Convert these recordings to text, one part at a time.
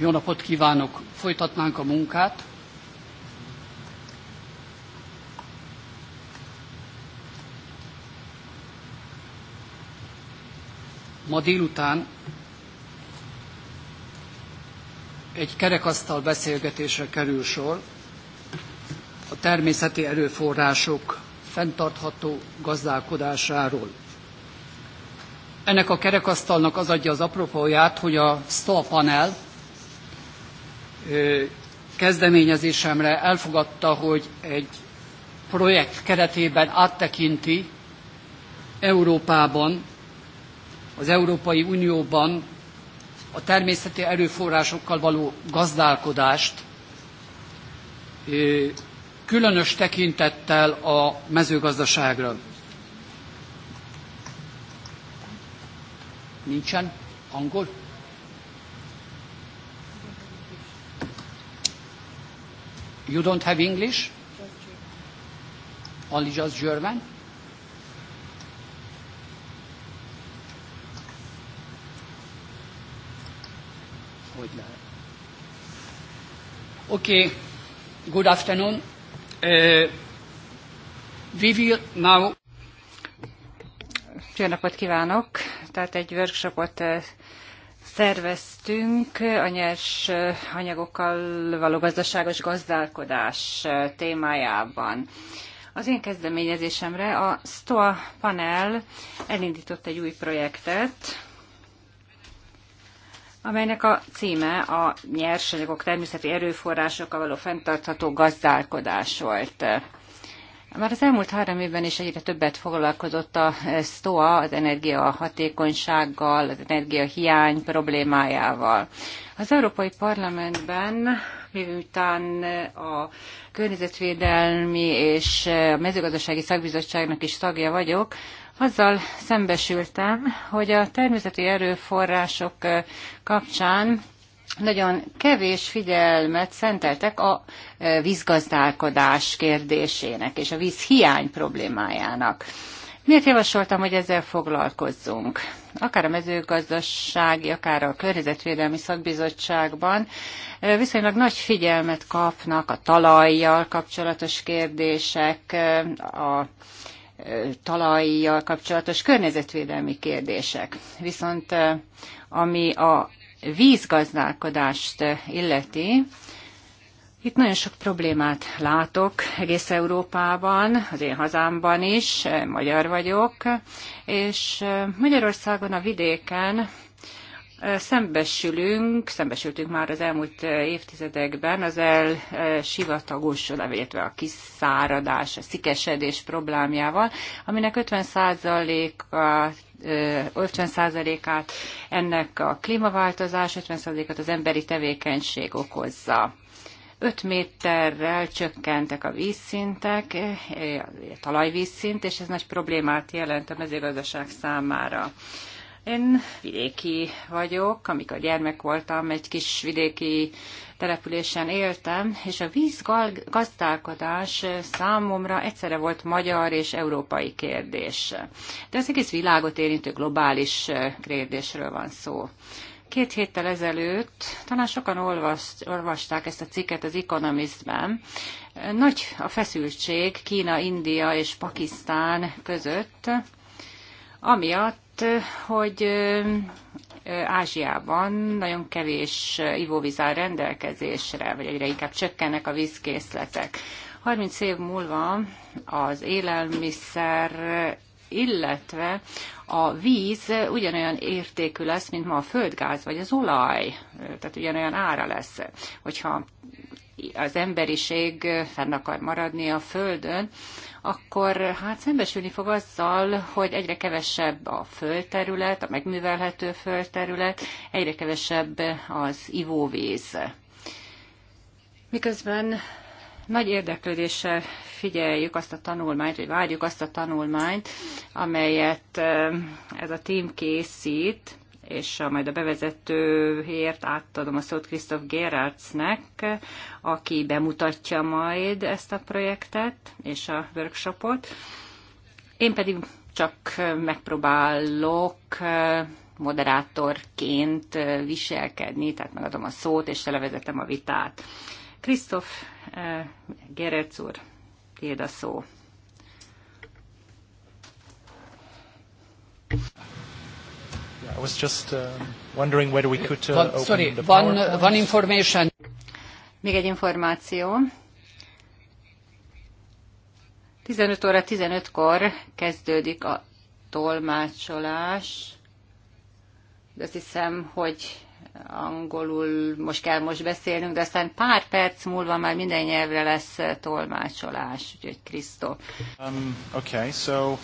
Jó napot kívánok! Folytatnánk a munkát. Ma délután egy kerekasztal beszélgetésre kerül sor a természeti erőforrások fenntartható gazdálkodásáról. Ennek a kerekasztalnak az adja az apropóját, hogy a STOA panel kezdeményezésemre elfogadta, hogy egy projekt keretében áttekinti Európában, az Európai Unióban a természeti erőforrásokkal való gazdálkodást, különös tekintettel a mezőgazdaságra. Nincsen angol? You don't have English? Only just German? Hogy lehet? Okay, good afternoon. Uh, we will now... Jó napot kívánok! Tehát egy workshopot uh, szerveztünk a nyers anyagokkal való gazdaságos gazdálkodás témájában. Az én kezdeményezésemre a STOA panel elindított egy új projektet, amelynek a címe a nyersanyagok természeti erőforrásokkal való fenntartható gazdálkodás volt. Már az elmúlt három évben is egyre többet foglalkozott a STOA az energiahatékonysággal, az energiahiány problémájával. Az Európai Parlamentben, miután a környezetvédelmi és a mezőgazdasági szakbizottságnak is tagja vagyok, azzal szembesültem, hogy a természeti erőforrások kapcsán nagyon kevés figyelmet szenteltek a e, vízgazdálkodás kérdésének és a vízhiány problémájának. Miért javasoltam, hogy ezzel foglalkozzunk? Akár a mezőgazdasági, akár a környezetvédelmi szakbizottságban e, viszonylag nagy figyelmet kapnak a talajjal kapcsolatos kérdések, e, a talajjal kapcsolatos környezetvédelmi kérdések. Viszont ami a vízgazdálkodást illeti, itt nagyon sok problémát látok egész Európában, az én hazámban is, eh, magyar vagyok, és eh, Magyarországon a vidéken szembesülünk, szembesültünk már az elmúlt eh, évtizedekben az elsivatagos, illetve a kiszáradás, a szikesedés problémájával, aminek 50%-a 50%-át eh, ennek a klímaváltozás, 50%-át az emberi tevékenység okozza. 5 méterrel csökkentek a vízszintek, eh, a talajvízszint, és ez nagy problémát jelent a mezőgazdaság számára. Én vidéki vagyok, amikor gyermek voltam, egy kis vidéki településen éltem, és a vízgazdálkodás számomra egyszerre volt magyar és európai kérdés. De az egész világot érintő globális kérdésről van szó. Két héttel ezelőtt, talán sokan olvast, olvasták ezt a cikket az Economistben, nagy a feszültség Kína, India és Pakisztán között, amiatt, azt, hogy Ázsiában nagyon kevés ivóvíz áll rendelkezésre, vagy egyre inkább csökkennek a vízkészletek. 30 év múlva az élelmiszer, illetve a víz ugyanolyan értékű lesz, mint ma a földgáz vagy az olaj, tehát ugyanolyan ára lesz. Hogyha az emberiség fenn akar maradni a földön, akkor hát szembesülni fog azzal, hogy egyre kevesebb a földterület, a megművelhető földterület, egyre kevesebb az ivóvíz. Miközben nagy érdeklődéssel figyeljük azt a tanulmányt, vagy várjuk azt a tanulmányt, amelyet eh, ez a tím készít, és a, majd a bevezetőért átadom a szót Krisztof Gerardsnek, aki bemutatja majd ezt a projektet és a workshopot. Én pedig csak megpróbálok moderátorként viselkedni, tehát megadom a szót, és levezetem a vitát. Krisztof Gerec úr, tiéd a szó. I was just uh, wondering whether we could uh, open Sorry, the one, uh, one information. Még egy információ. 15 óra 15-kor kezdődik a tolmácsolás. De azt hiszem, hogy angolul most kell most beszélnünk, de aztán pár perc múlva már minden nyelvre lesz tolmácsolás, úgyhogy Krisztó. Um, okay, so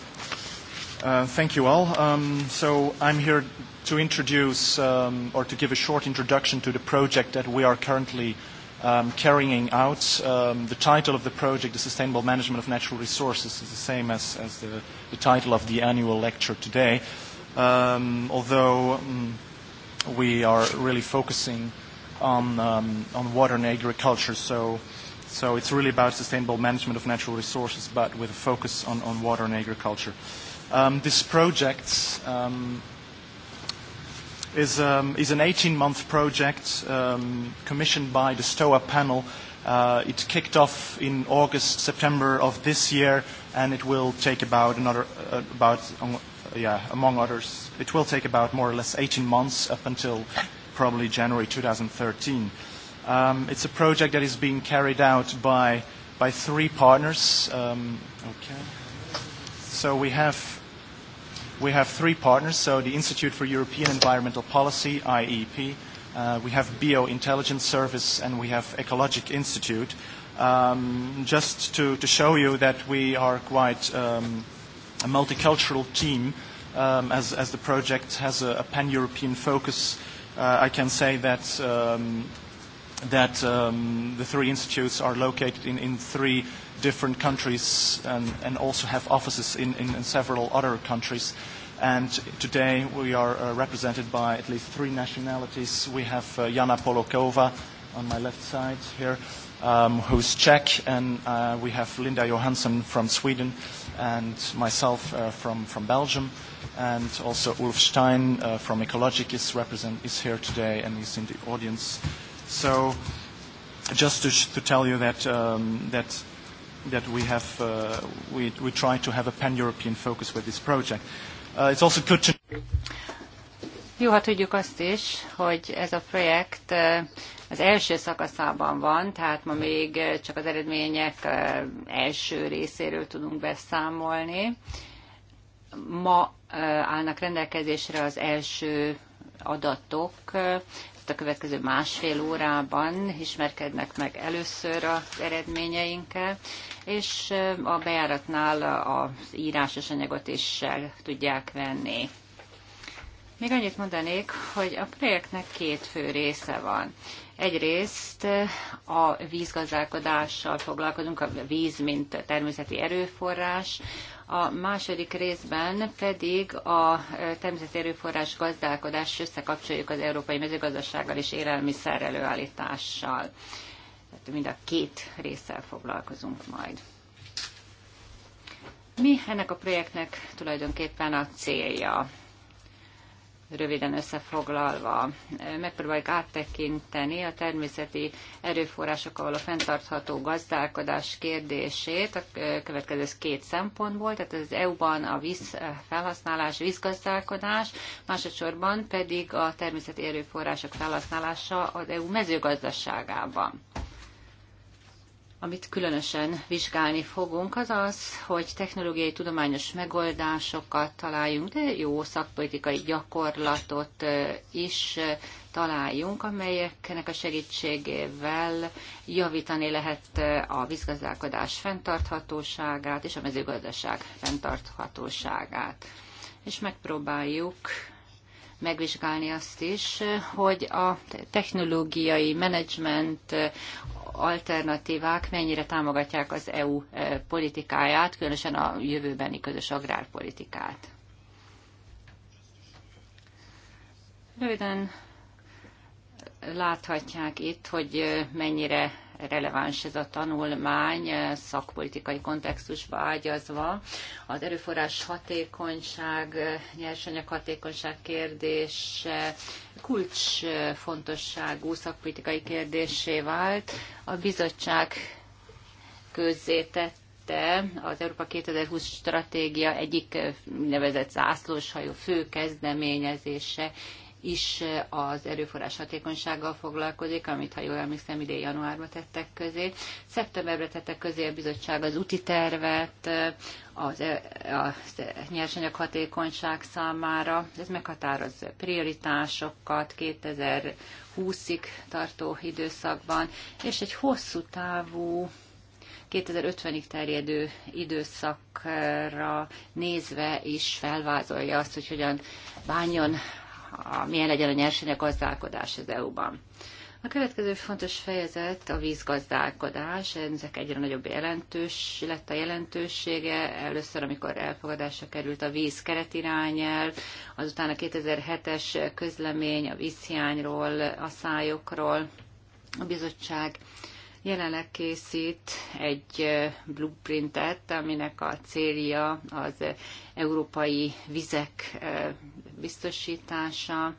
Uh, thank you all. Um, so I'm here to introduce um, or to give a short introduction to the project that we are currently um, carrying out. Um, the title of the project, The Sustainable Management of Natural Resources, is the same as, as the, the title of the annual lecture today, um, although um, we are really focusing on, um, on water and agriculture. So, so it's really about sustainable management of natural resources, but with a focus on, on water and agriculture. Uh, Um, this project um, is, um, is an 18-month project um, commissioned by the STOA panel. Uh, it kicked off in August, September of this year, and it will take about another, uh, about, um, yeah, among others, it will take about more or less 18 months up until probably January 2013. Um, it's a project that is being carried out by, by three partners. Um, okay. So we have We have three partners, so the Institute for European Environmental Policy, IEP, uh, we have Bio Intelligence Service, and we have Ecologic Institute. Um, just to, to show you that we are quite um, a multicultural team, um, as, as the project has a, a pan-European focus, uh, I can say that um, that um, the three institutes are located in, in three different countries and, and also have offices in, in, in several other countries. And today we are uh, represented by at least three nationalities. We have uh, Jana Polokova on my left side here, um, who's Czech, and uh, we have Linda Johansson from Sweden, and myself uh, from, from Belgium, and also Ulf Stein uh, from Ecologic is, represent, is here today and is in the audience. So just to, to tell you that, um, that that we have uh, we, we try to have a pan-European focus with this project. Uh, it's also good to jó, ha tudjuk azt is, hogy ez a projekt uh, az első szakaszában van, tehát ma még uh, csak az eredmények uh, első részéről tudunk beszámolni. Ma állnak rendelkezésre az első adatok itt a következő másfél órában ismerkednek meg először az eredményeinkkel, és a bejáratnál az írásos anyagot is tudják venni. Még annyit mondanék, hogy a projektnek két fő része van. Egyrészt a vízgazdálkodással foglalkozunk, a víz, mint természeti erőforrás, a második részben pedig a e, természeti erőforrás gazdálkodás összekapcsoljuk az európai mezőgazdasággal és élelmiszer előállítással. Tehát mind a két résszel foglalkozunk majd. Mi ennek a projektnek tulajdonképpen a célja? röviden összefoglalva. Megpróbáljuk áttekinteni a természeti erőforrásokkal a fenntartható gazdálkodás kérdését a következő két szempontból, tehát az EU-ban a víz felhasználás, vízgazdálkodás, másodszorban pedig a természeti erőforrások felhasználása az EU mezőgazdaságában amit különösen vizsgálni fogunk, az az, hogy technológiai tudományos megoldásokat találjunk, de jó szakpolitikai gyakorlatot is találjunk, amelyeknek a segítségével javítani lehet a vízgazdálkodás fenntarthatóságát és a mezőgazdaság fenntarthatóságát. És megpróbáljuk megvizsgálni azt is, hogy a technológiai menedzsment alternatívák mennyire támogatják az EU e, politikáját, különösen a jövőbeni közös agrárpolitikát. Röviden láthatják itt, hogy mennyire releváns ez a tanulmány szakpolitikai kontextusba ágyazva. Az erőforrás hatékonyság, nyersanyag hatékonyság kérdése kulcsfontosságú szakpolitikai kérdésé vált. A bizottság közzétett az Európa 2020 stratégia egyik nevezett zászlóshajó fő kezdeményezése is az erőforrás hatékonysággal foglalkozik, amit, ha jól emlékszem, idén januárban tettek közé. Szeptemberben tettek közé a bizottság az úti tervet, az, e, a nyersanyag hatékonyság számára. Ez meghatároz prioritásokat 2020-ig tartó időszakban, és egy hosszú távú 2050-ig terjedő időszakra nézve is felvázolja azt, hogy hogyan bánjon a, milyen legyen a nyersanyag gazdálkodás az EU-ban. A következő fontos fejezet a vízgazdálkodás. Ennek egyre nagyobb jelentős, lett a jelentősége. Először, amikor elfogadásra került a víz keretirányel, azután a 2007-es közlemény a vízhiányról, a szájokról. A bizottság jelenleg készít egy blueprintet, aminek a célja az európai vizek eh, biztosítása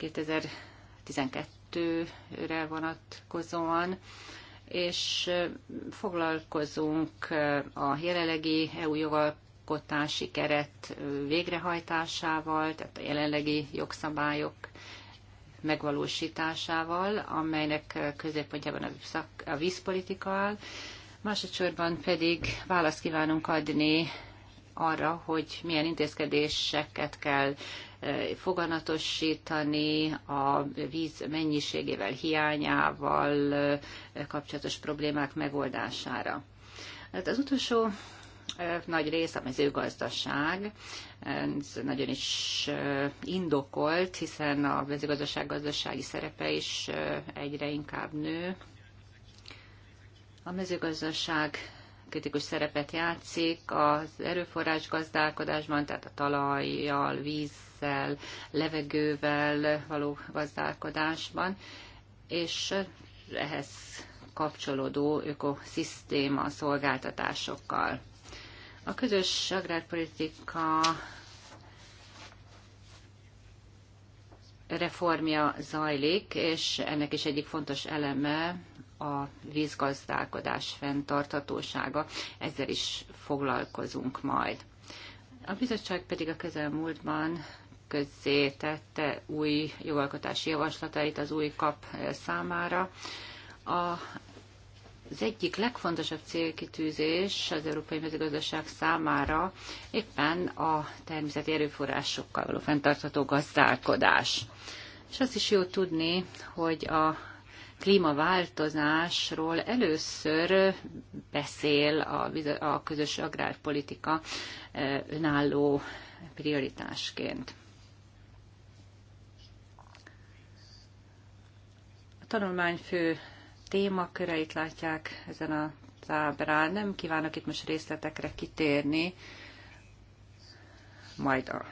2012-re vonatkozóan, és foglalkozunk a jelenlegi EU jogalkotási keret végrehajtásával, tehát a jelenlegi jogszabályok megvalósításával, amelynek középpontjában a, a vízpolitika áll. Másodszorban pedig választ kívánunk adni arra, hogy milyen intézkedéseket kell e, foganatosítani, a víz mennyiségével, hiányával e, kapcsolatos problémák megoldására. Hát az utolsó e, nagy rész a mezőgazdaság. Ez nagyon is indokolt, hiszen a mezőgazdaság gazdasági szerepe is egyre inkább nő. A mezőgazdaság kritikus szerepet játszik az erőforrás gazdálkodásban, tehát a talajjal, vízzel, levegővel való gazdálkodásban, és ehhez kapcsolódó ökoszisztéma szolgáltatásokkal. A közös agrárpolitika reformja zajlik, és ennek is egyik fontos eleme a vízgazdálkodás fenntarthatósága, ezzel is foglalkozunk majd. A bizottság pedig a közelmúltban tette új jogalkotási javaslatait az új kap számára. A az egyik legfontosabb célkitűzés az európai mezőgazdaság számára éppen a természeti erőforrásokkal való fenntartható gazdálkodás. És azt is jó tudni, hogy a klímaváltozásról először beszél a, a közös agrárpolitika önálló prioritásként. A tanulmány fő témaköreit látják ezen a tábrán. Nem kívánok itt most részletekre kitérni, majd a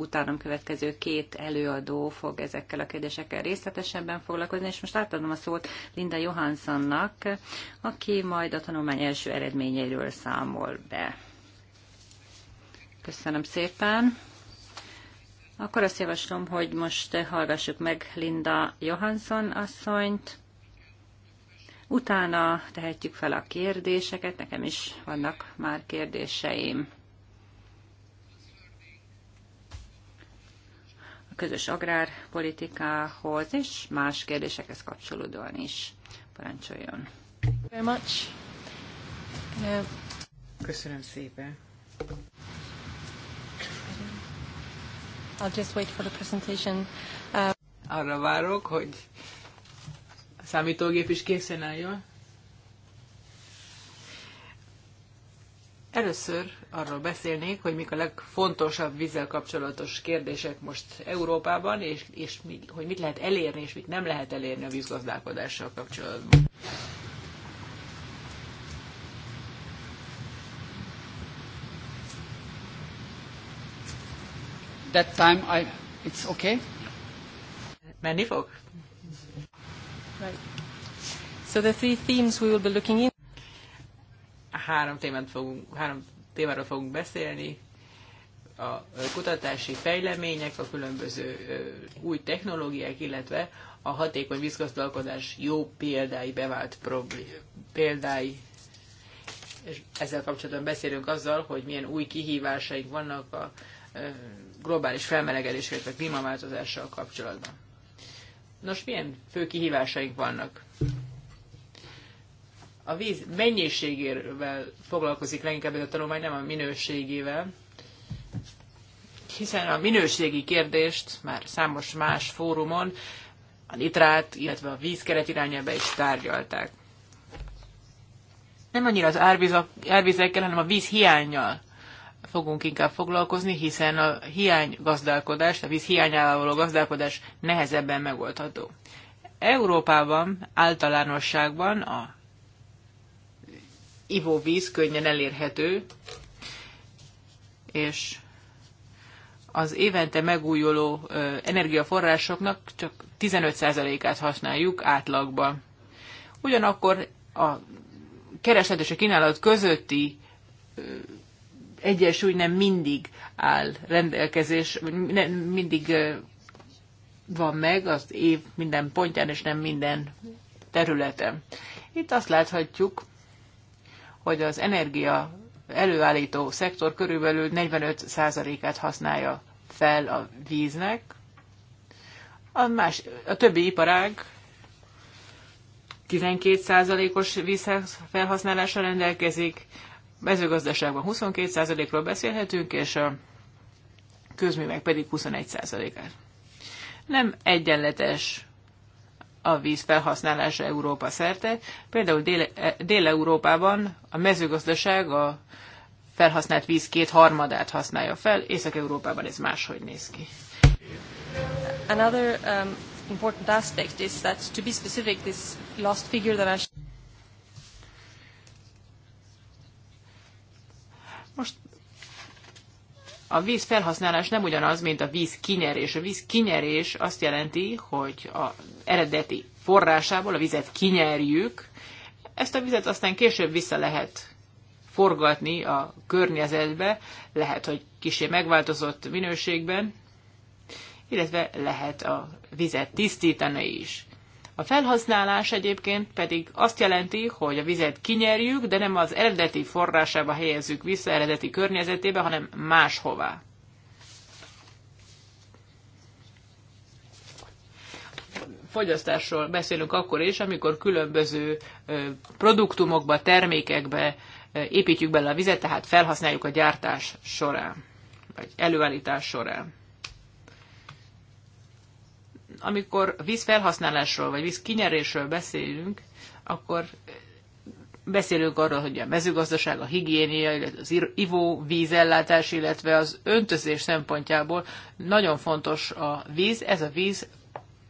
utánam következő két előadó fog ezekkel a kérdésekkel részletesebben foglalkozni, és most átadom a szót Linda Johanssonnak, aki majd a tanulmány első eredményeiről számol be. Köszönöm szépen. Akkor azt javaslom, hogy most hallgassuk meg Linda Johansson asszonyt. Utána tehetjük fel a kérdéseket, nekem is vannak már kérdéseim. közös agrárpolitikához és más kérdésekhez kapcsolódóan is. Parancsoljon! Very much. Uh, Köszönöm szépen! I'll just wait for the presentation. Uh... Arra várok, hogy a számítógép is készen álljon. Először arról beszélnék, hogy mik a legfontosabb vízzel kapcsolatos kérdések most Európában, és, és mi, hogy mit lehet elérni, és mit nem lehet elérni a vízgazdálkodással kapcsolatban. That time I... It's okay? Menni fog? Right. So the three themes we will be looking in három, témát fogunk, három témáról fogunk beszélni, a kutatási fejlemények, a különböző új technológiák, illetve a hatékony vízgazdálkodás jó példái, bevált problé- példái. És ezzel kapcsolatban beszélünk azzal, hogy milyen új kihívásaink vannak a globális felmelegedés, illetve klímaváltozással kapcsolatban. Nos, milyen fő kihívásaink vannak? a víz mennyiségével foglalkozik leginkább ez a tanulmány, nem a minőségével, hiszen a minőségi kérdést már számos más fórumon a nitrát, illetve a vízkeret irányába is tárgyalták. Nem annyira az árvizekkel, hanem a víz hiányjal fogunk inkább foglalkozni, hiszen a hiány gazdálkodás, a víz hiányával való gazdálkodás nehezebben megoldható. Európában általánosságban a ivóvíz könnyen elérhető, és az évente megújuló energiaforrásoknak csak 15%-át használjuk átlagban. Ugyanakkor a kereslet és a kínálat közötti egyensúly nem mindig áll rendelkezés, nem mindig van meg az év minden pontján és nem minden területen. Itt azt láthatjuk, hogy az energia előállító szektor körülbelül 45%-át használja fel a víznek, a, más, a többi iparág 12%-os vízfelhasználásra rendelkezik, mezőgazdaságban 22%-ról beszélhetünk, és a közművek pedig 21%-át. Nem egyenletes a víz felhasználása Európa szerte. Például Dél-Európában a mezőgazdaság a felhasznált víz kétharmadát használja fel, Észak-Európában ez máshogy néz ki. Another um, important aspect is that to be specific, this last figure that I a víz felhasználás nem ugyanaz, mint a víz kinyerés. A víz kinyerés azt jelenti, hogy a eredeti forrásából a vizet kinyerjük, ezt a vizet aztán később vissza lehet forgatni a környezetbe, lehet, hogy kisé megváltozott minőségben, illetve lehet a vizet tisztítani is. A felhasználás egyébként pedig azt jelenti, hogy a vizet kinyerjük, de nem az eredeti forrásába helyezzük vissza, eredeti környezetébe, hanem máshová. Fogyasztásról beszélünk akkor is, amikor különböző produktumokba, termékekbe építjük bele a vizet, tehát felhasználjuk a gyártás során, vagy előállítás során amikor vízfelhasználásról vagy vízkinyerésről beszélünk, akkor beszélünk arról, hogy a mezőgazdaság, a higiénia, illetve az ivó vízellátás, illetve az öntözés szempontjából nagyon fontos a víz. Ez a víz,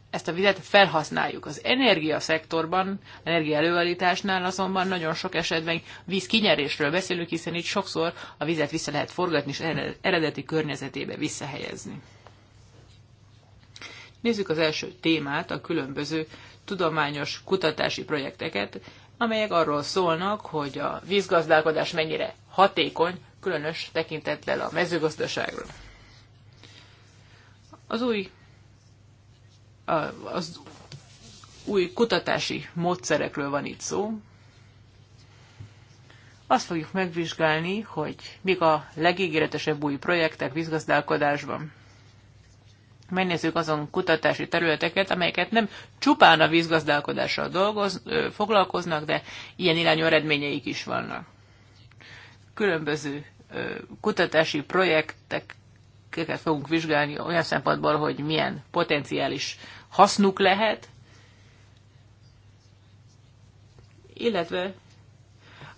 ezt a vizet felhasználjuk. Az energiaszektorban, energiaelőállításnál azonban nagyon sok esetben vízkinyerésről beszélünk, hiszen itt sokszor a vizet vissza lehet forgatni és eredeti környezetébe visszahelyezni. Nézzük az első témát, a különböző tudományos kutatási projekteket, amelyek arról szólnak, hogy a vízgazdálkodás mennyire hatékony, különös tekintettel a mezőgazdaságra. Az új, az új kutatási módszerekről van itt szó. Azt fogjuk megvizsgálni, hogy mik a legígéretesebb új projektek vízgazdálkodásban megnézzük azon kutatási területeket, amelyeket nem csupán a vízgazdálkodással dolgoz, foglalkoznak, de ilyen irányú eredményeik is vannak. Különböző kutatási projekteket fogunk vizsgálni olyan szempontból, hogy milyen potenciális hasznuk lehet, illetve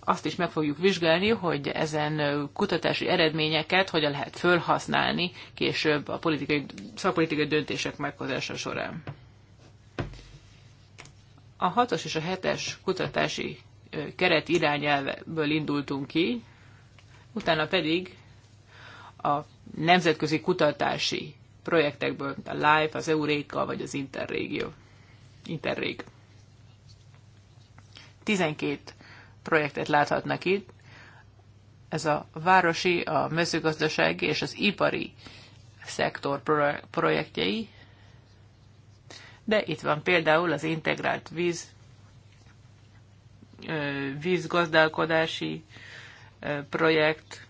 azt is meg fogjuk vizsgálni, hogy ezen kutatási eredményeket hogyan lehet fölhasználni később a politikai, szakpolitikai döntések meghozása során. A hatos és a hetes kutatási keret irányelvből indultunk ki, utána pedig a nemzetközi kutatási projektekből, mint a LIFE, az Euréka vagy az Interrégió. Interreg. 12 projektet láthatnak itt. Ez a városi, a mezőgazdasági és az ipari szektor projektjei, de itt van például az integrált víz, vízgazdálkodási projekt,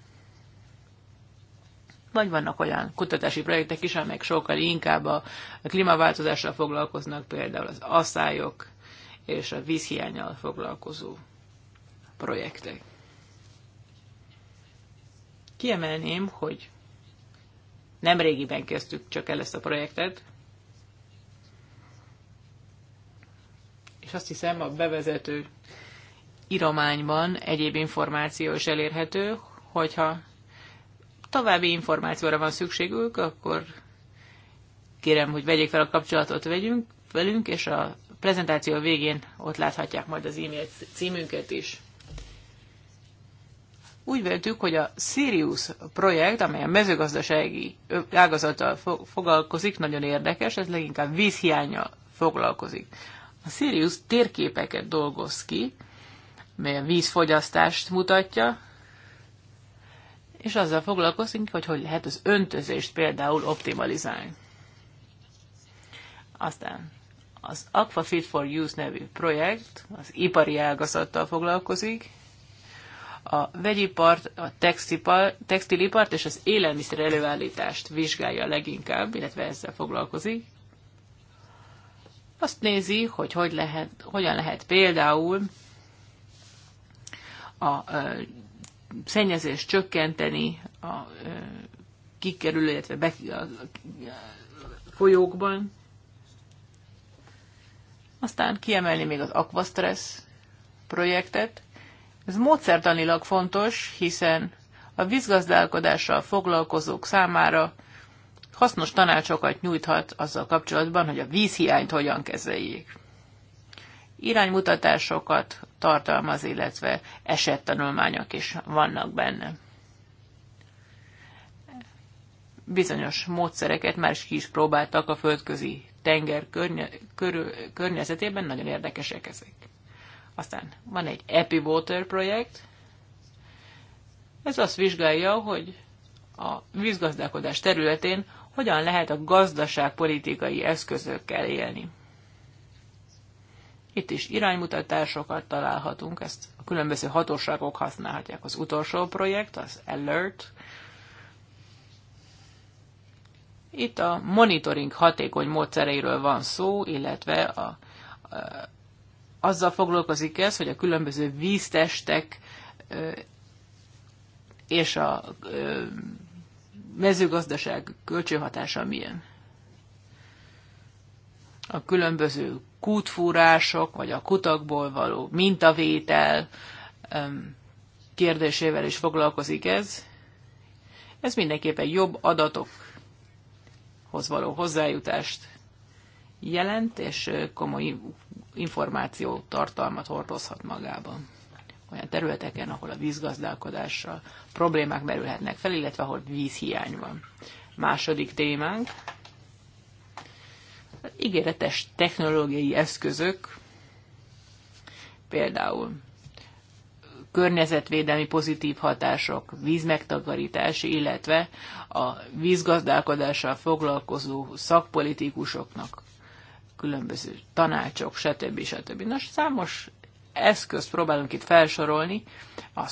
vagy vannak olyan kutatási projektek is, amelyek sokkal inkább a klímaváltozással foglalkoznak, például az asszályok és a vízhiányjal foglalkozó projektek. Kiemelném, hogy nem régiben kezdtük csak el ezt a projektet, és azt hiszem a bevezető irományban egyéb információ is elérhető, hogyha további információra van szükségük, akkor kérem, hogy vegyék fel a kapcsolatot vegyünk, velünk, és a prezentáció végén ott láthatják majd az e-mail címünket is. Úgy véltük, hogy a Sirius projekt, amely a mezőgazdasági ágazattal foglalkozik, nagyon érdekes, ez leginkább vízhiánya foglalkozik. A Sirius térképeket dolgoz ki, mely a vízfogyasztást mutatja, és azzal foglalkozunk, hogy hogy lehet az öntözést például optimalizálni. Aztán az Aqua Fit for Use nevű projekt az ipari ágazattal foglalkozik, a vegyipart, a textipar, textilipart és az élelmiszer előállítást vizsgálja leginkább, illetve ezzel foglalkozik. Azt nézi, hogy, hogy lehet, hogyan lehet például a ö, szennyezést csökkenteni a ö, kikerülő, illetve be, a, a, folyókban. Aztán kiemelni még az Aquastress projektet, ez módszertanilag fontos, hiszen a vízgazdálkodással foglalkozók számára hasznos tanácsokat nyújthat azzal kapcsolatban, hogy a vízhiányt hogyan kezeljék. Iránymutatásokat tartalmaz, illetve esettanulmányok is vannak benne. Bizonyos módszereket már is ki is próbáltak a földközi tenger környe, körül, környezetében, nagyon érdekesek ezek. Aztán van egy EpiWater projekt. Ez azt vizsgálja, hogy a vízgazdálkodás területén hogyan lehet a gazdaságpolitikai eszközökkel élni. Itt is iránymutatásokat találhatunk, ezt a különböző hatóságok használhatják. Az utolsó projekt, az Alert. Itt a monitoring hatékony módszereiről van szó, illetve a, a azzal foglalkozik ez, hogy a különböző víztestek és a mezőgazdaság kölcsönhatása milyen. A különböző kútfúrások, vagy a kutakból való mintavétel kérdésével is foglalkozik ez. Ez mindenképpen jobb adatokhoz való hozzájutást jelent, és komoly információ tartalmat hordozhat magában olyan területeken, ahol a vízgazdálkodással problémák merülhetnek fel, illetve ahol vízhiány van. Második témánk, ígéretes technológiai eszközök, például környezetvédelmi pozitív hatások, vízmegtakarítás, illetve a vízgazdálkodással foglalkozó szakpolitikusoknak különböző tanácsok, stb. stb. Nos, számos eszközt próbálunk itt felsorolni, a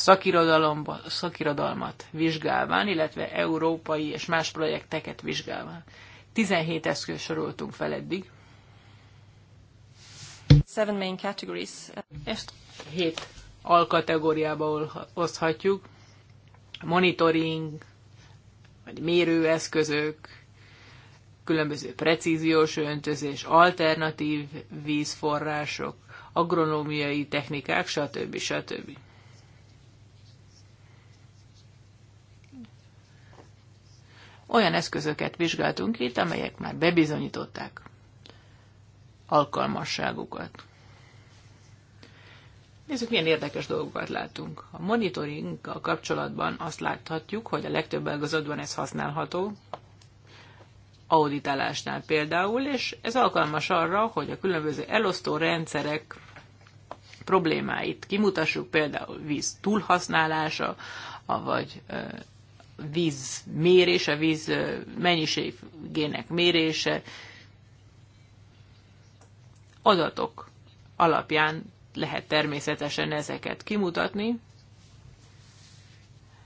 szakirodalmat vizsgálván, illetve európai és más projekteket vizsgálván. 17 eszköz soroltunk fel eddig. Seven main categories. Ezt hét alkategóriába oszthatjuk. Monitoring, vagy mérőeszközök, különböző precíziós öntözés, alternatív vízforrások, agronómiai technikák, stb. stb. Olyan eszközöket vizsgáltunk itt, amelyek már bebizonyították alkalmasságukat. Nézzük, milyen érdekes dolgokat látunk. A monitoringkal kapcsolatban azt láthatjuk, hogy a legtöbb ágazatban ez használható, auditálásnál például, és ez alkalmas arra, hogy a különböző elosztó rendszerek problémáit kimutassuk, például víz túlhasználása, vagy víz mérése, víz mennyiségének mérése, adatok alapján lehet természetesen ezeket kimutatni,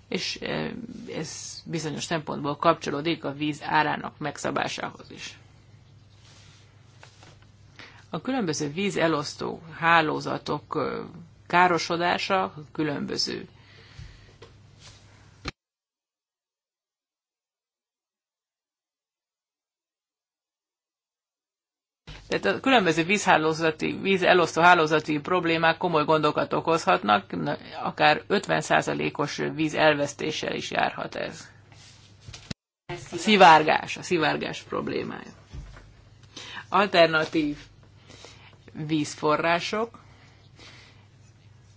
és ez bizonyos szempontból kapcsolódik a víz árának megszabásához is. A különböző vízelosztó hálózatok károsodása különböző Tehát a különböző vízhálózati, vízelosztó hálózati problémák komoly gondokat okozhatnak, akár 50%-os víz elvesztéssel is járhat ez. A szivárgás, a szivárgás problémája. Alternatív vízforrások.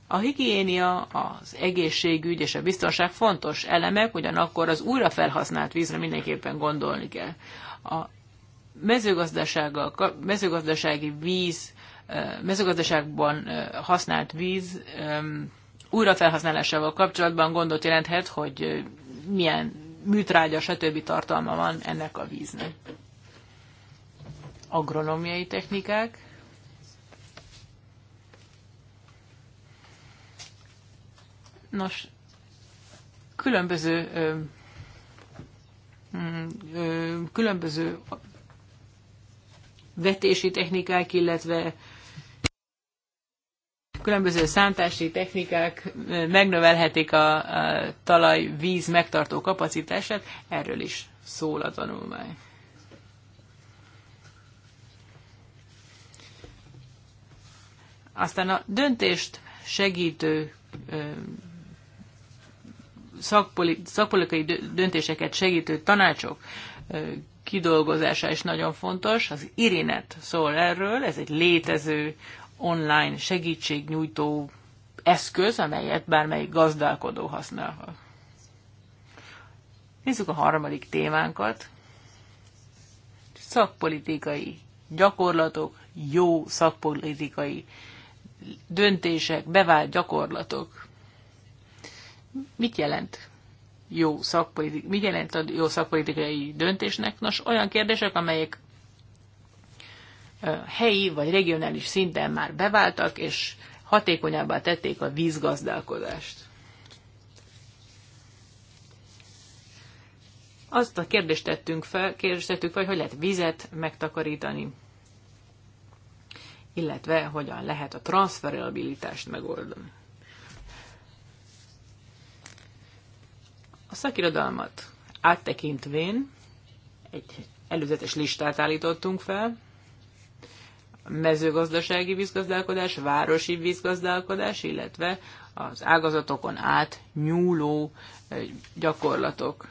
A higiénia, az egészségügy és a biztonság fontos elemek, ugyanakkor az újrafelhasznált vízre mindenképpen gondolni kell. A mezőgazdasággal, mezőgazdasági víz, mezőgazdaságban használt víz újrafelhasználásával kapcsolatban gondot jelenthet, hogy milyen műtrágya, stb. tartalma van ennek a víznek. Agronomiai technikák. Nos, különböző ö, mm, ö, különböző vetési technikák, illetve különböző szántási technikák megnövelhetik a, a talaj-víz megtartó kapacitását, erről is szól a tanulmány. Aztán a döntést segítő szakpolitikai döntéseket segítő tanácsok kidolgozása is nagyon fontos. Az Irinet szól erről, ez egy létező online segítségnyújtó eszköz, amelyet bármelyik gazdálkodó használhat. Nézzük a harmadik témánkat. Szakpolitikai gyakorlatok, jó szakpolitikai döntések, bevált gyakorlatok. Mit jelent jó szakpolitikai, mit jelent a jó szakpolitikai döntésnek? Nos, olyan kérdések, amelyek helyi vagy regionális szinten már beváltak, és hatékonyabbá tették a vízgazdálkodást. Azt a kérdést tettünk fel, kérdeztettük fel, hogy hogy lehet vizet megtakarítani, illetve hogyan lehet a transferabilitást megoldani. A szakirodalmat áttekintvén egy előzetes listát állítottunk fel, mezőgazdasági vízgazdálkodás, városi vízgazdálkodás, illetve az ágazatokon át nyúló gyakorlatok.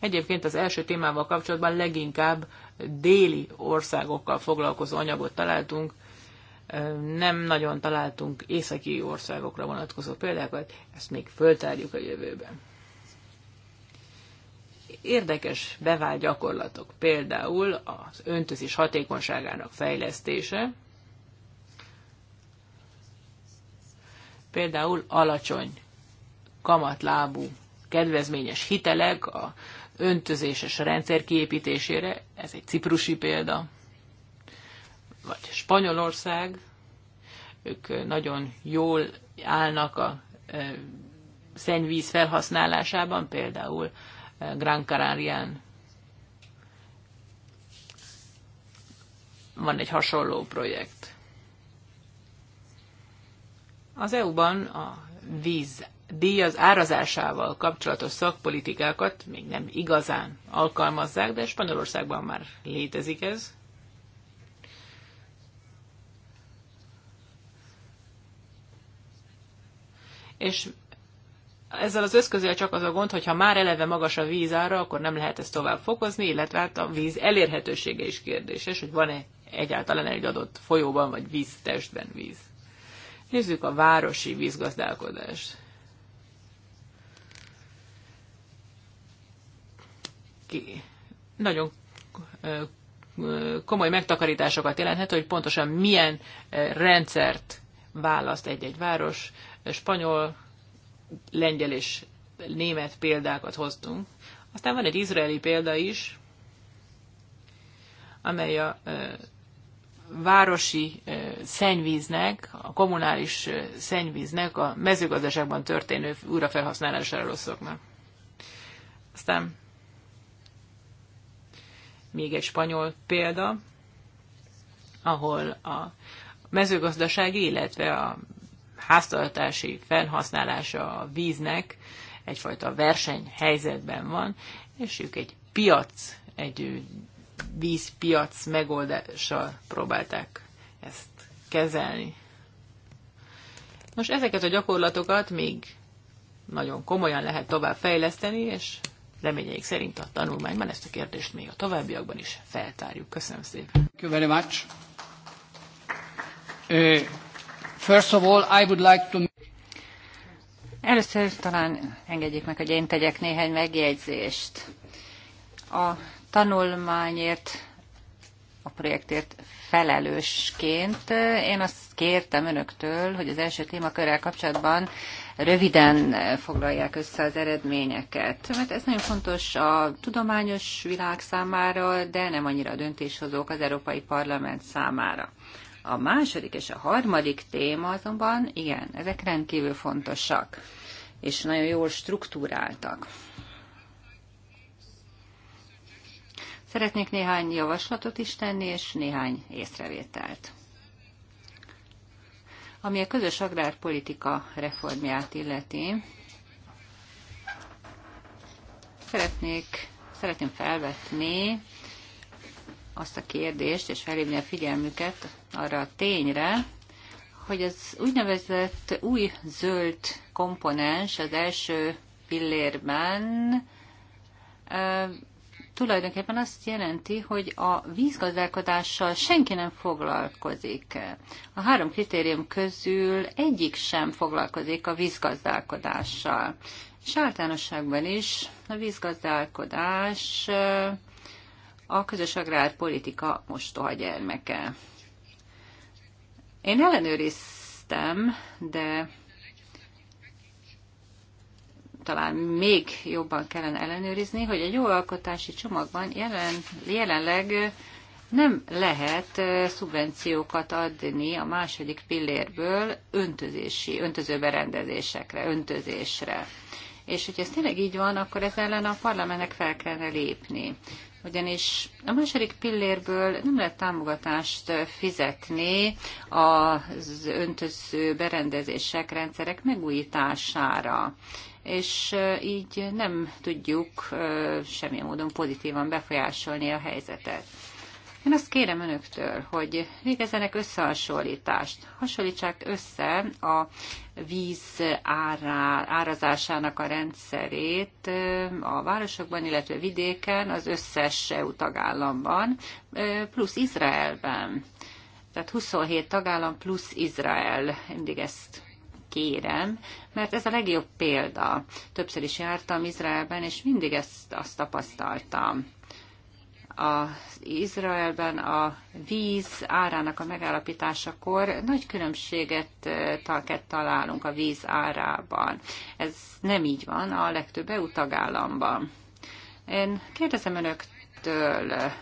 Egyébként az első témával kapcsolatban leginkább déli országokkal foglalkozó anyagot találtunk, nem nagyon találtunk északi országokra vonatkozó példákat, ezt még föltárjuk a jövőben. Érdekes bevált gyakorlatok, például az öntözés hatékonyságának fejlesztése, például alacsony kamatlábú kedvezményes hitelek a öntözéses rendszer kiépítésére, ez egy ciprusi példa vagy Spanyolország, ők nagyon jól állnak a szennyvíz felhasználásában, például Gran Canarián van egy hasonló projekt. Az EU-ban a víz díj az árazásával kapcsolatos szakpolitikákat még nem igazán alkalmazzák, de Spanyolországban már létezik ez. és ezzel az összközél csak az a gond, hogy ha már eleve magas a víz ára, akkor nem lehet ezt tovább fokozni, illetve hát a víz elérhetősége is kérdéses, hogy van-e egyáltalán egy adott folyóban vagy víztestben víz. Nézzük a városi vízgazdálkodást. Ki. Nagyon komoly megtakarításokat jelenthet, hogy pontosan milyen rendszert választ egy-egy város spanyol, lengyel és német példákat hoztunk. Aztán van egy izraeli példa is, amely a városi szennyvíznek, a kommunális szennyvíznek a mezőgazdaságban történő újrafelhasználására szoknak. Aztán még egy spanyol példa, ahol a mezőgazdaság, illetve a háztartási felhasználása a víznek egyfajta versenyhelyzetben van, és ők egy piac, egy vízpiac megoldással próbálták ezt kezelni. Most ezeket a gyakorlatokat még nagyon komolyan lehet tovább fejleszteni, és reményeik szerint a tanulmányban ezt a kérdést még a továbbiakban is feltárjuk. Köszönöm szépen. Köszönöm First of all, I would like to... Először talán engedjék meg, hogy én tegyek néhány megjegyzést. A tanulmányért, a projektért felelősként eh, én azt kértem önöktől, hogy az első témakörrel kapcsolatban röviden eh, foglalják össze az eredményeket, mert ez nagyon fontos a tudományos világ számára, de nem annyira a döntéshozók az Európai Parlament számára. A második és a harmadik téma azonban, igen, ezek rendkívül fontosak, és nagyon jól struktúráltak. Szeretnék néhány javaslatot is tenni, és néhány észrevételt. Ami a közös agrárpolitika reformját illeti, szeretnék, szeretném felvetni azt a kérdést, és felhívni a figyelmüket arra a tényre, hogy az úgynevezett új zöld komponens az első pillérben e, tulajdonképpen azt jelenti, hogy a vízgazdálkodással senki nem foglalkozik. A három kritérium közül egyik sem foglalkozik a vízgazdálkodással. És általánosságban is a vízgazdálkodás e, a közös agrárpolitika mostoha gyermeke. Én ellenőriztem, de talán még jobban kellene ellenőrizni, hogy egy alkotási csomagban jelen, jelenleg nem lehet szubvenciókat adni a második pillérből öntözési, öntözőberendezésekre, öntözésre. És hogyha ez tényleg így van, akkor ez ellen a parlamentnek fel kellene lépni ugyanis a második pillérből nem lehet támogatást fizetni az öntöző berendezések, rendszerek megújítására és így nem tudjuk semmilyen módon pozitívan befolyásolni a helyzetet. Én azt kérem önöktől, hogy végezzenek összehasonlítást. Hasonlítsák össze a víz ára, árazásának a rendszerét a városokban, illetve vidéken, az összes EU tagállamban, plusz Izraelben. Tehát 27 tagállam plusz Izrael. Mindig ezt kérem, mert ez a legjobb példa. Többször is jártam Izraelben, és mindig ezt azt tapasztaltam az Izraelben a víz árának a megállapításakor nagy különbséget eh, találunk a víz árában. Ez nem így van a legtöbb EU tagállamban. Én kérdezem önöktől, eh,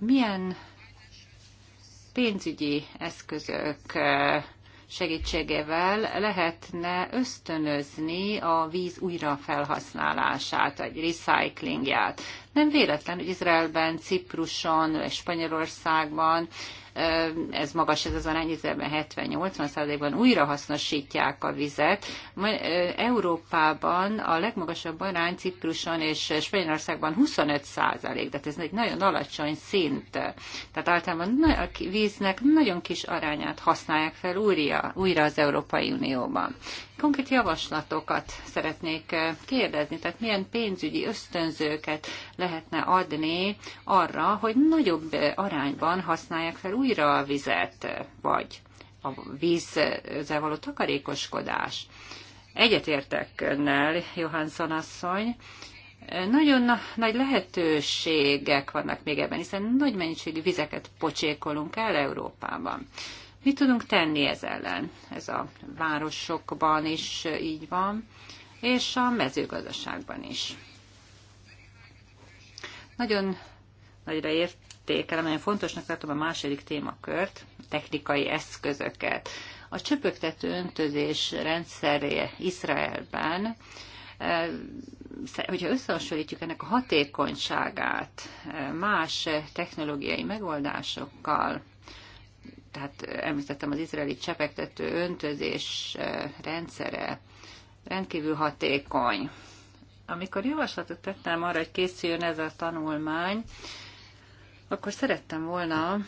milyen pénzügyi eszközök eh, segítségével lehetne ösztönözni a víz újrafelhasználását, vagy recyclingját. Nem véletlen, hogy Izraelben, Cipruson, Spanyolországban ez magas ez az arány, Izraelben 70 80 százalékban újra hasznosítják a vizet. Európában a legmagasabb arány Cipruson és Spanyolországban 25%, százalék, tehát ez egy nagyon alacsony szint. Tehát általában a víznek nagyon kis arányát használják fel újra, újra az Európai Unióban. Konkrét javaslatokat szeretnék eh, kérdezni, tehát milyen pénzügyi ösztönzőket lehetne adni arra, hogy nagyobb eh, arányban használják fel újra a vizet, eh, vagy a vízzel való takarékoskodás. Egyetértek önnel, Johansson asszony, nagyon nagy lehetőségek vannak még ebben, hiszen nagy mennyiségű vizeket pocsékolunk el Európában. Mit tudunk tenni ez ellen? Ez a városokban is így van, és a mezőgazdaságban is. Nagyon nagyra értékelem, nagyon fontosnak tartom a második témakört, a technikai eszközöket. A csöpögtető öntözés rendszerje Izraelben eh, hogyha összehasonlítjuk ennek a hatékonyságát eh, más technológiai megoldásokkal, tehát említettem az izraeli csepegtető öntözés rendszere rendkívül hatékony. Amikor javaslatot tettem arra, hogy készüljön ez a tanulmány, akkor szerettem volna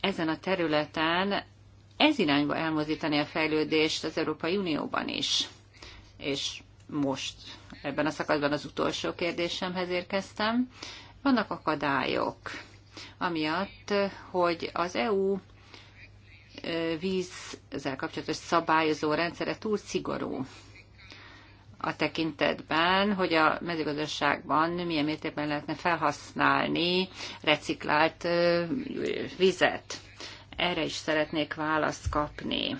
ezen a területen ez irányba elmozdítani a fejlődést az Európai Unióban is. És most ebben a szakaszban az utolsó kérdésemhez érkeztem. Vannak akadályok, amiatt, hogy az EU vízzel kapcsolatos szabályozó rendszere túl szigorú a tekintetben, hogy a mezőgazdaságban milyen mértékben lehetne felhasználni reciklált vizet. Erre is szeretnék választ kapni.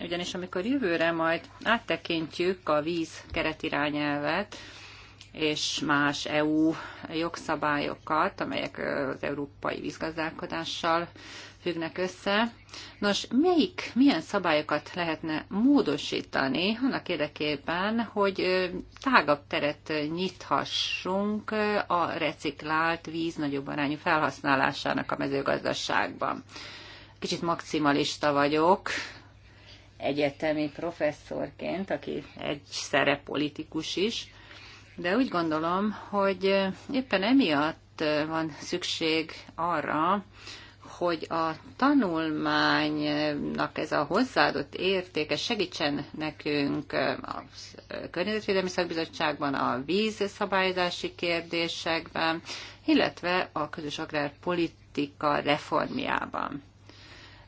Ugyanis amikor jövőre majd áttekintjük a víz keretirányelvet, és más EU jogszabályokat, amelyek az európai vízgazdálkodással függnek össze. Nos, melyik, milyen szabályokat lehetne módosítani annak érdekében, hogy tágabb teret nyithassunk a reciklált víz nagyobb arányú felhasználásának a mezőgazdaságban? Kicsit maximalista vagyok, egyetemi professzorként, aki egyszerre politikus is, de úgy gondolom, hogy éppen emiatt van szükség arra, hogy a tanulmánynak ez a hozzáadott értéke segítsen nekünk a Környezetvédelmi Szakbizottságban, a vízszabályozási kérdésekben, illetve a közös agrárpolitika reformjában.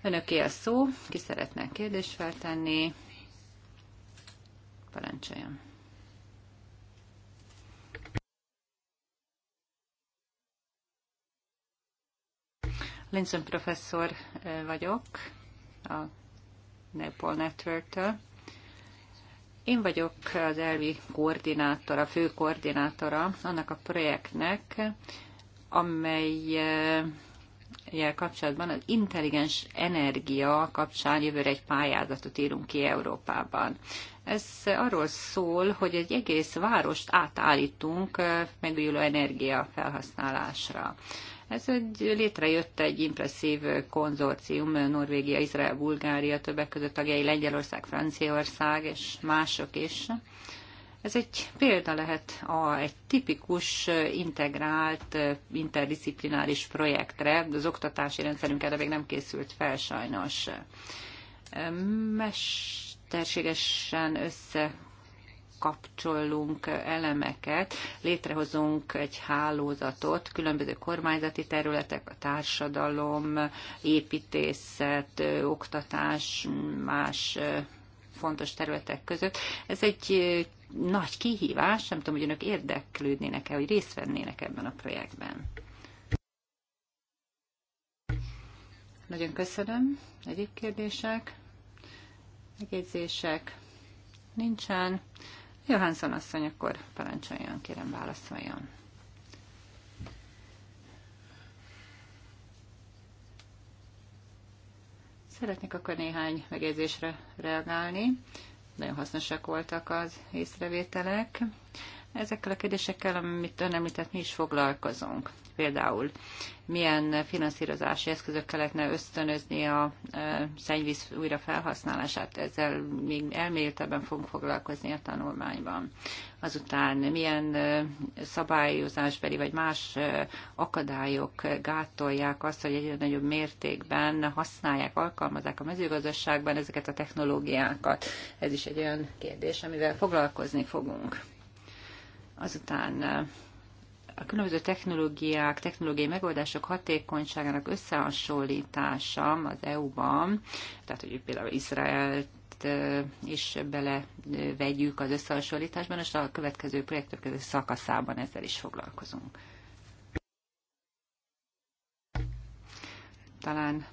Önöké a szó, ki szeretne kérdést feltenni? Parancsoljon. Linson professzor vagyok a Nepal Network-től. Én vagyok az elvi koordinátora, fő koordinátora annak a projektnek, amelyel kapcsolatban az intelligens energia kapcsán jövőre egy pályázatot írunk ki Európában. Ez arról szól, hogy egy egész várost átállítunk megújuló energia felhasználásra. Ez egy, létrejött egy impresszív konzorcium, Norvégia, Izrael, Bulgária, többek között tagjai Lengyelország, Franciaország és mások is. Ez egy példa lehet a, egy tipikus integrált, interdisziplináris projektre. Az oktatási rendszerünk erre még nem készült fel sajnos. Mesterségesen össze összekapcsolunk elemeket, létrehozunk egy hálózatot, különböző kormányzati területek, a társadalom, építészet, oktatás, más fontos területek között. Ez egy nagy kihívás, nem tudom, hogy önök érdeklődnének-e, hogy részt vennének ebben a projektben. Nagyon köszönöm. Egyéb kérdések? Megjegyzések? Nincsen. Johansson asszony, akkor parancsoljon, kérem válaszoljon. Szeretnék akkor néhány megjegyzésre reagálni. Nagyon hasznosak voltak az észrevételek. Ezekkel a kérdésekkel, amit ön említett, mi is foglalkozunk. Például milyen finanszírozási eszközökkel lehetne ösztönözni a e, szennyvíz újra felhasználását. Ezzel még elméletben fogunk foglalkozni a tanulmányban. Azután milyen e, szabályozásbeli vagy más e, akadályok gátolják azt, hogy egyre nagyobb mértékben használják, alkalmazzák a mezőgazdaságban ezeket a technológiákat. Ez is egy olyan kérdés, amivel foglalkozni fogunk. Azután eh, a különböző technológiák, technológiai megoldások hatékonyságának összehasonlítása az EU-ban, tehát hogy például Izraelt eh, is belevegyük az összehasonlításban, és a következő projektek közös szakaszában ezzel is foglalkozunk. Talán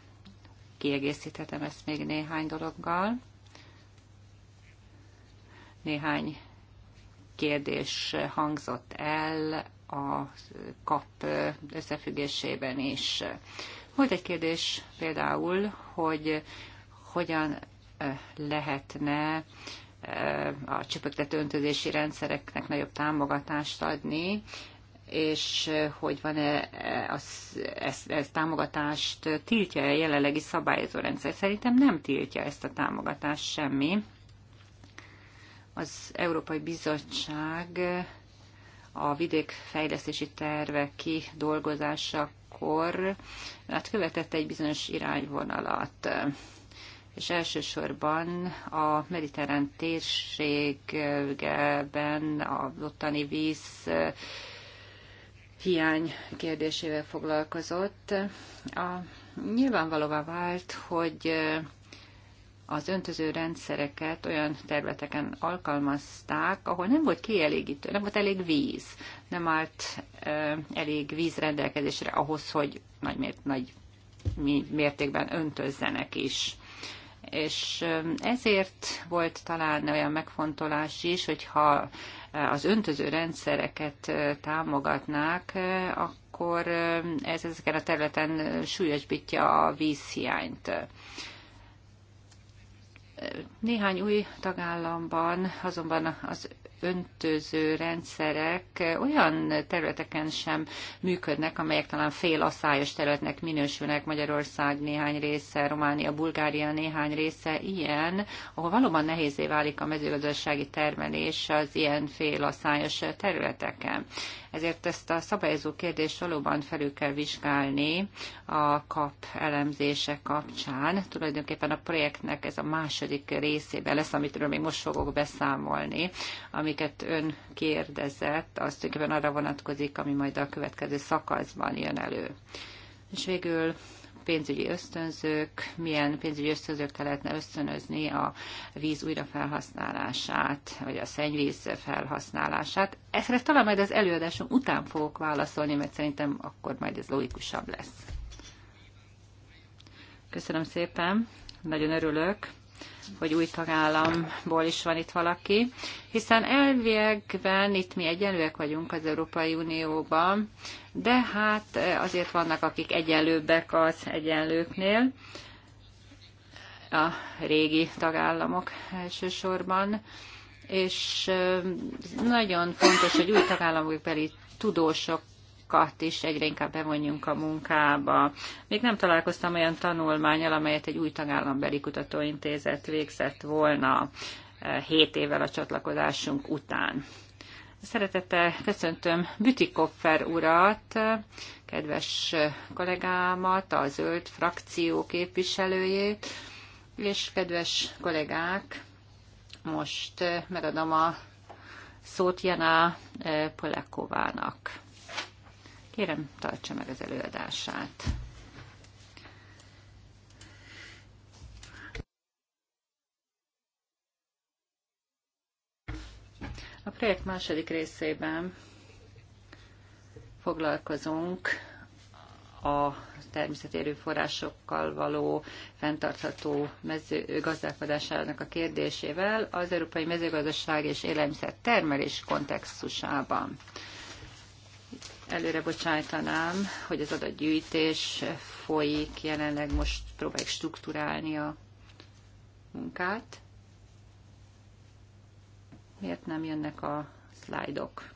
kiegészíthetem ezt még néhány dologgal. Néhány kérdés hangzott el a kap összefüggésében is. Volt egy kérdés például, hogy hogyan eh, lehetne eh, a csöpögtető öntözési rendszereknek nagyobb támogatást adni, és hogy van-e eh, az, ez, ez támogatást tiltja a jelenlegi szabályozó rendszer. Szerintem nem tiltja ezt a támogatást semmi, az Európai Bizottság a vidékfejlesztési terve kidolgozásakor hát követett egy bizonyos irányvonalat és elsősorban a mediterrán térségben az ottani víz hiány kérdésével foglalkozott. A, nyilvánvalóvá vált, hogy az öntöző rendszereket olyan területeken alkalmazták, ahol nem volt kielégítő, nem volt elég víz, nem állt ö, elég víz rendelkezésre ahhoz, hogy nagy, mért, nagy mértékben öntözzenek is. És ezért volt talán olyan megfontolás is, hogyha az öntöző rendszereket támogatnák, akkor ez ezeken a területen súlyosbítja a vízhiányt néhány új tagállamban azonban az öntöző rendszerek olyan területeken sem működnek, amelyek talán asszályos területnek minősülnek. Magyarország néhány része, Románia, Bulgária néhány része ilyen, ahol valóban nehézé válik a mezőgazdasági termelés az ilyen félaszályos területeken. Ezért ezt a szabályozó kérdést valóban felül kell vizsgálni a kap elemzése kapcsán. Tulajdonképpen a projektnek ez a második részében lesz, amitről még most fogok beszámolni, amiket ön kérdezett, az tulajdonképpen arra vonatkozik, ami majd a következő szakaszban jön elő. És végül pénzügyi ösztönzők, milyen pénzügyi ösztönzőkkel lehetne ösztönözni a víz újrafelhasználását, vagy a szennyvíz felhasználását. Ezre talán majd az előadásom után fogok válaszolni, mert szerintem akkor majd ez logikusabb lesz. Köszönöm szépen, nagyon örülök hogy új tagállamból is van itt valaki, hiszen elviekben itt mi egyenlőek vagyunk az Európai Unióban, de hát eh, azért vannak, akik egyenlőbbek az egyenlőknél, a régi tagállamok elsősorban, és eh, nagyon fontos, hogy új tagállamok tudósok tagállamokat is egyre inkább bevonjunk a munkába. Még nem találkoztam olyan tanulmányal, amelyet egy új tagállambeli kutatóintézet végzett volna 7 eh, évvel a csatlakozásunk után. Szeretettel köszöntöm Bütikoffer urat, kedves kollégámat, a zöld frakció képviselőjét, és kedves kollégák, most megadom a szót Jana eh, Polekovának. Kérem, tartsa meg az előadását. A projekt második részében foglalkozunk a természeti erőforrásokkal való fenntartható mező, gazdálkodásának a kérdésével az európai mezőgazdaság és élelmiszer termelés kontextusában előre bocsájtanám, hogy az adatgyűjtés folyik, jelenleg most próbáljuk strukturálni a munkát. Miért nem jönnek a szlájdok? -ok?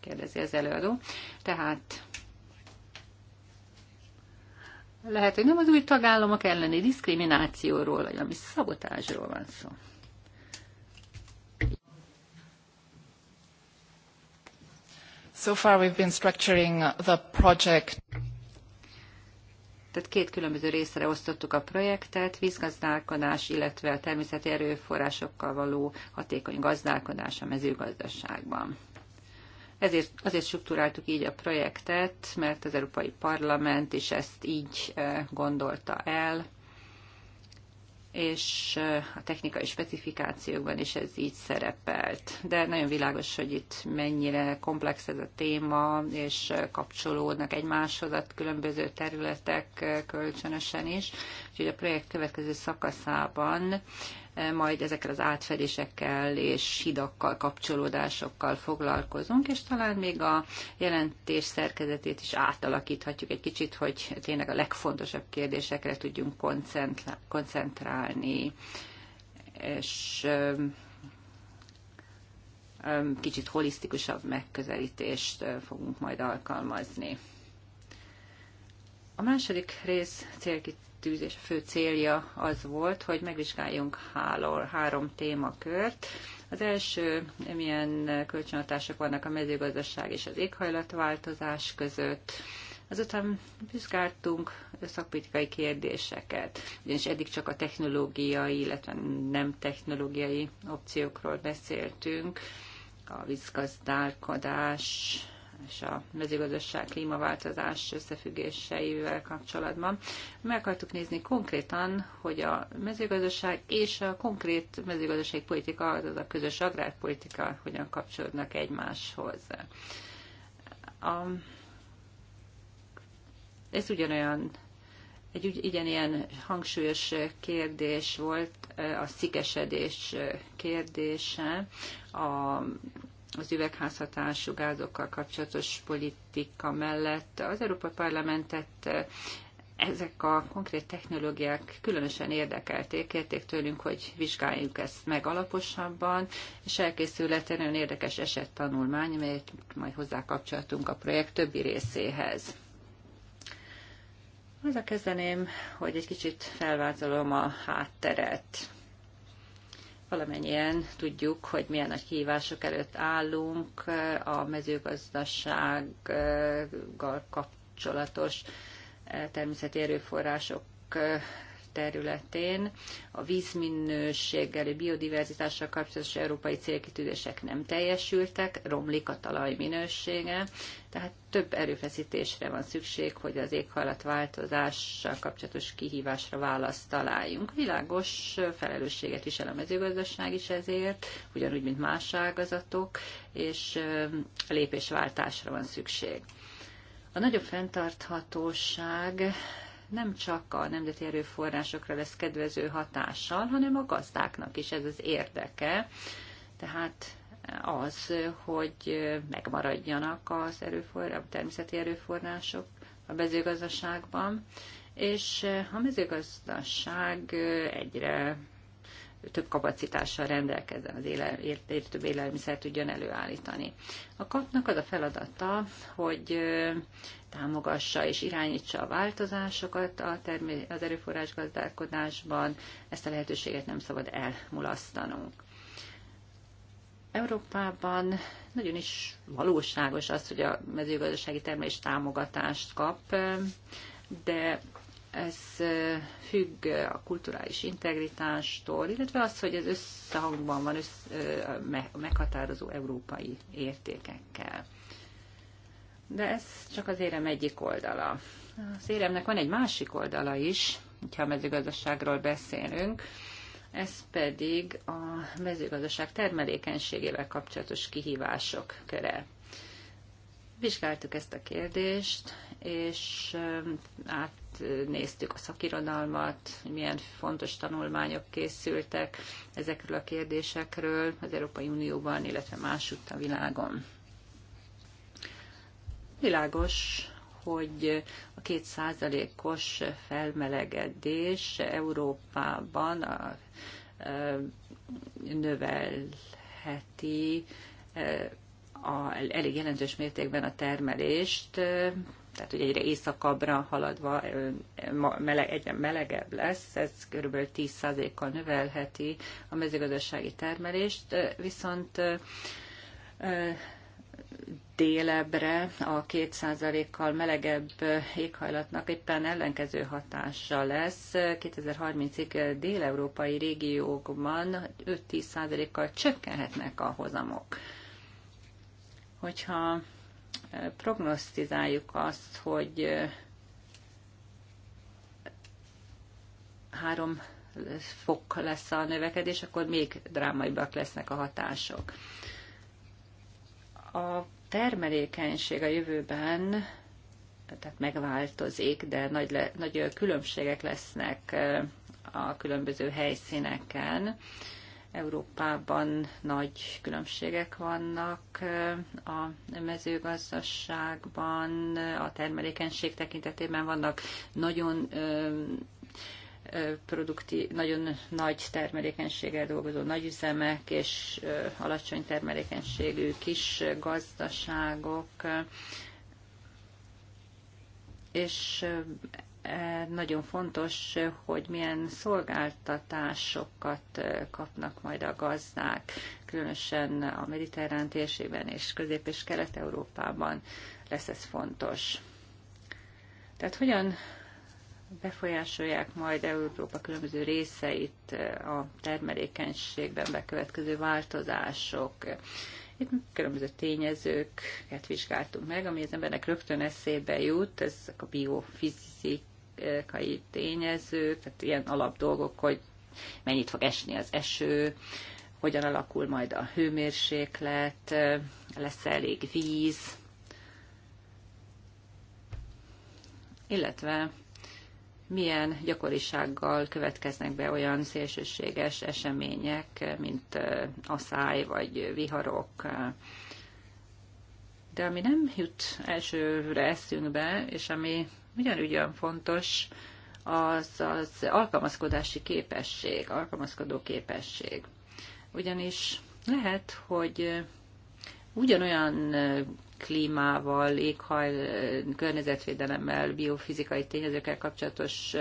kérdezi az előadó. Tehát lehet, hogy nem az új tagállamok elleni diszkriminációról, vagy ami szabotásról van szó. So far we've been structuring the project. Tehát két különböző részre osztottuk a projektet, vízgazdálkodás, illetve a természeti erőforrásokkal való hatékony gazdálkodás a mezőgazdaságban. Ezért, azért struktúráltuk így a projektet, mert az Európai Parlament is ezt így eh, gondolta el, és a technikai specifikációkban is ez így szerepelt. De nagyon világos, hogy itt mennyire komplex ez a téma, és kapcsolódnak egymáshoz a különböző területek kölcsönösen is. Úgyhogy a projekt következő szakaszában majd ezekkel az átfedésekkel és hidakkal, kapcsolódásokkal foglalkozunk, és talán még a jelentés szerkezetét is átalakíthatjuk egy kicsit, hogy tényleg a legfontosabb kérdésekre tudjunk koncentrálni. És kicsit holisztikusabb megközelítést fogunk majd alkalmazni. A második rész célkit tűzés fő célja az volt, hogy megvizsgáljunk hálor, három témakört. Az első, milyen kölcsönhatások vannak a mezőgazdaság és az éghajlatváltozás között. Azután vizsgáltunk szakpolitikai kérdéseket, ugyanis eddig csak a technológiai, illetve nem technológiai opciókról beszéltünk, a vízgazdálkodás, és a mezőgazdaság klímaváltozás összefüggéseivel kapcsolatban. Meg akartuk nézni konkrétan, hogy a mezőgazdaság és a konkrét politika, azaz a közös agrárpolitika hogyan kapcsolódnak egymáshoz. A, ez ugyanolyan egy ügy, ilyen hangsúlyos kérdés volt a szikesedés kérdése, a az üvegházhatású gázokkal kapcsolatos politika mellett az Európa Parlamentet eh, ezek a konkrét technológiák különösen érdekelték, kérték tőlünk, hogy vizsgáljuk ezt meg alaposabban, és elkészül egy nagyon érdekes esettanulmány, amelyet majd hozzákapcsolatunk a projekt többi részéhez. Az a kezdeném, hogy egy kicsit felvázolom a hátteret. Valamennyien tudjuk, hogy milyen nagy kihívások előtt állunk a mezőgazdasággal kapcsolatos eh, természeti erőforrások eh, területén a vízminőséggel, biodiverzitással kapcsolatos európai célkitűzések nem teljesültek, romlik a talaj minősége, tehát több erőfeszítésre van szükség, hogy az éghajlatváltozással kapcsolatos kihívásra választ találjunk. Világos felelősséget visel a mezőgazdaság is ezért, ugyanúgy, mint más ágazatok, és lépésváltásra van szükség. A nagyobb fenntarthatóság nem csak a nemzeti erőforrásokra lesz kedvező hatással, hanem a gazdáknak is ez az érdeke. Tehát az, hogy megmaradjanak az erőforrás, a természeti erőforrások a mezőgazdaságban, és a mezőgazdaság egyre több kapacitással rendelkezzen, az élel, él, több élelmiszer tudjon előállítani. A kapnak az a feladata, hogy támogassa és irányítsa a változásokat a termé- az erőforrás gazdálkodásban, ezt a lehetőséget nem szabad elmulasztanunk. Európában nagyon is valóságos az, hogy a mezőgazdasági termelés támogatást kap, de ez függ a kulturális integritástól, illetve az, hogy ez összehangban van össz, meghatározó európai értékekkel. De ez csak az érem egyik oldala. Az éremnek van egy másik oldala is, ha a mezőgazdaságról beszélünk, ez pedig a mezőgazdaság termelékenységével kapcsolatos kihívások köre. Vizsgáltuk ezt a kérdést, és um, átnéztük a szakirodalmat, milyen fontos tanulmányok készültek ezekről a kérdésekről az Európai Unióban, illetve másutt a világon. Világos, hogy a két százalékos felmelegedés Európában a, um, növelheti a, elég jelentős mértékben a termelést, tehát hogy egyre éjszakabbra haladva meleg, egyre melegebb lesz, ez kb. 10%-kal növelheti a mezőgazdasági termelést, viszont délebre a 2%-kal melegebb éghajlatnak éppen ellenkező hatása lesz. 2030-ig dél-európai régiókban 5-10%-kal csökkenhetnek a hozamok hogyha prognosztizáljuk azt, hogy három fok lesz a növekedés, akkor még drámaibbak lesznek a hatások. A termelékenység a jövőben tehát megváltozik, de nagy, le, nagy különbségek lesznek a különböző helyszíneken. Európában nagy különbségek vannak eh, a mezőgazdaságban, a termelékenység tekintetében vannak nagyon eh, eh, produkti, nagyon nagy termelékenységgel dolgozó üzemek és alacsony termelékenységű kis gazdaságok, és E, nagyon fontos, hogy milyen szolgáltatásokat e, kapnak majd a gazdák, különösen a mediterrán térségben és Közép- és Kelet-Európában lesz ez fontos. Tehát hogyan befolyásolják majd Európa különböző részeit e, a termelékenységben bekövetkező változások. Itt különböző tényezőket vizsgáltunk meg, ami az embernek rögtön eszébe jut, ezek a biofizik, statisztikai tényezők, tehát ilyen dolgok, hogy mennyit fog esni az eső, hogyan alakul majd a hőmérséklet, lesz elég víz, illetve milyen gyakorisággal következnek be olyan szélsőséges események, mint asszály vagy viharok. De ami nem jut elsőre eszünkbe, és ami ugyanúgyan fontos az, az alkalmazkodási képesség, alkalmazkodó képesség. Ugyanis lehet, hogy ugyanolyan klímával, éghajl, környezetvédelemmel, biofizikai tényezőkkel kapcsolatos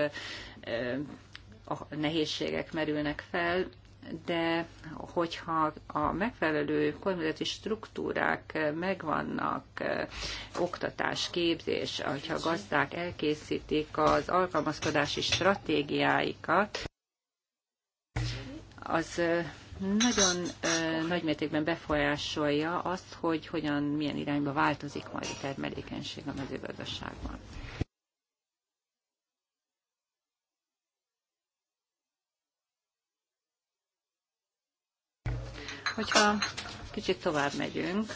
nehézségek merülnek fel, de hogyha a megfelelő kormányzati struktúrák megvannak, oktatás, képzés, hogyha a gazdák elkészítik az alkalmazkodási stratégiáikat, az nagyon nagy mértékben befolyásolja azt, hogy hogyan, milyen irányba változik majd a termelékenység a mezőgazdaságban. Hogyha kicsit tovább megyünk,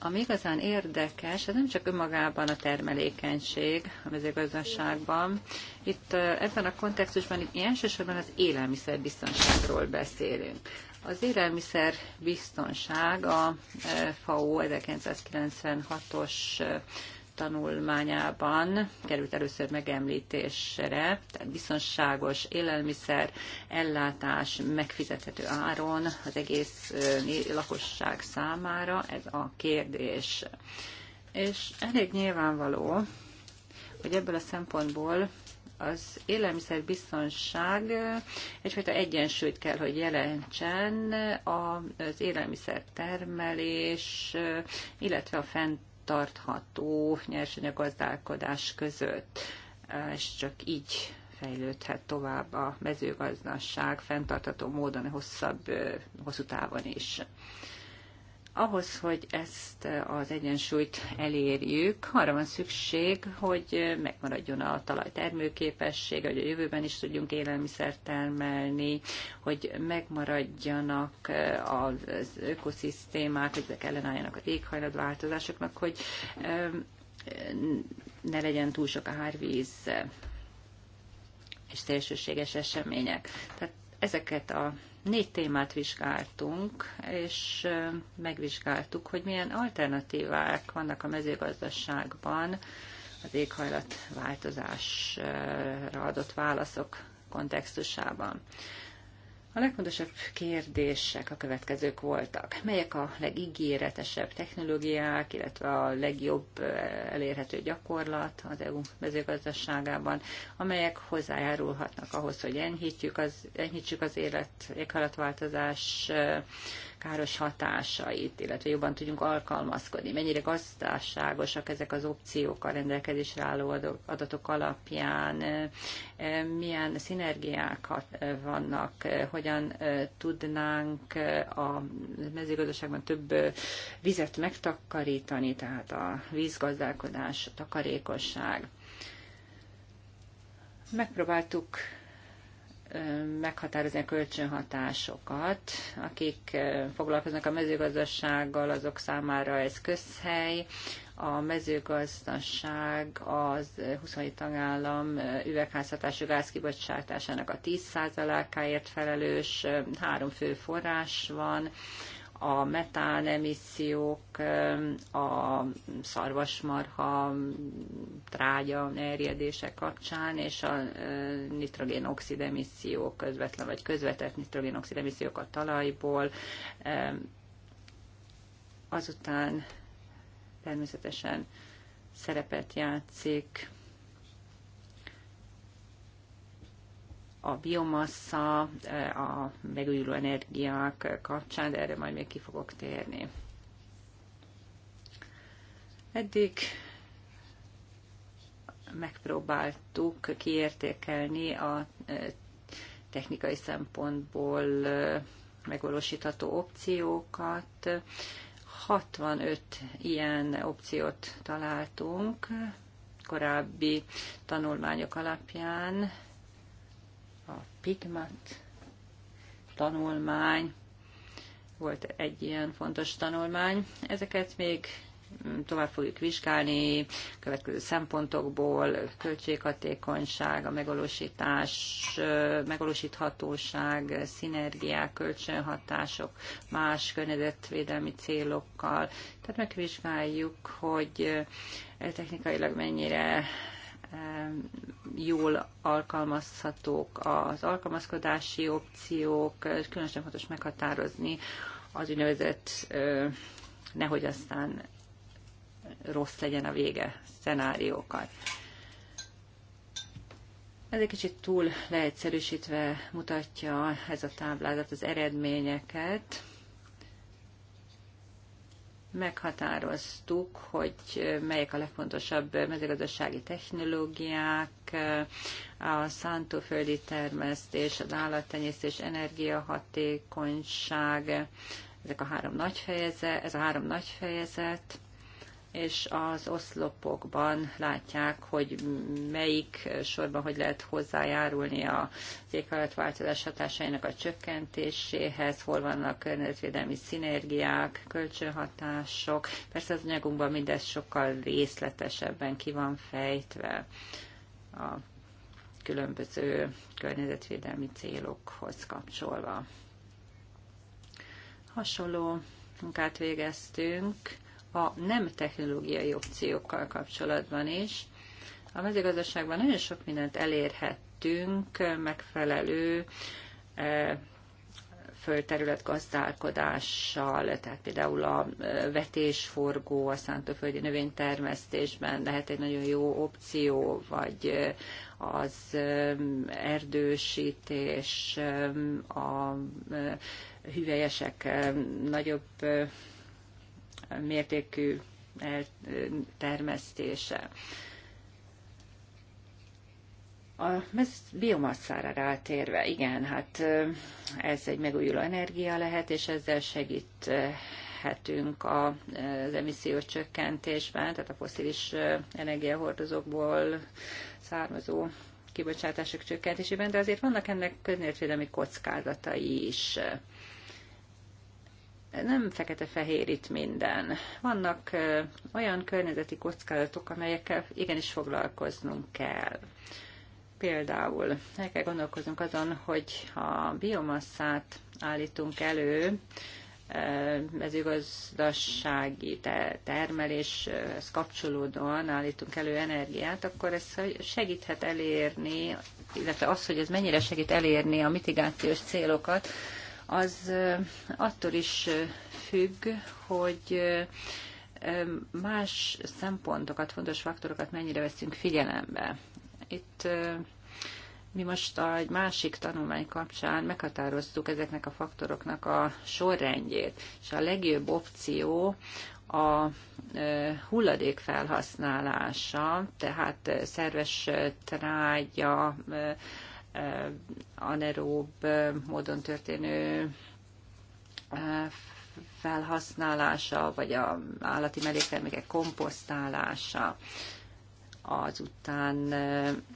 ami igazán érdekes, ez nem csak önmagában a termelékenység a mezőgazdaságban. Itt ebben a kontextusban itt elsősorban az élelmiszerbiztonságról beszélünk. Az élelmiszer biztonság a FAO 1996-os tanulmányában került először megemlítésre, tehát biztonságos élelmiszer, ellátás megfizethető áron az egész lakosság számára, ez a kérdés. És elég nyilvánvaló, hogy ebből a szempontból az élelmiszerbiztonság egyfajta egyensúlyt kell, hogy jelentsen az élelmiszertermelés, illetve a fent fenntartható nyersanyaggazdálkodás között, és csak így fejlődhet tovább a mezőgazdaság fenntartható módon hosszabb, hosszú távon is ahhoz, hogy ezt eh, az egyensúlyt elérjük, arra van szükség, hogy eh, megmaradjon a talaj termőképesség, hogy a jövőben is tudjunk élelmiszert termelni, hogy megmaradjanak eh, az ökoszisztémák, hogy ezek ellenálljanak az éghajlatváltozásoknak, hogy ne legyen túl sok a hárvíz és szélsőséges események. Tehát ezeket a Négy témát vizsgáltunk, és megvizsgáltuk, hogy milyen alternatívák vannak a mezőgazdaságban az éghajlatváltozásra adott válaszok kontextusában. A legfontosabb kérdések a következők voltak. Melyek a legígéretesebb technológiák, illetve a legjobb eh, elérhető gyakorlat az EU mezőgazdaságában, amelyek hozzájárulhatnak ahhoz, hogy enyhítjük az, enyhítsük az élet éghajlatváltozás eh, káros hatásait, illetve jobban tudjunk alkalmazkodni, mennyire gazdaságosak ezek az opciók a rendelkezésre álló adatok alapján, e, milyen szinergiák vannak, e, hogyan e, tudnánk a mezőgazdaságban több vizet megtakarítani, tehát a vízgazdálkodás, a takarékosság megpróbáltuk meghatározni a kölcsönhatásokat. Akik foglalkoznak a mezőgazdasággal, azok számára ez közhely. A mezőgazdaság az 27 tagállam üvegházhatású gázkibocsátásának a 10%-áért felelős, három fő forrás van a metán emissziók, a szarvasmarha trágya erjedése kapcsán, és a nitrogénoxid emissziók közvetlen vagy közvetett nitrogénoxid emissziók a talajból. Azután természetesen szerepet játszik a biomassa, eh, a megújuló energiák kapcsán, de erre majd még ki fogok térni. Eddig megpróbáltuk kiértékelni a eh, technikai szempontból eh, megvalósítható opciókat. 65 ilyen opciót találtunk korábbi tanulmányok alapján, Pigment tanulmány, volt egy ilyen fontos tanulmány. Ezeket még mm, tovább fogjuk vizsgálni következő szempontokból, költséghatékonyság, a megvalósítás, megvalósíthatóság, szinergiák, kölcsönhatások más környezetvédelmi célokkal. Tehát megvizsgáljuk, hogy technikailag mennyire jól alkalmazhatók az alkalmazkodási opciók, és különösen fontos meghatározni az úgynevezett, nehogy aztán rossz legyen a vége szenáriókat. Ez egy kicsit túl leegyszerűsítve mutatja ez a táblázat az eredményeket meghatároztuk, hogy melyek a legfontosabb mezőgazdasági technológiák, a szántóföldi termesztés, az állattenyésztés, energiahatékonyság, ezek a három nagy fejezet, ez a három nagy fejezet, és az oszlopokban látják, hogy melyik sorban hogy lehet hozzájárulni a éghajlatváltozás hatásainak a csökkentéséhez, hol vannak környezetvédelmi szinergiák, kölcsönhatások. Persze az anyagunkban mindez sokkal részletesebben ki van fejtve a különböző környezetvédelmi célokhoz kapcsolva. Hasonló munkát végeztünk a nem technológiai opciókkal kapcsolatban is. A mezőgazdaságban nagyon sok mindent elérhettünk, megfelelő e, földterület gazdálkodással, tehát például a e, vetésforgó, a szántóföldi növénytermesztésben lehet egy nagyon jó opció, vagy e, az erdősítés, a hüvelyesek nagyobb mértékű termesztése. A biomasszára rátérve, igen, hát ez egy megújuló energia lehet, és ezzel segíthetünk az emisszió csökkentésben, tehát a foszilis energiahordozókból származó kibocsátások csökkentésében, de azért vannak ennek környezetvédelmi kockázatai is nem fekete-fehér itt minden. Vannak olyan környezeti kockázatok, amelyekkel igenis foglalkoznunk kell. Például el kell gondolkoznunk azon, hogy ha biomasszát állítunk elő, mezőgazdasági termeléshez kapcsolódóan állítunk elő energiát, akkor ez segíthet elérni, illetve az, hogy ez mennyire segít elérni a mitigációs célokat, az attól is függ, hogy más szempontokat, fontos faktorokat mennyire veszünk figyelembe. Itt mi most egy másik tanulmány kapcsán meghatároztuk ezeknek a faktoroknak a sorrendjét, és a legjobb opció a hulladék felhasználása, tehát szerves trágya, Eh, anerób eh, módon történő eh, felhasználása, vagy a állati melléktermékek komposztálása, azután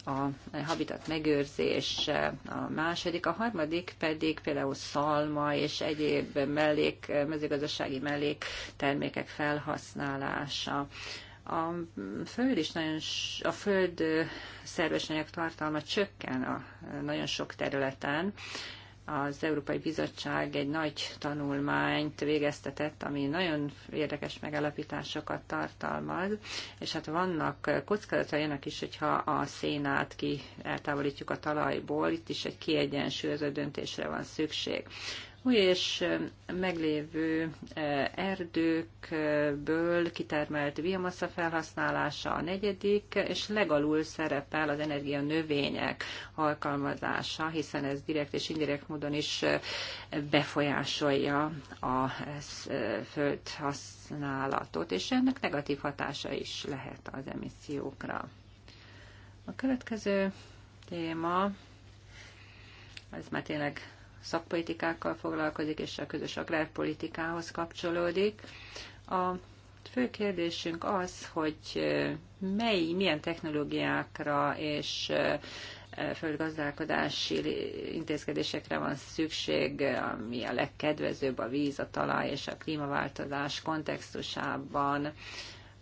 a habitat megőrzés, a második, a harmadik pedig például szalma és egyéb mellék, mezőgazdasági melléktermékek felhasználása a föld is nagyon, a föld szerves anyag tartalma csökken a nagyon sok területen. Az Európai Bizottság egy nagy tanulmányt végeztetett, ami nagyon érdekes megállapításokat tartalmaz, és hát vannak kockázatai ennek is, hogyha a szénát ki eltávolítjuk a talajból, itt is egy kiegyensúlyozó döntésre van szükség új és meglévő erdőkből kitermelt biomassa felhasználása a negyedik, és legalul szerepel az energia növények alkalmazása, hiszen ez direkt és indirekt módon is befolyásolja a föld használatot, és ennek negatív hatása is lehet az emissziókra. A következő téma, ez már tényleg szakpolitikákkal foglalkozik, és a közös agrárpolitikához kapcsolódik. A fő kérdésünk az, hogy mely, milyen technológiákra és földgazdálkodási intézkedésekre van szükség, ami a legkedvezőbb a víz, a talaj és a klímaváltozás kontextusában.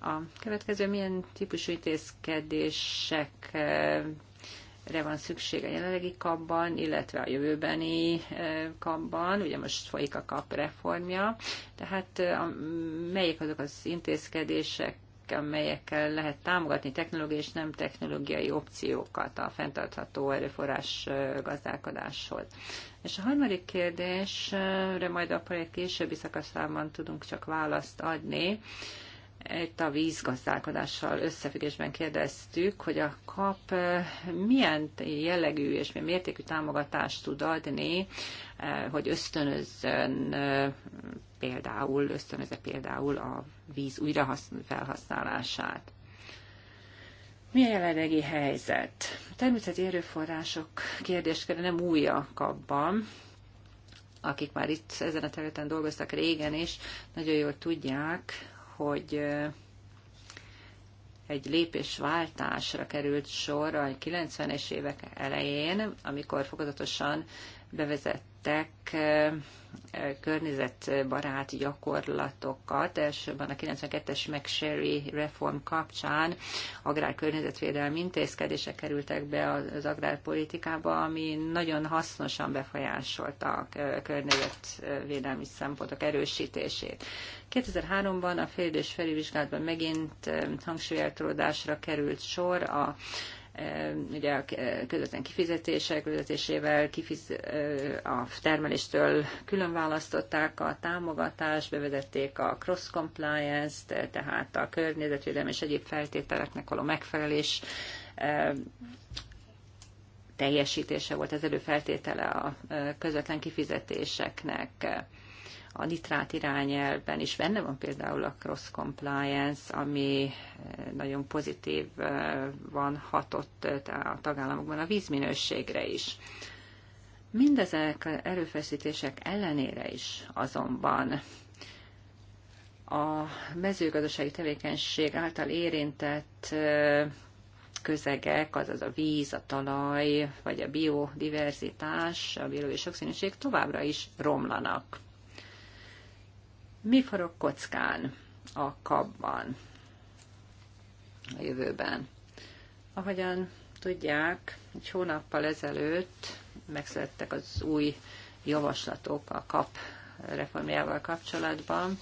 A következő milyen típusú intézkedések re van szükség a jelenlegi kapban, illetve a jövőbeni eh, kapban, ugye most folyik a kap reformja, tehát eh, a, melyik azok az intézkedések, amelyekkel lehet támogatni technológiai és nem technológiai opciókat a fenntartható erőforrás eh, gazdálkodáshoz. És a harmadik kérdésre majd a projekt későbbi szakaszában tudunk csak választ adni itt a vízgazdálkodással összefüggésben kérdeztük, hogy a KAP eh, milyen jellegű és milyen mértékű támogatást tud adni, eh, hogy ösztönözzön eh, például, ösztönözze például a víz újrafelhasználását. Mi a jelenlegi helyzet? A természeti erőforrások kérdésköre nem új a kapban, akik már itt ezen a területen dolgoztak régen is, nagyon jól tudják, hogy egy lépésváltásra került sor a 90-es évek elején, amikor fokozatosan bevezettek környezetbarát gyakorlatokat, elsőben a 92-es McSherry reform kapcsán agrárkörnyezetvédelmi intézkedések kerültek be az agrárpolitikába, ami nagyon hasznosan befolyásolta a környezetvédelmi szempontok erősítését. 2003-ban a félidős felülvizsgálatban megint hangsúlyeltródásra került sor a ugye a közvetlen kifizetések közvetésével kifiz, a termeléstől külön választották a támogatást, bevezették a cross compliance-t, tehát a környezetvédelmi és egyéb feltételeknek való megfelelés teljesítése volt az előfeltétele a közvetlen kifizetéseknek. A nitrát irányelben is benne van például a cross compliance, ami eh, nagyon pozitív eh, van hatott eh, a tagállamokban a vízminőségre is. Mindezek az erőfeszítések ellenére is azonban a mezőgazdasági tevékenység által érintett közegek, azaz a víz, a talaj, vagy a biodiverzitás, a biológiai sokszínűség továbbra is romlanak mi forog kockán a kapban a jövőben. Ahogyan tudják, egy hónappal ezelőtt megszülettek az új javaslatok a kap reformjával kapcsolatban.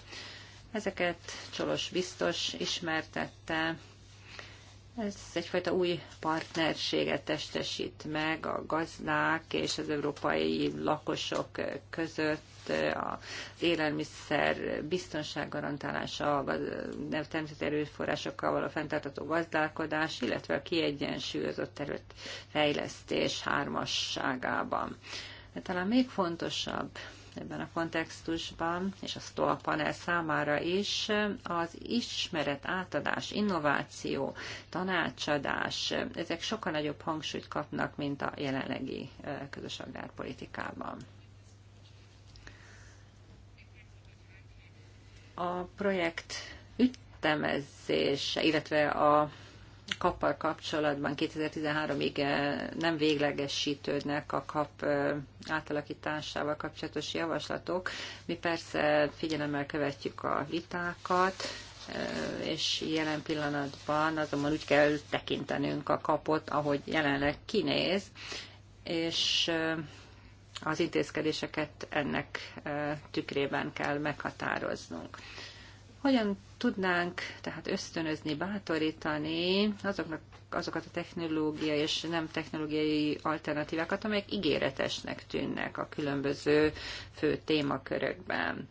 Ezeket Csolos biztos ismertette. Ez egyfajta új partnerséget testesít meg a gazdák és az európai lakosok között az élelmiszer biztonság garantálása, a természeti erőforrásokkal való fenntartató gazdálkodás, illetve a kiegyensúlyozott terület fejlesztés hármasságában. De talán még fontosabb ebben a kontextusban, és a STOA panel számára is az ismeret átadás, innováció, tanácsadás, ezek sokkal nagyobb hangsúlyt kapnak, mint a jelenlegi közös agrárpolitikában. a projekt ütemezése, illetve a kappal kapcsolatban 2013-ig eh, nem véglegesítődnek a kap eh, átalakításával kapcsolatos javaslatok. Mi persze figyelemmel követjük a vitákat, eh, és jelen pillanatban azonban úgy kell tekintenünk a kapot, ahogy jelenleg kinéz, és az intézkedéseket ennek tükrében kell meghatároznunk. Hogyan tudnánk tehát ösztönözni, bátorítani azoknak, azokat a technológiai és nem technológiai alternatívákat, amelyek ígéretesnek tűnnek a különböző fő témakörökben?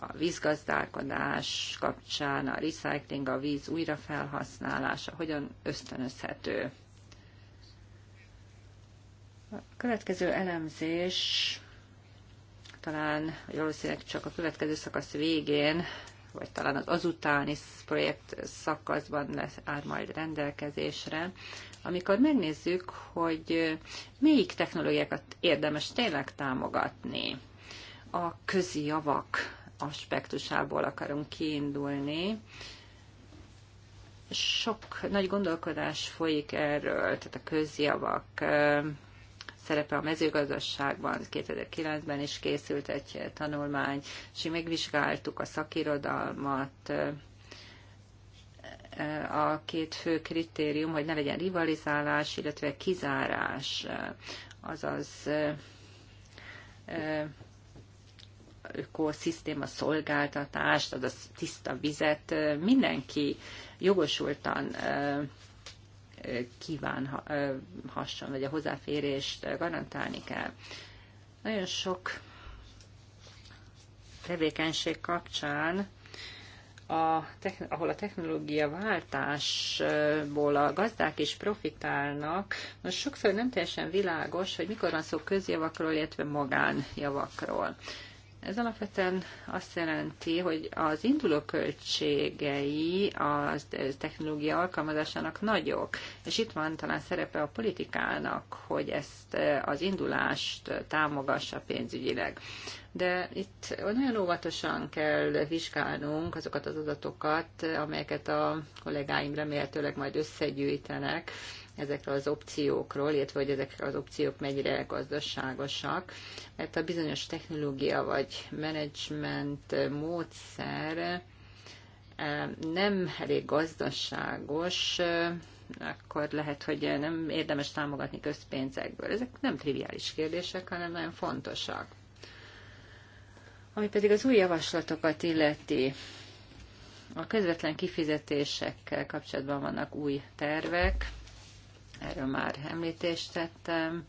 a vízgazdálkodás kapcsán, a recycling, a víz újrafelhasználása hogyan ösztönözhető a következő elemzés talán valószínűleg csak a következő szakasz végén, vagy talán az azutáni projekt szakaszban lesz, áll majd rendelkezésre, amikor megnézzük, hogy melyik technológiákat érdemes tényleg támogatni. A javak aspektusából akarunk kiindulni, sok nagy gondolkodás folyik erről, tehát a közjavak szerepe a mezőgazdaságban. 2009-ben is készült egy tanulmány, és megvizsgáltuk a szakirodalmat, a két fő kritérium, hogy ne legyen rivalizálás, illetve kizárás, azaz ökoszisztéma szolgáltatást, azaz tiszta vizet mindenki jogosultan kívánhasson, vagy a hozzáférést garantálni kell. Nagyon sok tevékenység kapcsán a, ahol a technológia váltásból a gazdák is profitálnak, most sokszor nem teljesen világos, hogy mikor van szó közjavakról, illetve magánjavakról. Ez alapvetően azt jelenti, hogy az induló költségei a technológia alkalmazásának nagyok, és itt van talán szerepe a politikának, hogy ezt eh, az indulást támogassa pénzügyileg. De itt nagyon óvatosan kell vizsgálnunk azokat az adatokat, amelyeket a kollégáim remélhetőleg majd összegyűjtenek, ezekről az opciókról, illetve hogy ezek az opciók mennyire gazdaságosak, mert a bizonyos technológia vagy menedzsment módszer eh, nem elég gazdaságos, eh, akkor lehet, hogy nem érdemes támogatni közpénzekből. Ezek nem triviális kérdések, hanem nagyon fontosak. Ami pedig az új javaslatokat illeti, a közvetlen kifizetésekkel kapcsolatban vannak új tervek erről már említést tettem.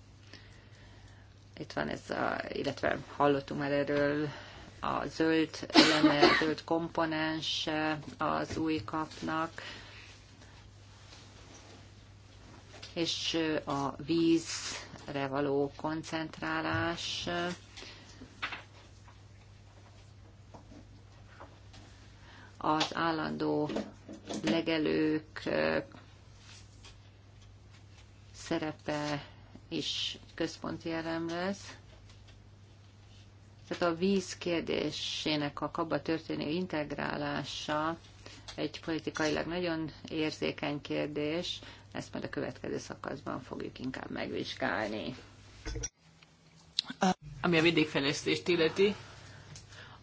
Itt van ez a, illetve hallottunk már erről a zöld eleme, a zöld komponens az új kapnak, és a vízre való koncentrálás. Az állandó legelők szerepe is központi elem lesz. Tehát a víz kérdésének a kabba történő integrálása egy politikailag nagyon érzékeny kérdés, ezt majd a következő szakaszban fogjuk inkább megvizsgálni. Ami a vidékfejlesztést illeti,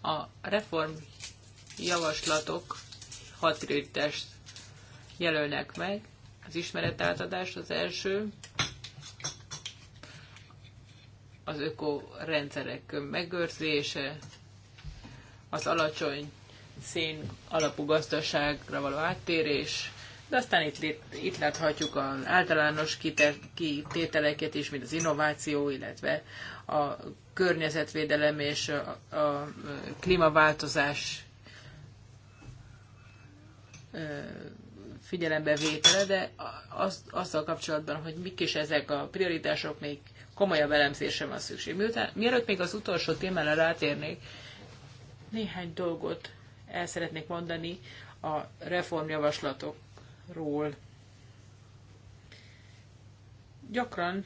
a reform javaslatok hat jelölnek meg, az ismeretátadás az első, az ökorendszerek megőrzése, az alacsony szén alapú gazdaságra való áttérés, de aztán itt, itt láthatjuk az általános kitételeket is, mint az innováció, illetve a környezetvédelem és a, a klímaváltozás vétele, de az, azzal kapcsolatban, hogy mik is ezek a prioritások, még komolyabb elemzésre van szükség. Miután, mielőtt még az utolsó témára rátérnék, néhány dolgot el szeretnék mondani a reformjavaslatokról. Gyakran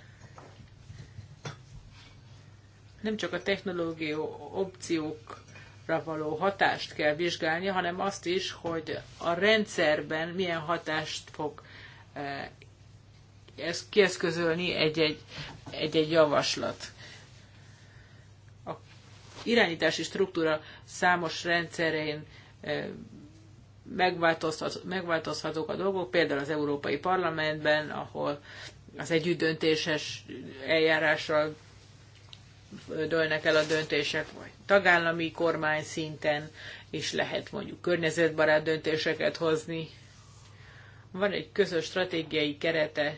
nem csak a technológia opciók való hatást kell vizsgálni, hanem azt is, hogy a rendszerben milyen hatást fog eh, ez kieszközölni egy-egy, egy-egy javaslat. A irányítási struktúra számos rendszerén eh, megváltozhat, megváltozhatók a dolgok, például az Európai Parlamentben, ahol az együttdöntéses eljárással dőlnek el a döntések, vagy tagállami kormány szinten, és lehet mondjuk környezetbarát döntéseket hozni. Van egy közös stratégiai kerete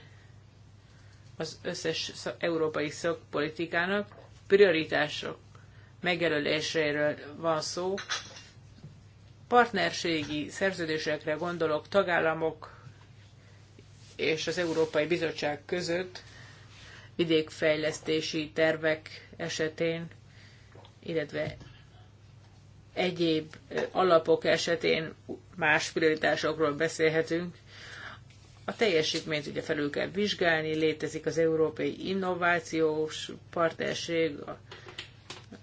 az összes európai szakpolitikának, prioritások megjelöléséről van szó, partnerségi szerződésekre gondolok tagállamok és az Európai Bizottság között, vidékfejlesztési tervek esetén, illetve egyéb alapok esetén más prioritásokról beszélhetünk. A teljesítményt ugye felül kell vizsgálni, létezik az Európai Innovációs Partnerség,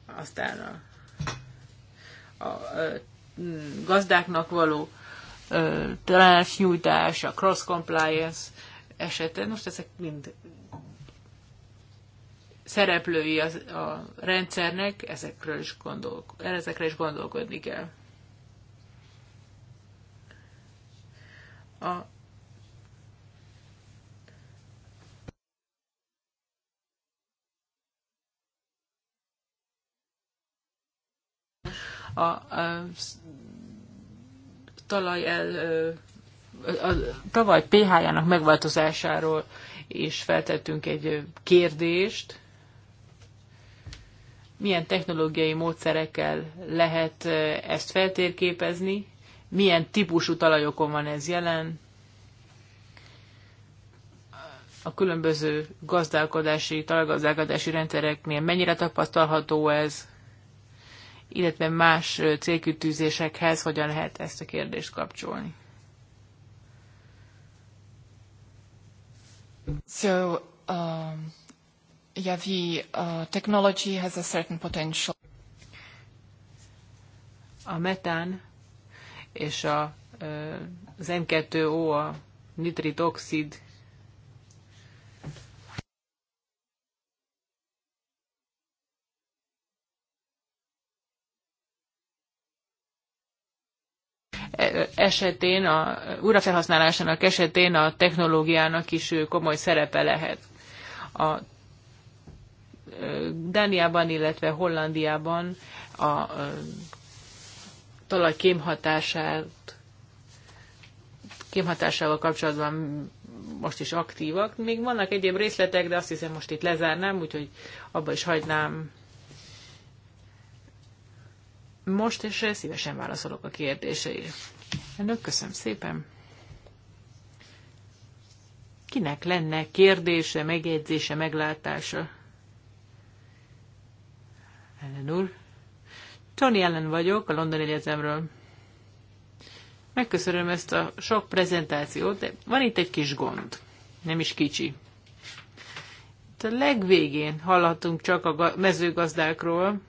aztán a, a, a gazdáknak való tanácsnyújtás, a cross-compliance esetén, Most ezek mind szereplői a, a rendszernek, ezekről is gondol, ezekre is gondolkodni kell. A a, a talaj el, a, a tavaly pH-jának megváltozásáról és feltettünk egy kérdést milyen technológiai módszerekkel lehet ezt feltérképezni, milyen típusú talajokon van ez jelen, a különböző gazdálkodási, talajgazdálkodási rendszereknél mennyire tapasztalható ez, illetve más célkütűzésekhez hogyan lehet ezt a kérdést kapcsolni. So, um yeah, the uh, technology has a certain potential. A metán és a, eh, az M2O, a nitritoxid esetén, a újrafelhasználásának esetén a technológiának is komoly szerepe lehet. A Dániában, illetve Hollandiában a talaj kémhatását kémhatásával kapcsolatban most is aktívak. Még vannak egyéb részletek, de azt hiszem most itt lezárnám, úgyhogy abba is hagynám most, és szívesen válaszolok a kérdéseire. Önök, köszönöm szépen. Kinek lenne kérdése, megjegyzése, meglátása? Ellen úr. Tony Ellen vagyok, a London Egyetemről. Megköszönöm ezt a sok prezentációt, de van itt egy kis gond. Nem is kicsi. Itt a legvégén hallhatunk csak a mezőgazdákról,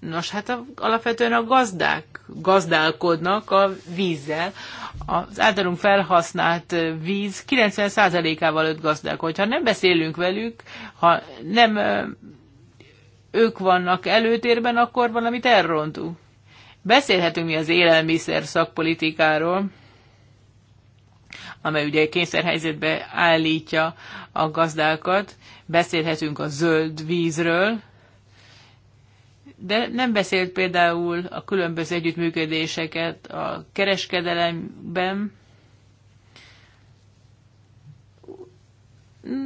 Nos, hát a, alapvetően a gazdák gazdálkodnak a vízzel. Az általunk felhasznált víz 90%-ával öt gazdák. Hogyha nem beszélünk velük, ha nem ők vannak előtérben, akkor valamit elrontunk. Beszélhetünk mi az élelmiszer szakpolitikáról, amely ugye kényszerhelyzetbe állítja a gazdákat. Beszélhetünk a zöld vízről, de nem beszélt például a különböző együttműködéseket a kereskedelemben.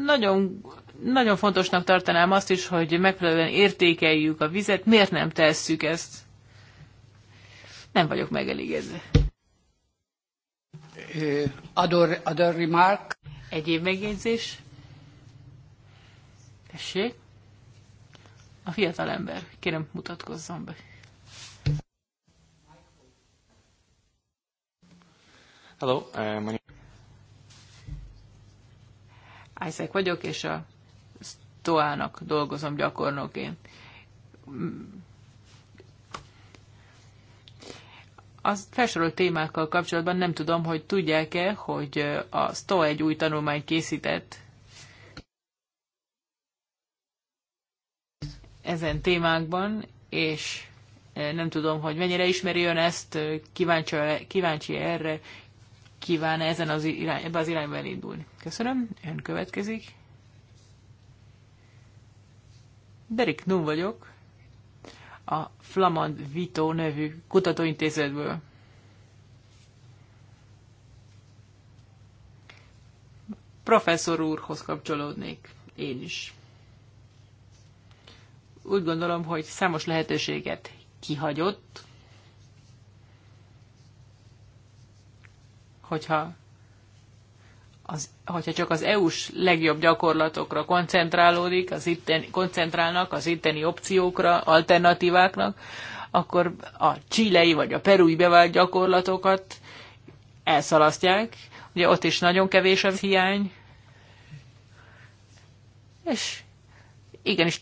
Nagyon, nagyon fontosnak tartanám azt is, hogy megfelelően értékeljük a vizet. Miért nem tesszük ezt? Nem vagyok megelégedve. Eh, other, other remark? Egyéb megjegyzés? Tessék? A fiatal ember, kérem mutatkozzon be. Hello, uh, my... Isaac vagyok, és a Stoának dolgozom gyakornokként. A felsorolt témákkal kapcsolatban nem tudom, hogy tudják-e, hogy a STOA egy új tanulmányt készített ezen témákban, és eh, nem tudom, hogy mennyire ismeri ön ezt, eh, kíváncsi, kíváncsi erre, kíván -e ezen az irány, ebbe az irányba elindulni. Köszönöm, ön következik. Derek Nun vagyok, a Flamand Vito nevű kutatóintézetből. Professzor úrhoz kapcsolódnék én is úgy gondolom, hogy számos lehetőséget kihagyott, hogyha, az, hogyha csak az EU-s legjobb gyakorlatokra koncentrálódik, az itteni, koncentrálnak az itteni opciókra, alternatíváknak, akkor a csilei vagy a perui bevált gyakorlatokat elszalasztják. Ugye ott is nagyon kevés az hiány, és igenis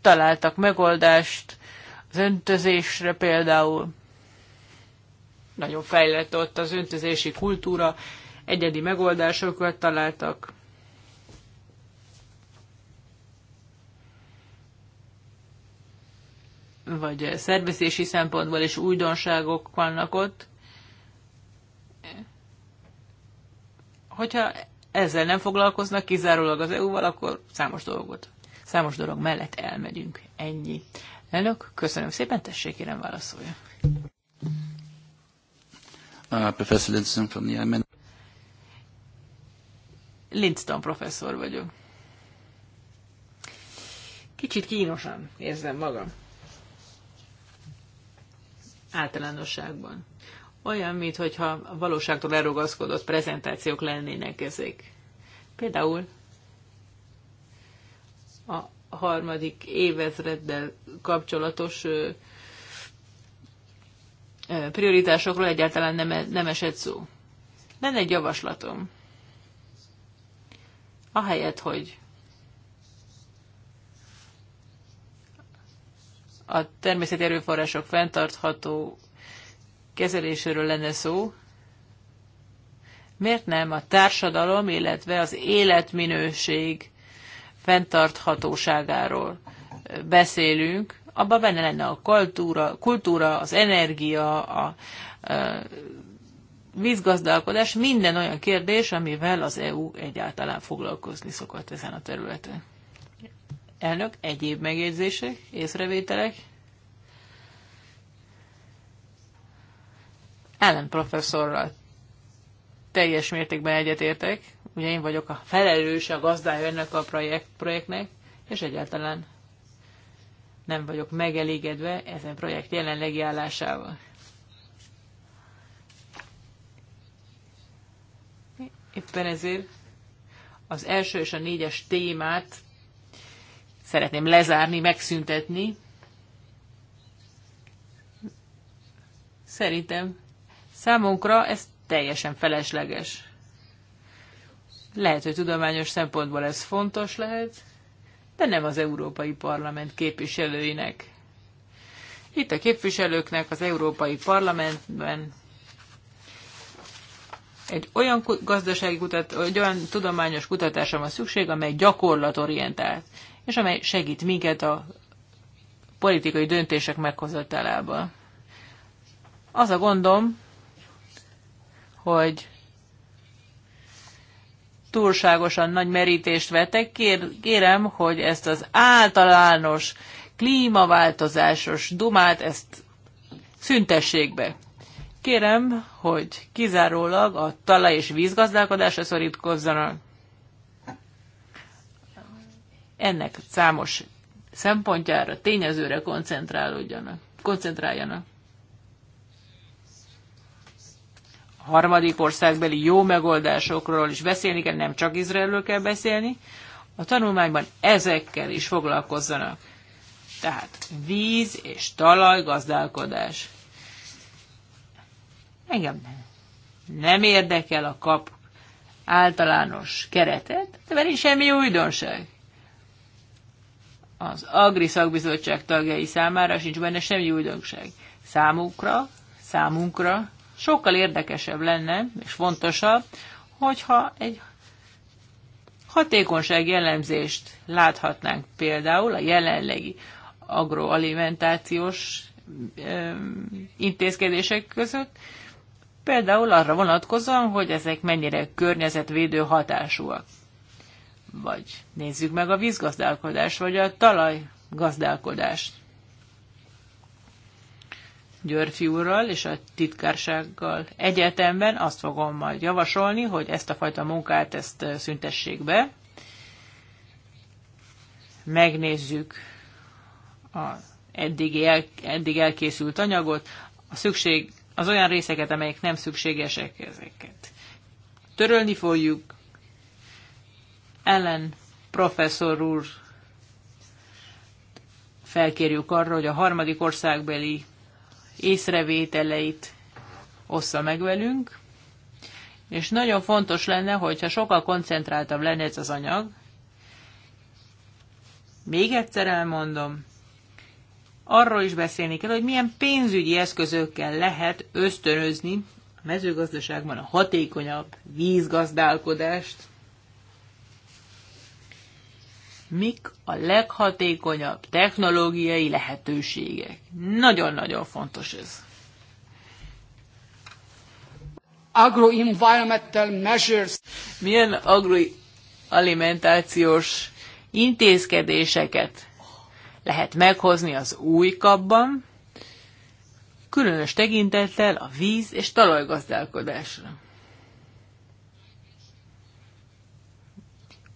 találtak megoldást az öntözésre például. Nagyon fejlett ott az öntözési kultúra, egyedi megoldásokat találtak. Vagy szervezési szempontból is újdonságok vannak ott. Hogyha ezzel nem foglalkoznak kizárólag az EU-val, akkor számos dolgot számos dolog mellett elmegyünk. Ennyi. Elnök, köszönöm szépen, tessék, kérem válaszolja. Uh, professzor vagyok. Kicsit kínosan érzem magam. Általánosságban. Olyan, mintha a valóságtól elrugaszkodott prezentációk lennének ezek. Például a harmadik évezreddel kapcsolatos prioritásokról egyáltalán nem, nem esett szó. Lenne egy javaslatom. Ahelyett, hogy a természeti erőforrások fenntartható kezeléséről lenne szó, miért nem a társadalom, illetve az életminőség fenntarthatóságáról beszélünk, abban benne lenne a kultúra, kultúra az energia, a, a vízgazdálkodás, minden olyan kérdés, amivel az EU egyáltalán foglalkozni szokott ezen a területen. Elnök, egyéb megjegyzések, észrevételek? Ellen professzorral teljes mértékben egyetértek ugye én vagyok a felelőse, a gazdája ennek a projekt, projektnek, és egyáltalán nem vagyok megelégedve ezen projekt jelenlegi állásával. Éppen ezért az első és a négyes témát szeretném lezárni, megszüntetni. Szerintem számunkra ez teljesen felesleges. Lehet, hogy tudományos szempontból ez fontos lehet, de nem az Európai Parlament képviselőinek. Itt a képviselőknek az Európai Parlamentben egy olyan gazdasági kutat, egy olyan tudományos kutatásra van szükség, amely gyakorlatorientált, és amely segít minket a politikai döntések meghozatalában. Az a gondom, hogy túlságosan nagy merítést vettek. Kér, kérem, hogy ezt az általános klímaváltozásos dumát, ezt szüntessék be. Kérem, hogy kizárólag a talaj és vízgazdálkodásra szorítkozzanak. Ennek számos szempontjára, tényezőre koncentrálódjanak, koncentráljanak. harmadik országbeli jó megoldásokról is beszélni kell, nem csak Izraelről kell beszélni. A tanulmányban ezekkel is foglalkozzanak. Tehát víz és talaj gazdálkodás. Engem nem érdekel a kap általános keretet, de veri semmi újdonság. Az Agri Szakbizottság tagjai számára sincs benne semmi újdonság. Számukra, számunkra sokkal érdekesebb lenne, és fontosabb, hogyha egy hatékonyság jellemzést láthatnánk például a jelenlegi agroalimentációs intézkedések között, például arra vonatkozóan, hogy ezek mennyire környezetvédő hatásúak. Vagy nézzük meg a vízgazdálkodást, vagy a talajgazdálkodást. Györfi úrral és a titkársággal egyetemben azt fogom majd javasolni, hogy ezt a fajta munkát ezt szüntessék be. Megnézzük a eddig, el, eddig elkészült anyagot, a szükség, az olyan részeket, amelyek nem szükségesek, ezeket törölni fogjuk. Ellen professzor úr felkérjük arra, hogy a harmadik országbeli észrevételeit ossza meg velünk, és nagyon fontos lenne, hogyha sokkal koncentráltabb lenne ez az anyag. Még egyszer elmondom, arról is beszélni kell, hogy milyen pénzügyi eszközökkel lehet ösztönözni a mezőgazdaságban a hatékonyabb vízgazdálkodást mik a leghatékonyabb technológiai lehetőségek. Nagyon-nagyon fontos ez. Agroenvironmental measures. Milyen agroalimentációs intézkedéseket lehet meghozni az új kapban, különös tekintettel a víz és talajgazdálkodásra.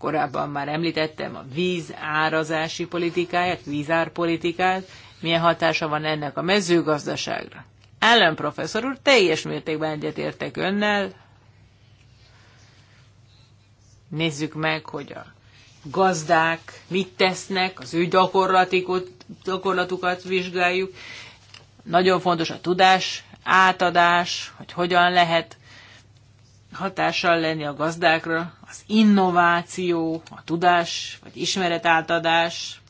korábban már említettem, a vízárazási politikáját, vízárpolitikát, milyen hatása van ennek a mezőgazdaságra. professzor úr, teljes mértékben egyetértek önnel. Nézzük meg, hogy a gazdák mit tesznek, az ő gyakorlatukat vizsgáljuk. Nagyon fontos a tudás átadás, hogy hogyan lehet hatással lenni a gazdákra az innováció, a tudás, vagy ismeretátadás,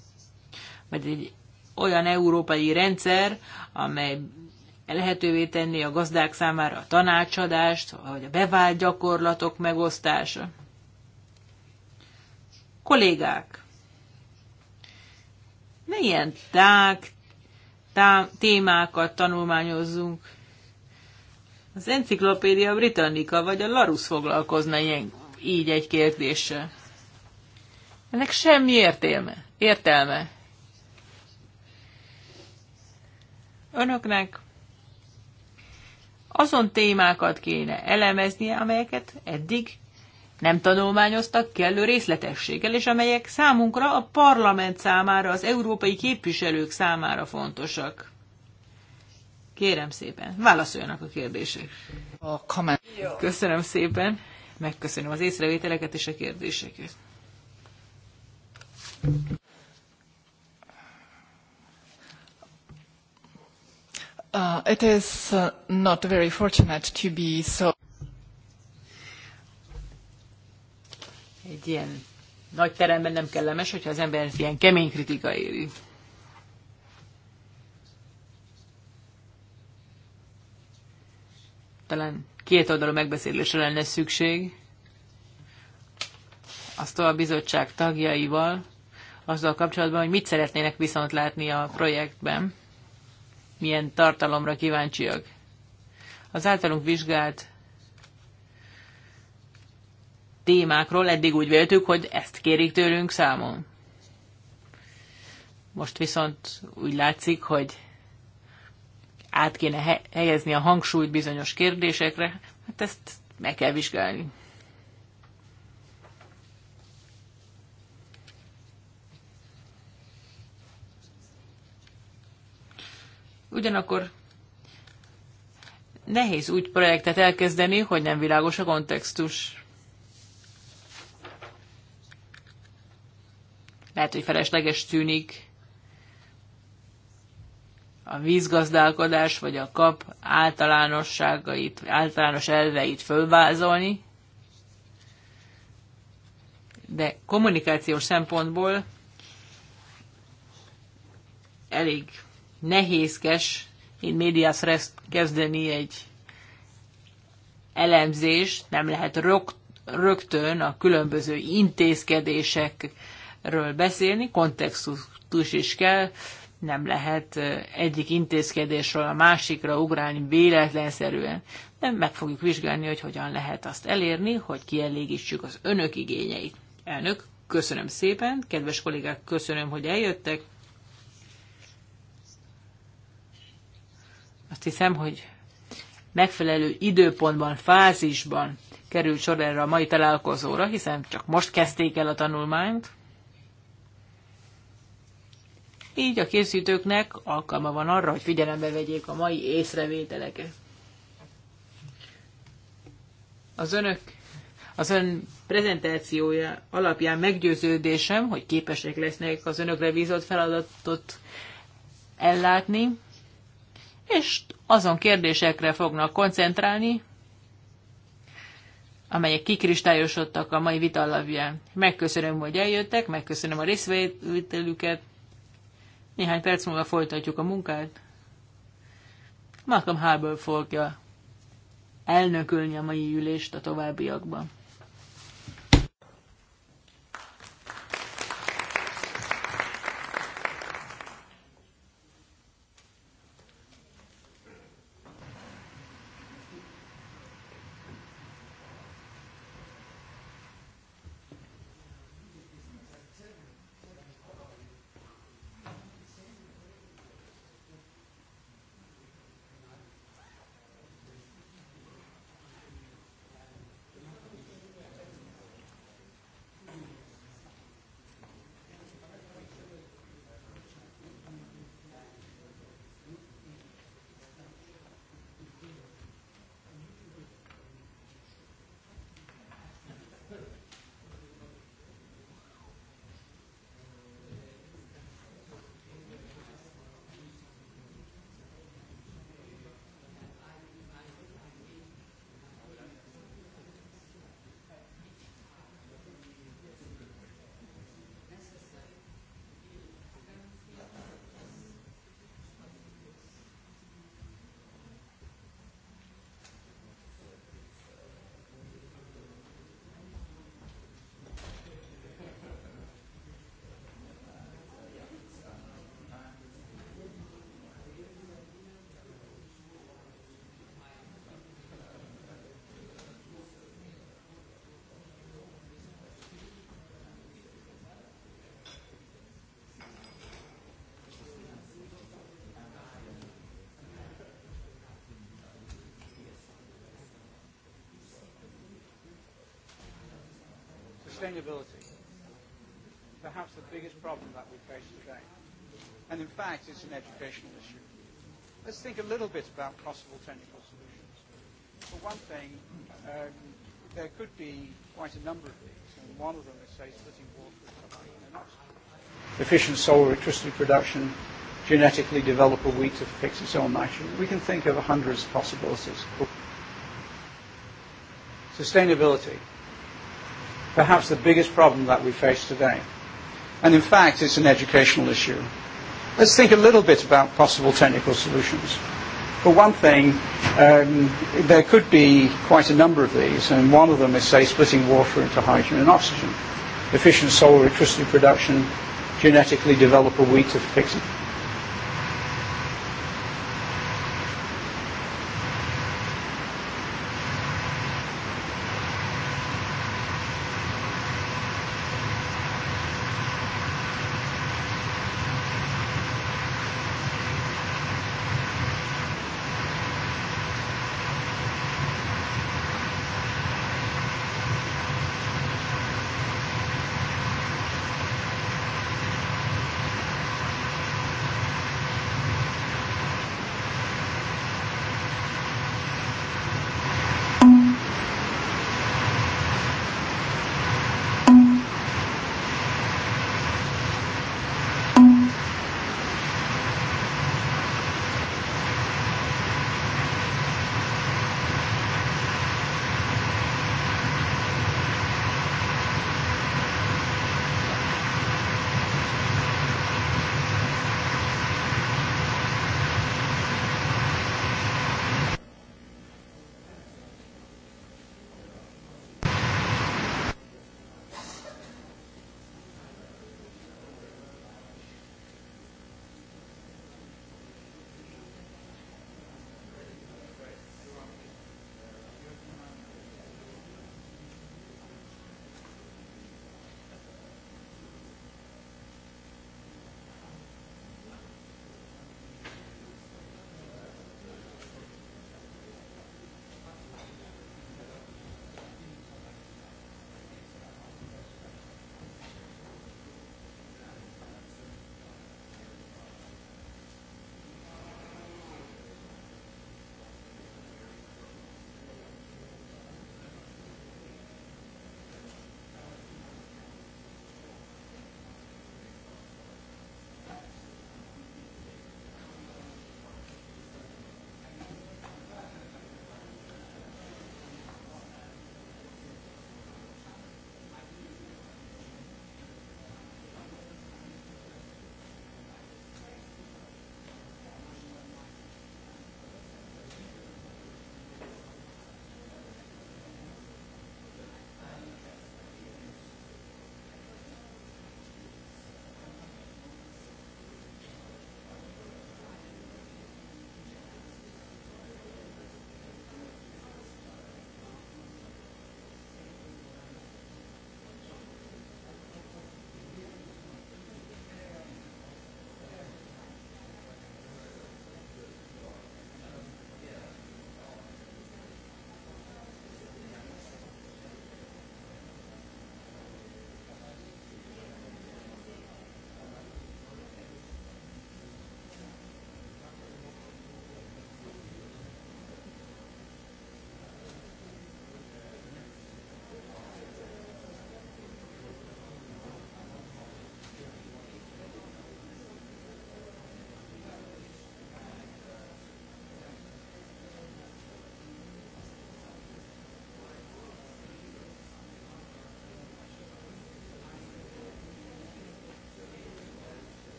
vagy egy olyan európai rendszer, amely lehetővé tenni a gazdák számára a tanácsadást, vagy a bevált gyakorlatok megosztása. Kollégák, ne ilyen tág, tá, témákat tanulmányozzunk? Az enciklopédia britannica vagy a Larus foglalkozna ilyen, így egy kérdéssel. Ennek semmi értelme. Értelme. Önöknek azon témákat kéne elemeznie, amelyeket eddig nem tanulmányoztak kellő részletességgel, és amelyek számunkra a parlament számára, az európai képviselők számára fontosak. Kérem szépen, válaszoljanak a kérdések. Köszönöm szépen. Megköszönöm az észrevételeket és a kérdéseket. Uh, it is uh, not very fortunate to be so. Egy ilyen nagy teremben nem kellemes, hogyha az ember ilyen kemény kritika éri. Talán két oldalú megbeszélésre lenne szükség, azt a bizottság tagjaival, azzal kapcsolatban, hogy mit szeretnének viszont látni a projektben, milyen tartalomra kíváncsiak. Az általunk vizsgált témákról eddig úgy véltük, hogy ezt kérik tőlünk számon. Most viszont úgy látszik, hogy át kéne helyezni a hangsúlyt bizonyos kérdésekre, hát ezt meg kell vizsgálni. Ugyanakkor nehéz úgy projektet elkezdeni, hogy nem világos a kontextus. Lehet, hogy felesleges tűnik a vízgazdálkodás vagy a kap általánosságait, általános elveit fölvázolni, de kommunikációs szempontból elég nehézkes in medias kezdeni egy elemzést, nem lehet rögtön a különböző intézkedésekről beszélni, kontextus is kell, nem lehet egyik intézkedésről a másikra ugrálni véletlenszerűen. Nem meg fogjuk vizsgálni, hogy hogyan lehet azt elérni, hogy kielégítsük az önök igényeit. Elnök, köszönöm szépen, kedves kollégák, köszönöm, hogy eljöttek. Azt hiszem, hogy megfelelő időpontban, fázisban került sor erre a mai találkozóra, hiszen csak most kezdték el a tanulmányt. Így a készítőknek alkalma van arra, hogy figyelembe vegyék a mai észrevételeket. Az önök, az ön prezentációja alapján meggyőződésem, hogy képesek lesznek az önökre bízott feladatot ellátni, és azon kérdésekre fognak koncentrálni, amelyek kikristályosodtak a mai vita alapján. Megköszönöm, hogy eljöttek, megköszönöm a részvételüket, néhány perc múlva folytatjuk a munkát. Malcolm Harbour fogja elnökölni a mai ülést a továbbiakban. sustainability, perhaps the biggest problem that we face today. And in fact, it's an educational issue. Let's think a little bit about possible technical solutions. For one thing, um, there could be quite a number of these, and one of them is, say, splitting water with and oxygen. Efficient solar electricity production, genetically develop a wheat to fix its own nitrogen. We can think of hundreds of possibilities. Sustainability perhaps the biggest problem that we face today. And in fact, it's an educational issue. Let's think a little bit about possible technical solutions. For one thing, um, there could be quite a number of these, and one of them is, say, splitting water into hydrogen and oxygen, efficient solar electricity production, genetically develop a wheat to fix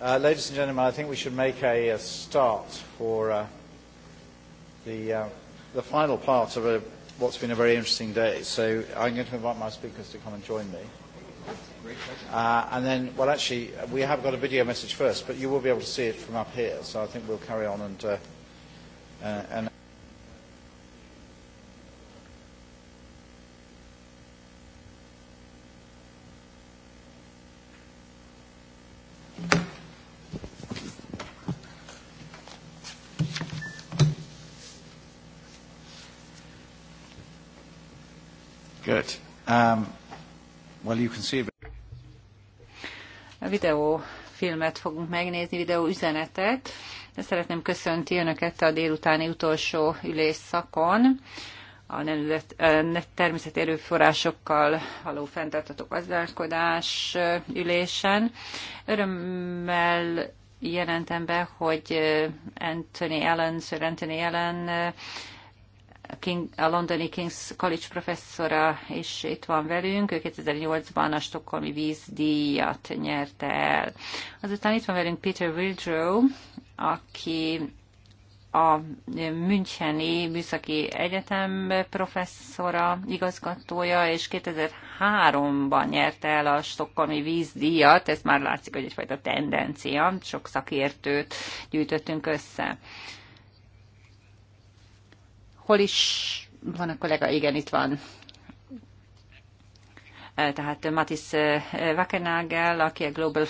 Uh, ladies and gentlemen, I think we should make a, a uh, start for uh, the, uh, the final part of a, what's been a very interesting day. So I'm going to invite my speakers to come and join me. Uh, and then, well, actually, we have got a video message first, but you will be able to see it from up here. So I think we'll carry on and, uh, uh, and you can see... A videó filmet fogunk megnézni, videó üzenetet. Szeretném köszönti Önöket a délutáni utolsó ülésszakon a természeti erőforrásokkal való fenntartató gazdálkodás ülésen. Örömmel jelentem be, hogy Anthony Allen, Sir Anthony Allen King, a londoni King's College professzora is itt van velünk. Ő 2008-ban a Stockholmi vízdíjat nyerte el. Azután itt van velünk Peter Wildrow, aki a Müncheni Műszaki Egyetem professzora, igazgatója, és 2003-ban nyerte el a Stockholmi vízdíjat, ez már látszik, hogy egyfajta tendencia, sok szakértőt gyűjtöttünk össze. Hol is van a kollega? Igen, itt van tehát Matis Wackenagel, aki a Global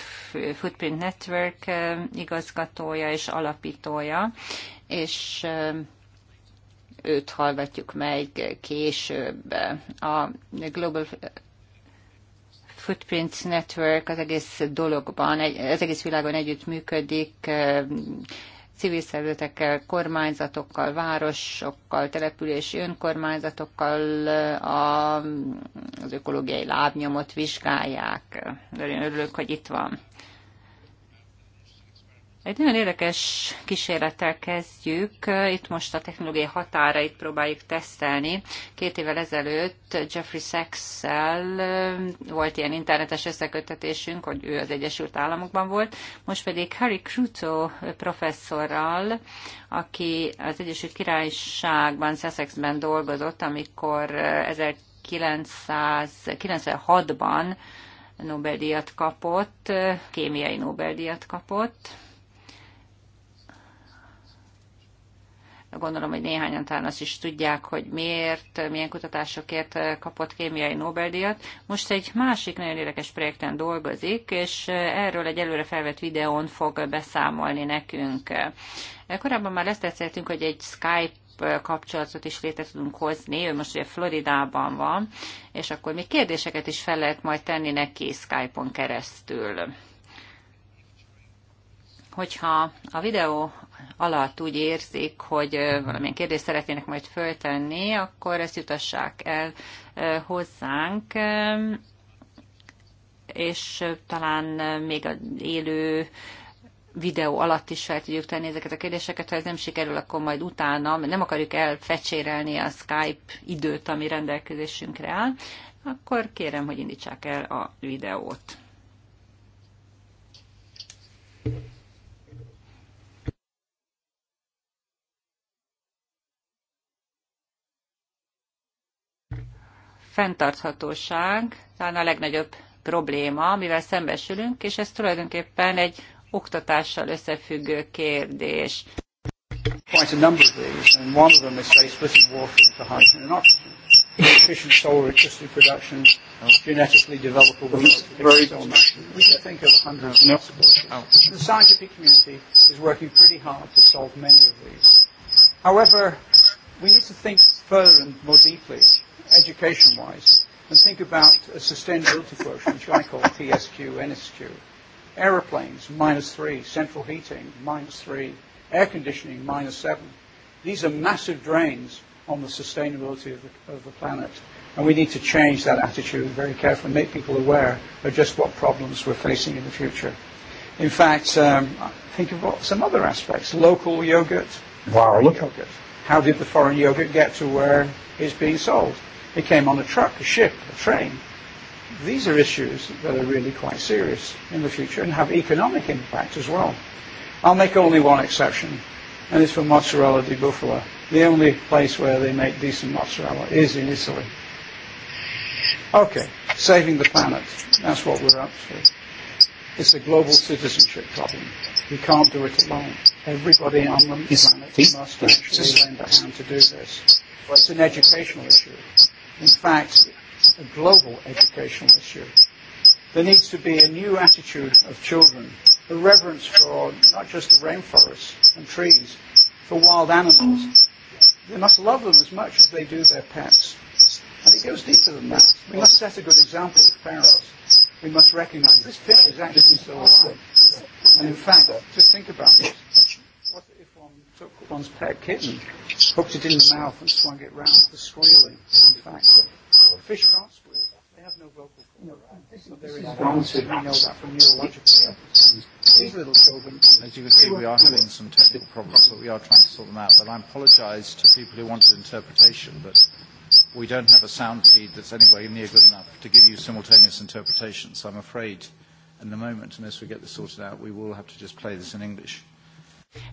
Footprint Network igazgatója és alapítója, és őt hallgatjuk meg később. A Global Footprint Network az egész dologban, az egész világon együtt működik, civil szervezetekkel, kormányzatokkal, városokkal, települési önkormányzatokkal a, az ökológiai lábnyomot vizsgálják. Nagyon örülök, hogy itt van. Egy nagyon érdekes kísérlettel kezdjük. Itt most a technológiai határait próbáljuk tesztelni. Két évvel ezelőtt Jeffrey sachs volt ilyen internetes összekötetésünk, hogy ő az Egyesült Államokban volt, most pedig Harry Cruto professzorral, aki az Egyesült Királyságban, Sussexben dolgozott, amikor 1996-ban Nobel-díjat kapott, kémiai Nobel-díjat kapott, Gondolom, hogy néhányan talán azt is tudják, hogy miért, milyen kutatásokért kapott kémiai Nobel-díjat. Most egy másik nagyon érdekes projekten dolgozik, és erről egy előre felvett videón fog beszámolni nekünk. Korábban már ezt beszéltünk, hogy egy Skype kapcsolatot is létre tudunk hozni. Ő most ugye Floridában van, és akkor még kérdéseket is fel lehet majd tenni neki Skype-on keresztül. Hogyha a videó alatt úgy érzik, hogy valamilyen kérdést szeretnének majd föltenni, akkor ezt jutassák el hozzánk és talán még az élő videó alatt is fel tudjuk tenni ezeket a kérdéseket. Ha ez nem sikerül, akkor majd utána nem akarjuk elfecsérelni a Skype időt, ami rendelkezésünkre áll, akkor kérem, hogy indítsák el a videót. fenntarthatóság talán a legnagyobb probléma, amivel szembesülünk, és ez tulajdonképpen egy oktatással összefüggő kérdés. Quite a number of these, and one of them is say splitting water into hydrogen and oxygen. Efficient solar electricity production, genetically developable very so We can think of hundreds of possibilities. The scientific community is working pretty hard to solve many of these. However, we need to think further and more deeply education-wise and think about a sustainability quotient, which I call TSQ, NSQ. Aeroplanes, minus three. Central heating, minus three. Air conditioning, minus seven. These are massive drains on the sustainability of the, of the planet. And we need to change that attitude very carefully, make people aware of just what problems we're facing in the future. In fact, um, think of what, some other aspects. Local yogurt. Wow, look. Yogurt. How did the foreign yogurt get to where it's being sold? It came on a truck, a ship, a train. These are issues that are really quite serious in the future and have economic impact as well. I'll make only one exception, and it's for mozzarella di bufala. The only place where they make decent mozzarella is in Italy. Okay, saving the planet. That's what we're up to. It's a global citizenship problem. We can't do it alone. Everybody on the planet must actually lend a hand to do this. Well, it's an educational issue in fact, a global educational issue. There needs to be a new attitude of children, a reverence for not just the rainforests and trees, for wild animals. They must love them as much as they do their pets. And it goes deeper than that. We must set a good example of parents. We must recognize this fish is actually still alive. And in fact, just think about it took one's pet kitten, hooked it in the mouth and swung it round for squealing. In fact, fish can't squeal. They have no vocal cords. No, right? so there is wanted. We know that from neurological reasons. These little children. As you can see, we are having some technical problems, but we are trying to sort them out. But I apologize to people who wanted interpretation, but we don't have a sound feed that's anywhere near good enough to give you simultaneous interpretation. So I'm afraid, in the moment, unless we get this sorted out, we will have to just play this in English.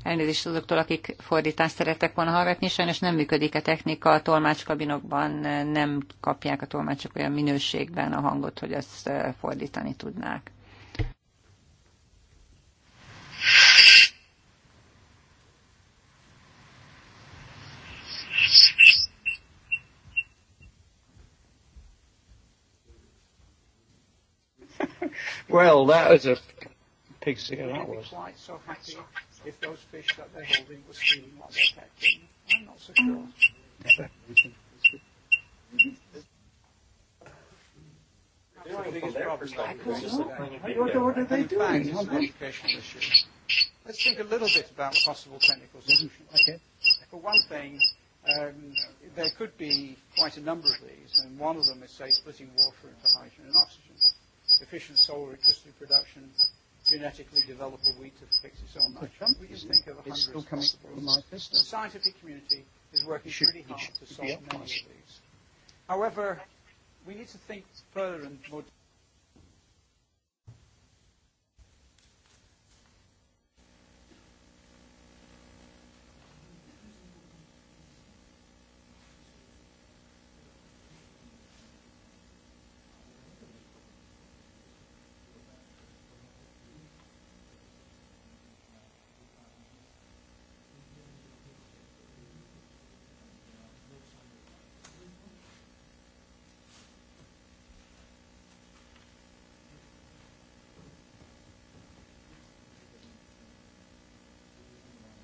Elnézést azoktól, akik fordítást szerettek volna hallgatni, sajnos nem működik a technika, a tolmácskabinokban eh, nem kapják a tolmácsok olyan minőségben a hangot, hogy ezt eh, fordítani tudnák. Well, that was a pig skin that was. quite so happy if those fish that they're holding were stealing what they're catching. I'm not so sure. Never. Let's think a little bit about possible technical solutions. Okay. For one thing, um, there could be quite a number of these, and one of them is, say, splitting water into hydrogen and oxygen, efficient solar electricity production, genetically develop a weed to fix its own nitrogen. We just think of hundred still coming from my The scientific community is working should, pretty hard to solve many of these. However, we need to think further and more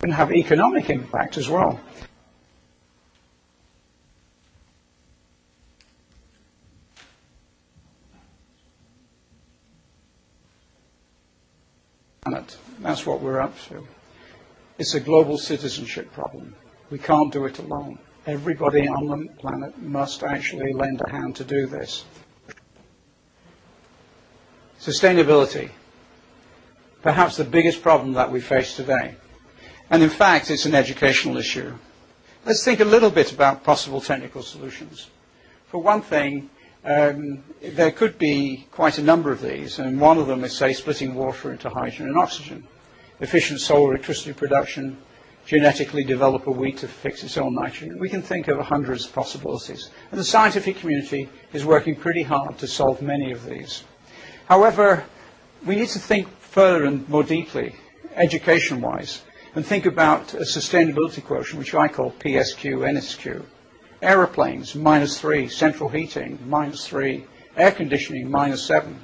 can have economic impact as well. planet. That's what we're up to. It's a global citizenship problem. We can't do it alone. Everybody on the planet must actually lend a hand to do this. Sustainability. Perhaps the biggest problem that we face today. And in fact, it's an educational issue. Let's think a little bit about possible technical solutions. For one thing, um, there could be quite a number of these, and one of them is, say, splitting water into hydrogen and oxygen, efficient solar electricity production, genetically develop a wheat to fix its own nitrogen. We can think of hundreds of possibilities. And the scientific community is working pretty hard to solve many of these. However, we need to think further and more deeply, education-wise and think about a sustainability quotient, which I call PSQ, NSQ. Aeroplanes, minus three. Central heating, minus three. Air conditioning, minus seven.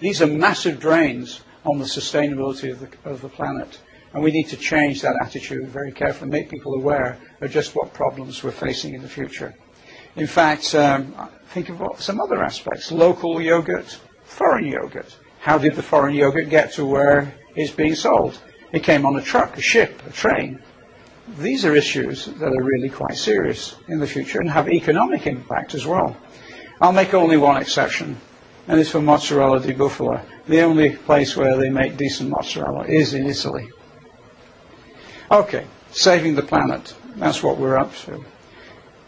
These are massive drains on the sustainability of the, of the planet. And we need to change that attitude very carefully, make people aware of just what problems we're facing in the future. In fact, um, think of what, some other aspects. Local yogurt, foreign yogurt. How did the foreign yogurt get to where it's being sold? It came on a truck, a ship, a train. These are issues that are really quite serious in the future and have economic impact as well. I'll make only one exception, and it's for mozzarella di bufala. The only place where they make decent mozzarella is in Italy. Okay, saving the planet. That's what we're up to.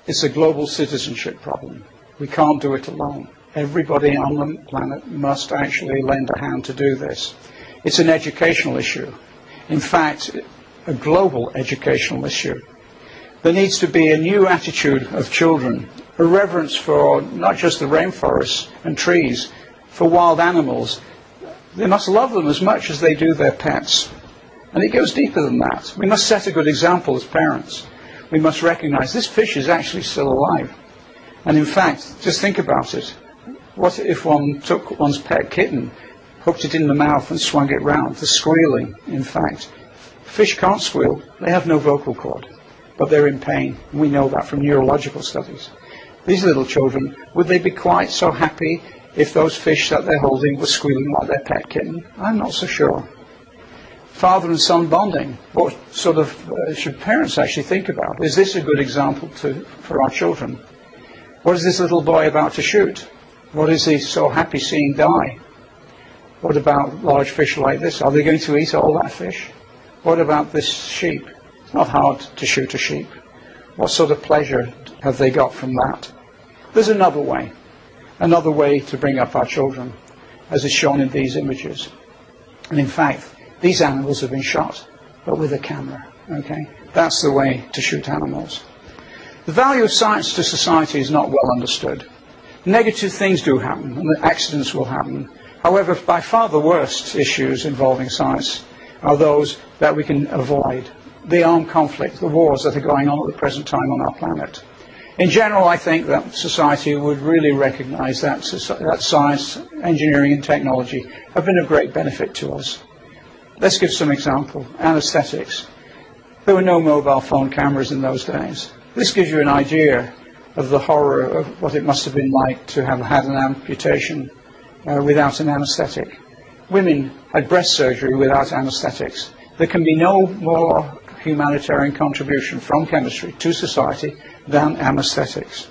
It's a global citizenship problem. We can't do it alone. Everybody on the planet must actually lend a hand to do this. It's an educational issue in fact, a global educational issue. There needs to be a new attitude of children, a reverence for not just the rainforests and trees, for wild animals. They must love them as much as they do their pets. And it goes deeper than that. We must set a good example as parents. We must recognize this fish is actually still alive. And in fact, just think about it. What if one took one's pet kitten hooked it in the mouth and swung it round. The squealing, in fact. Fish can't squeal, they have no vocal cord, but they're in pain. We know that from neurological studies. These little children, would they be quite so happy if those fish that they're holding were squealing like their pet kitten? I'm not so sure. Father and son bonding. What sort of uh, should parents actually think about? Is this a good example to, for our children? What is this little boy about to shoot? What is he so happy seeing die? What about large fish like this? Are they going to eat all that fish? What about this sheep? It's not hard to shoot a sheep. What sort of pleasure have they got from that? There's another way, another way to bring up our children, as is shown in these images. And in fact, these animals have been shot, but with a camera. Okay? That's the way to shoot animals. The value of science to society is not well understood. Negative things do happen, and accidents will happen. However, by far the worst issues involving science are those that we can avoid. The armed conflict, the wars that are going on at the present time on our planet. In general, I think that society would really recognize that, that science, engineering, and technology have been of great benefit to us. Let's give some example. Anesthetics. There were no mobile phone cameras in those days. This gives you an idea of the horror of what it must have been like to have had an amputation uh, without an anesthetic. Women had breast surgery without anesthetics. There can be no more humanitarian contribution from chemistry to society than anesthetics.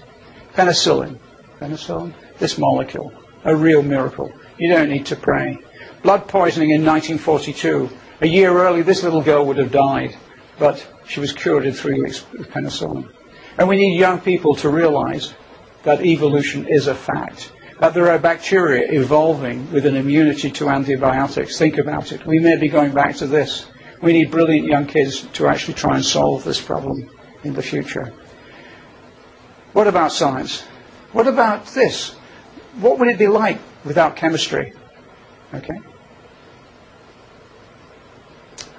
Penicillin, penicillin, this molecule, a real miracle. You don't need to pray. Blood poisoning in 1942. A year early, this little girl would have died, but she was cured in three weeks with penicillin. And we need young people to realize that evolution is a fact but there are bacteria evolving with an immunity to antibiotics. Think about it. We may be going back to this. We need brilliant young kids to actually try and solve this problem in the future. What about science? What about this? What would it be like without chemistry? Okay?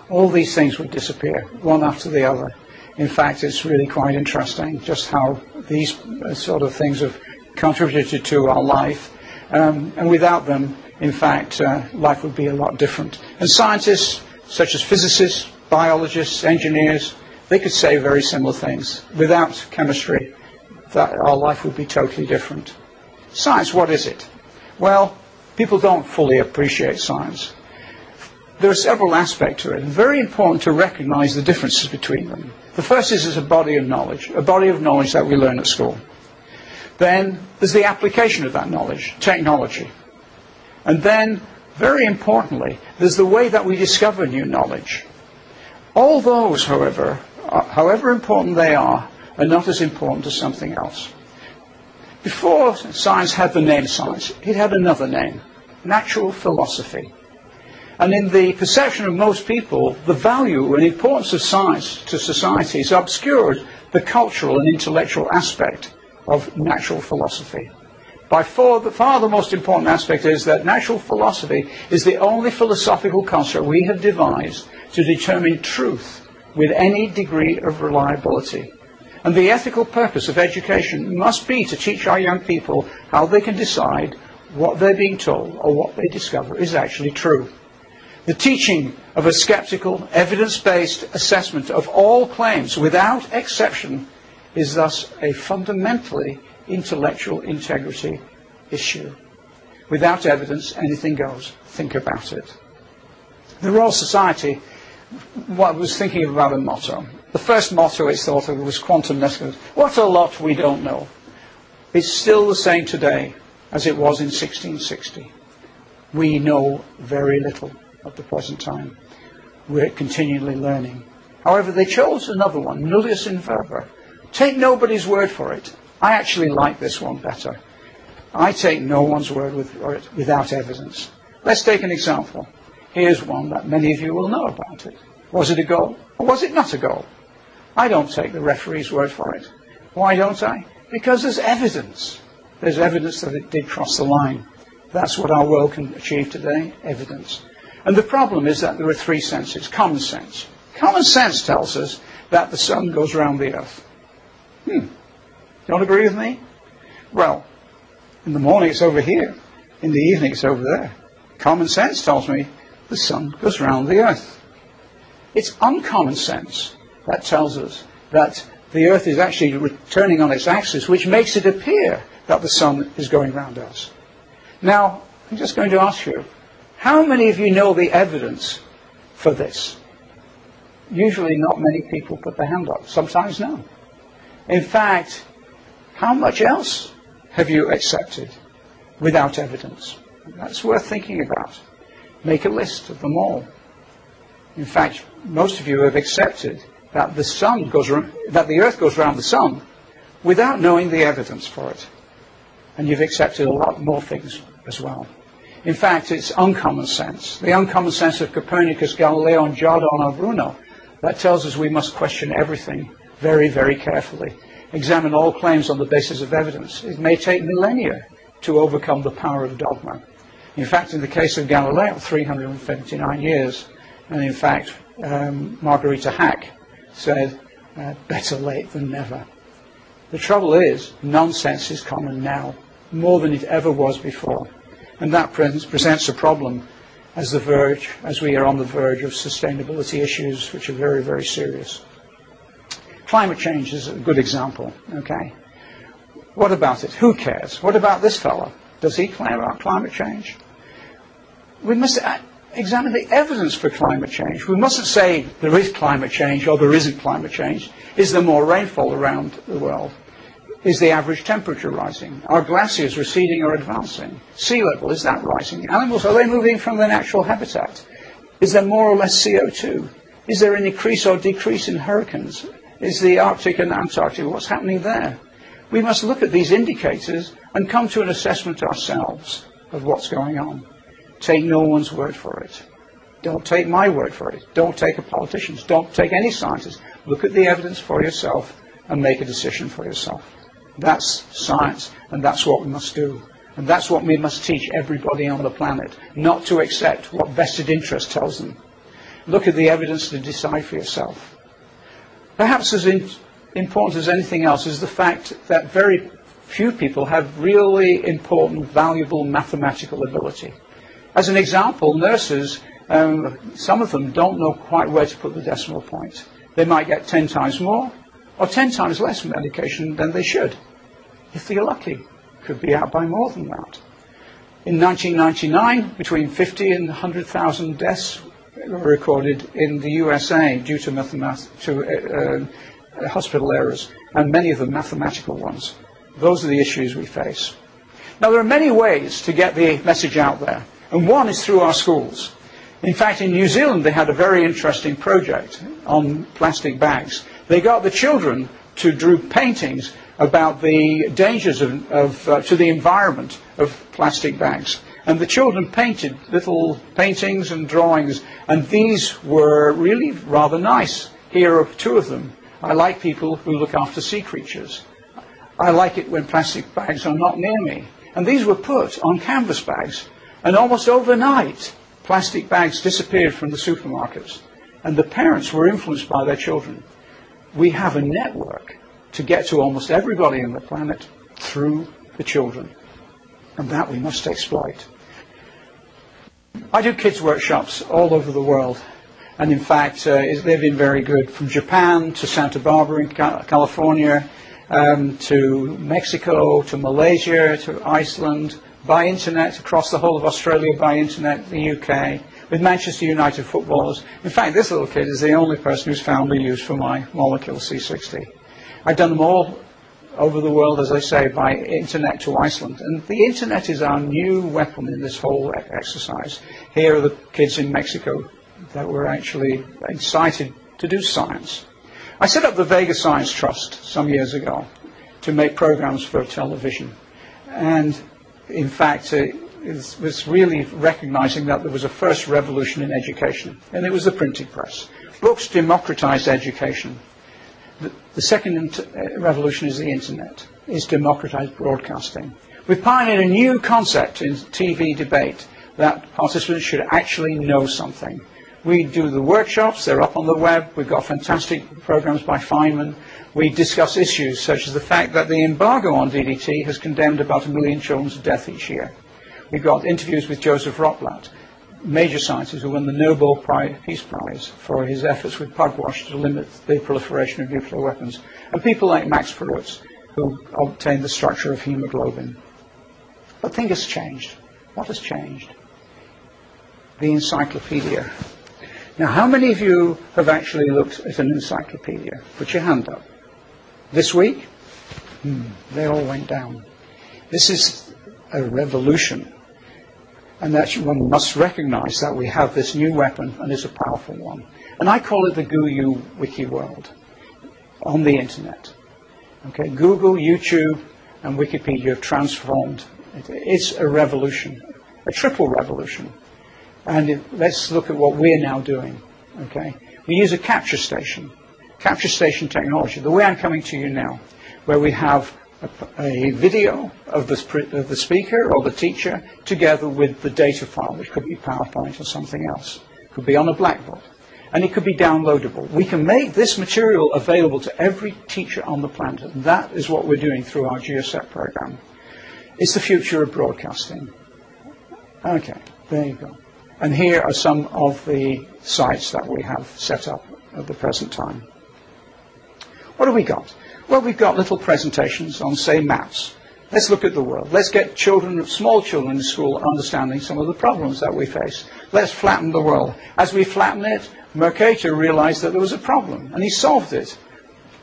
All these things would disappear, one after the other. In fact, it's really quite interesting just how these uh, sort of things have contributed to our life. Um, and without them, in fact, uh, life would be a lot different. And scientists, such as physicists, biologists, engineers, they could say very similar things. Without chemistry, that our life would be totally different. Science, what is it? Well, people don't fully appreciate science. There are several aspects to it, very important to recognize the differences between them. The first is as a body of knowledge, a body of knowledge that we learn at school. Then there's the application of that knowledge, technology. And then, very importantly, there's the way that we discover new knowledge. All those, however, are, however important they are, are not as important as something else. Before science had the name science, it had another name, natural philosophy. And in the perception of most people, the value and importance of science to society is obscured the cultural and intellectual aspect of natural philosophy. By far the, far the most important aspect is that natural philosophy is the only philosophical construct we have devised to determine truth with any degree of reliability. And the ethical purpose of education must be to teach our young people how they can decide what they're being told or what they discover is actually true. The teaching of a skeptical, evidence based assessment of all claims without exception is thus a fundamentally intellectual integrity issue. Without evidence, anything goes. Think about it. The Royal Society what was thinking about a motto. The first motto it thought of was quantum necessity. What a lot we don't know. It's still the same today as it was in 1660. We know very little at the present time. We're continually learning. However, they chose another one, nullius in verba, Take nobody's word for it. I actually like this one better. I take no one's word with, it, without evidence. Let's take an example. Here's one that many of you will know about it. Was it a goal or was it not a goal? I don't take the referee's word for it. Why don't I? Because there's evidence. There's evidence that it did cross the line. That's what our world can achieve today, evidence. And the problem is that there are three senses. Common sense. Common sense tells us that the sun goes around the earth. Hmm. Don't agree with me? Well, in the morning it's over here. In the evening it's over there. Common sense tells me the sun goes round the earth. It's uncommon sense that tells us that the earth is actually returning on its axis, which makes it appear that the sun is going round us. Now, I'm just going to ask you, how many of you know the evidence for this? Usually not many people put their hand up. Sometimes no. In fact, how much else have you accepted without evidence? That's worth thinking about. Make a list of them all. In fact, most of you have accepted that the sun goes that the earth goes around the sun without knowing the evidence for it. And you've accepted a lot more things as well. In fact, it's uncommon sense. The uncommon sense of Copernicus, Galileo, and Giordano Bruno that tells us we must question everything very, very carefully. Examine all claims on the basis of evidence. It may take millennia to overcome the power of dogma. In fact, in the case of Galileo, 359 years. And in fact, um, Margarita Hack said, uh, better late than never. The trouble is, nonsense is common now, more than it ever was before. And that presents a problem as the verge, as we are on the verge of sustainability issues, which are very, very serious. Climate change is a good example, okay? What about it? Who cares? What about this fellow? Does he care about climate change? We must uh, examine the evidence for climate change. We mustn't say there is climate change or there isn't climate change. Is there more rainfall around the world? Is the average temperature rising? Are glaciers receding or advancing? Sea level, is that rising? Animals, are they moving from their natural habitat? Is there more or less CO2? Is there an increase or decrease in hurricanes? is the Arctic and Antarctic. What's happening there? We must look at these indicators and come to an assessment ourselves of what's going on. Take no one's word for it. Don't take my word for it. Don't take a politician's. Don't take any scientist. Look at the evidence for yourself and make a decision for yourself. That's science, and that's what we must do. And that's what we must teach everybody on the planet, not to accept what vested interest tells them. Look at the evidence to decide for yourself. Perhaps as in- important as anything else is the fact that very few people have really important, valuable mathematical ability. As an example, nurses, um, some of them don't know quite where to put the decimal point. They might get 10 times more or 10 times less medication than they should. If they're lucky, could be out by more than that. In 1999, between 50 and 100,000 deaths recorded in the USA due to, mathemat- to uh, uh, hospital errors, and many of them mathematical ones. Those are the issues we face. Now, there are many ways to get the message out there, and one is through our schools. In fact, in New Zealand, they had a very interesting project on plastic bags. They got the children to draw paintings about the dangers of, of, uh, to the environment of plastic bags. And the children painted little paintings and drawings, and these were really rather nice. Here are two of them. I like people who look after sea creatures. I like it when plastic bags are not near me. And these were put on canvas bags, and almost overnight, plastic bags disappeared from the supermarkets. And the parents were influenced by their children. We have a network to get to almost everybody on the planet through the children. And that we must exploit. I do kids' workshops all over the world. And in fact, uh, they've been very good from Japan to Santa Barbara in California um, to Mexico to Malaysia to Iceland by internet across the whole of Australia by internet, the UK, with Manchester United footballers. In fact, this little kid is the only person who's found me used for my molecule C60. I've done them all over the world, as I say, by internet to Iceland. And the internet is our new weapon in this whole e-, exercise. Here are the kids in Mexico that were actually excited to do science. I set up the Vega Science Trust some years ago to make programs for television. And in fact, it was really recognizing that there was a first revolution in education, and it was the printing press. Books democratized education. The, second uh, revolution is the internet, is democratized broadcasting. We've pioneered a new concept in TV debate that participants should actually know something. We do the workshops, they're up on the web, we've got fantastic programs by Feynman. We discuss issues such as the fact that the embargo on DDT has condemned about a million children to death each year. We've got interviews with Joseph Rotblat major scientist who won the Nobel Prize, Peace Prize for his efforts with Pugwash to limit the proliferation of nuclear weapons, and people like Max Perutz who obtained the structure of hemoglobin. But things has changed. What has changed? The encyclopedia. Now, how many of you have actually looked at an encyclopedia? Put your hand up. This week? Hmm, they all went down. This is a revolution And that one must recognize that we have this new weapon and it's a powerful one. And I call it the GUU wiki world on the internet. Okay, Google, YouTube, and Wikipedia have transformed. It's a revolution, a triple revolution. And it, let's look at what we're now doing. Okay, we use a capture station, capture station technology, the way I'm coming to you now, where we have a video of the, of the speaker or the teacher together with the data file, which could be PowerPoint or something else. It could be on a blackboard. And it could be downloadable. We can make this material available to every teacher on the planet. And that is what we're doing through our GeoSet program. It's the future of broadcasting. Okay, there you go. And here are some of the sites that we have set up at the present time. What have we got? Well, we've got little presentations on, say, maps. Let's look at the world. Let's get children, small children in school understanding some of the problems that we face. Let's flatten the world. As we flatten it, Mercator realized that there was a problem, and he solved it.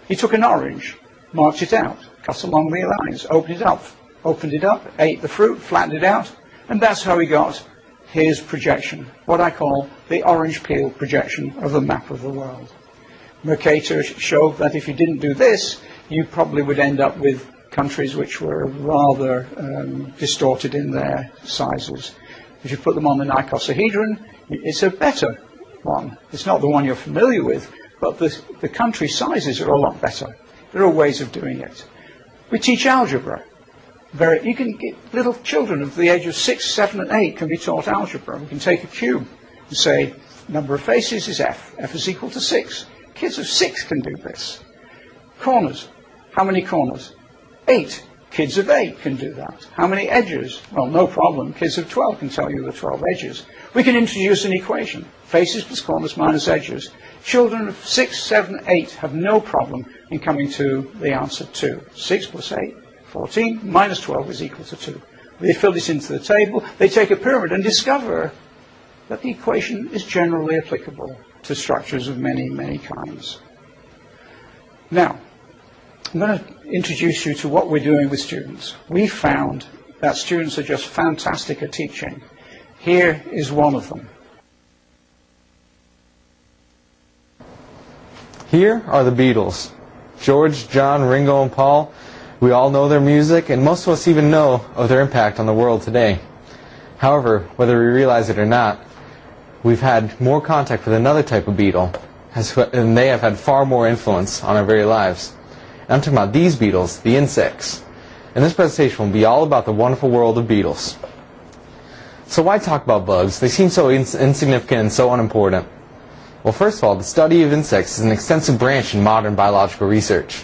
He took an orange, marked it out, cut along the lines, opened it up, opened it up, ate the fruit, flattened it out, and that's how he got his projection, what I call the orange peel projection of the map of the world. Mercator showed that if you didn't do this, you probably would end up with countries which were rather um, distorted in their sizes. If you put them on the icosahedron, it's a better one. It's not the one you're familiar with, but the, the country sizes are a lot better. There are ways of doing it. We teach algebra. Very, you can get little children of the age of six, seven, and eight can be taught algebra. We can take a cube and say number of faces is f. F is equal to six. Kids of six can do this. Corners. How many corners? Eight. Kids of eight can do that. How many edges? Well, no problem. Kids of 12 can tell you the 12 edges. We can introduce an equation. Faces plus corners minus edges. Children of six, seven, eight have no problem in coming to the answer two. Six plus eight, 14, minus 12 is equal to two. They fill this into the table. They take a pyramid and discover that the equation is generally applicable to structures of many, many kinds. Now, I'm going to introduce you to what we're doing with students. We found that students are just fantastic at teaching. Here is one of them. Here are the Beatles. George, John, Ringo, and Paul. We all know their music, and most of us even know of their impact on the world today. However, whether we realize it or not, we've had more contact with another type of beetle, and they have had far more influence on our very lives. I'm talking about these beetles, the insects. And this presentation will be all about the wonderful world of beetles. So why talk about bugs? They seem so ins- insignificant and so unimportant. Well, first of all, the study of insects is an extensive branch in modern biological research.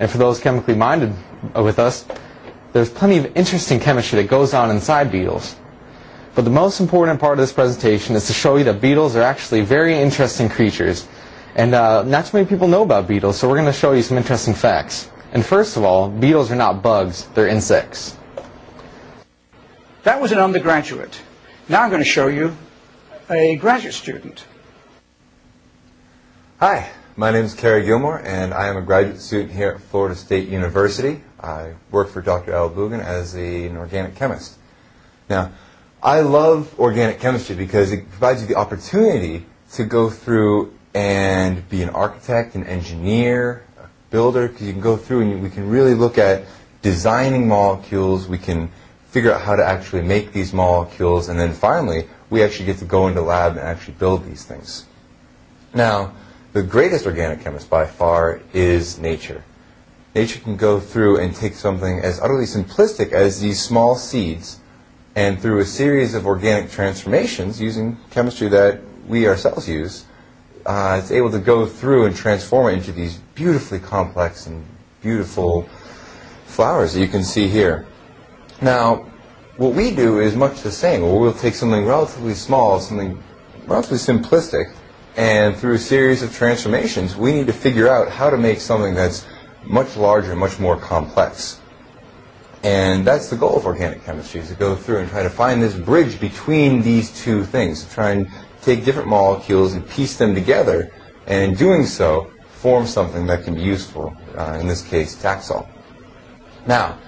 And for those chemically minded uh, with us, there's plenty of interesting chemistry that goes on inside beetles. But the most important part of this presentation is to show you that beetles are actually very interesting creatures And uh, not too many people know about beetles, so we're going to show you some interesting facts. And first of all, beetles are not bugs, they're insects. That was an undergraduate. Now I'm going to show you a graduate student. Hi, my name is Kerry Gilmore, and I am a graduate student here at Florida State University. I work for Dr. Al Bugan as a, an organic chemist. Now, I love organic chemistry because it provides you the opportunity to go through and be an architect, an engineer, a builder, because you can go through and we can really look at designing molecules. We can figure out how to actually make these molecules. And then finally, we actually get to go into lab and actually build these things. Now, the greatest organic chemist by far is nature. Nature can go through and take something as utterly simplistic as these small seeds, and through a series of organic transformations using chemistry that we ourselves use, uh, is able to go through and transform it into these beautifully complex and beautiful flowers that you can see here. Now, what we do is much the same. We'll take something relatively small, something relatively simplistic, and through a series of transformations, we need to figure out how to make something that's much larger, much more complex. And that's the goal of organic chemistry, is to go through and try to find this bridge between these two things, to try and take different molecules and piece them together, and in doing so, form something that can be useful, uh, in this case, Taxol. Now,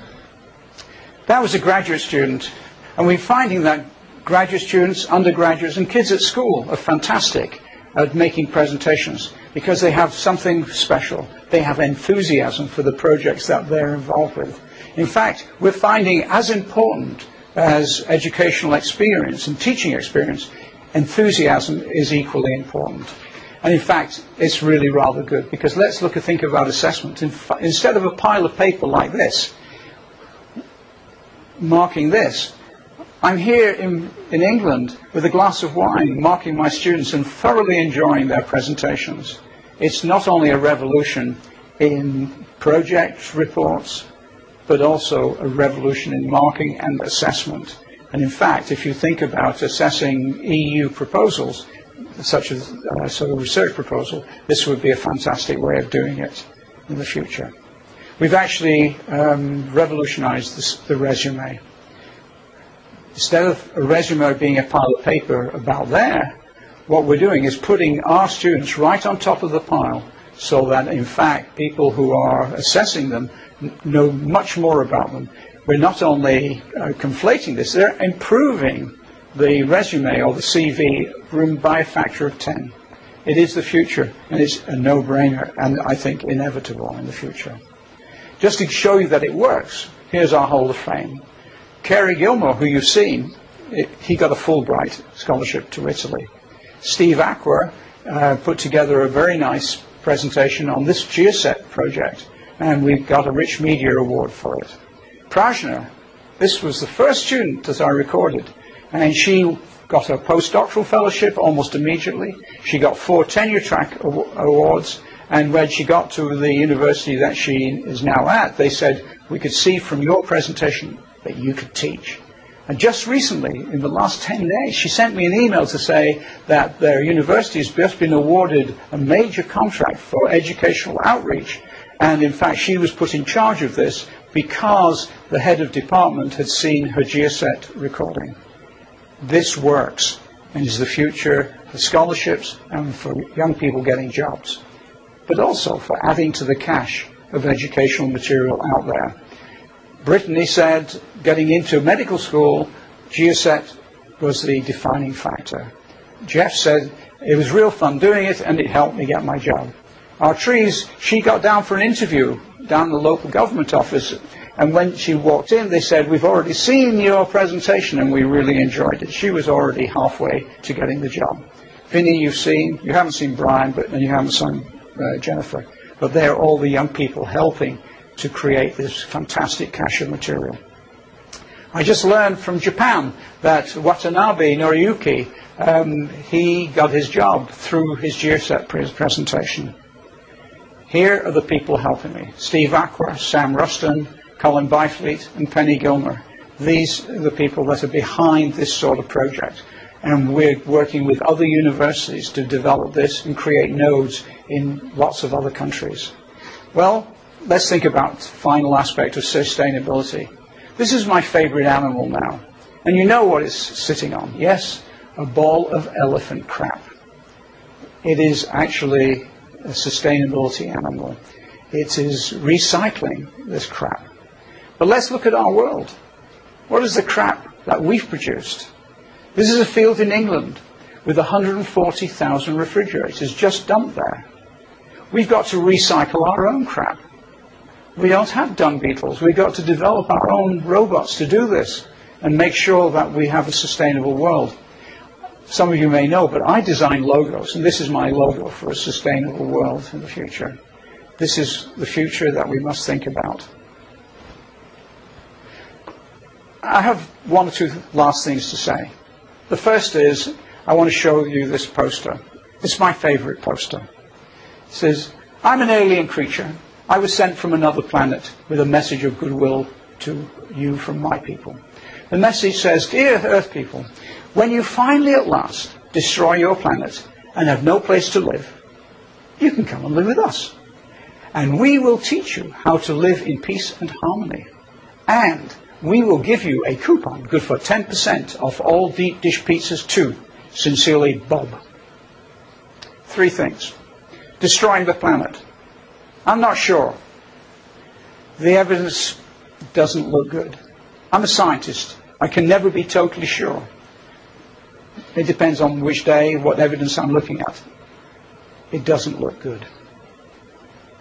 that was a graduate student, and we're finding that graduate students, undergraduates, and kids at school are fantastic at making presentations because they have something special. They have enthusiasm for the projects that they're involved with. In fact, we're finding as important as educational experience and teaching experience enthusiasm is equally important. And in fact, it's really rather good because let's look and think about assessment. In fa- instead of a pile of paper like this, marking this, I'm here in, in England with a glass of wine marking my students and thoroughly enjoying their presentations. It's not only a revolution in project reports, but also a revolution in marking and assessment. And in fact, if you think about assessing EU proposals, such as uh, sort of research proposal, this would be a fantastic way of doing it in the future. We've actually um, revolutionized this, the resume. Instead of a resume being a pile of paper about there, what we're doing is putting our students right on top of the pile so that in fact people who are assessing them know much more about them we're not only uh, conflating this, they're improving the resume or the CV room by a factor of 10. It is the future, and it's a no-brainer, and I think inevitable in the future. Just to show you that it works, here's our Hall of Fame. Kerry Gilmore, who you've seen, it, eh, he got a Fulbright scholarship to Italy. Steve Aqua uh, put together a very nice presentation on this GeoSet project, and we got a Rich Media Award for it. Prajna. This was the first student as I recorded. And she got her postdoctoral fellowship almost immediately. She got four tenure track awards. And when she got to the university that she is now at, they said, We could see from your presentation that you could teach. And just recently, in the last 10 days, she sent me an email to say that their university has just been awarded a major contract for educational outreach. And in fact, she was put in charge of this because the head of department had seen her GeoSet recording. This works and is the future for scholarships and for young people getting jobs, but also for adding to the cache of educational material out there. Brittany said getting into medical school, GeoSet was the defining factor. Jeff said it was real fun doing it and it helped me get my job our trees, she got down for an interview down the local government office. And when she walked in, they said, We've already seen your presentation and we really enjoyed it. She was already halfway to getting the job. Vinny, you've seen, you haven't seen Brian, but, and you haven't seen uh, Jennifer. But they're all the young people helping to create this fantastic cache of material. I just learned from Japan that Watanabe Noriyuki, um, he got his job through his GeoSet presentation. Here are the people helping me. Steve Aqua, Sam Ruston, Colin Byfleet and Penny Gilmer. These are the people that are behind this sort of project. And we're working with other universities to develop this and create nodes in lots of other countries. Well, let's think about the final aspect of sustainability. This is my favorite animal now. And you know what it's sitting on. Yes, a ball of elephant crap. It is actually a sustainability animal. It is recycling this crap. But let's look at our world. What is the crap that we've produced? This is a field in England with 140,000 refrigerators just dumped there. We've got to recycle our own crap. We don't have dung beetles. We've got to develop our own robots to do this and make sure that we have a sustainable world some of you may know, but I design logos, and this is my logo for a sustainable world in the future. This is the future that we must think about. I have one or two last things to say. The first is I want to show you this poster. It's my favorite poster. It says, I'm an alien creature. I was sent from another planet with a message of goodwill to you from my people. The message says, Dear Earth people, When you finally at last destroy your planet and have no place to live, you can come and live with us. And we will teach you how to live in peace and harmony. And we will give you a coupon good for 10% off all deep dish pizzas too. Sincerely, Bob. Three things. Destroying the planet. I'm not sure. The evidence doesn't look good. I'm a scientist. I can never be totally sure. It depends on which day, what evidence I'm looking at. It doesn't look good.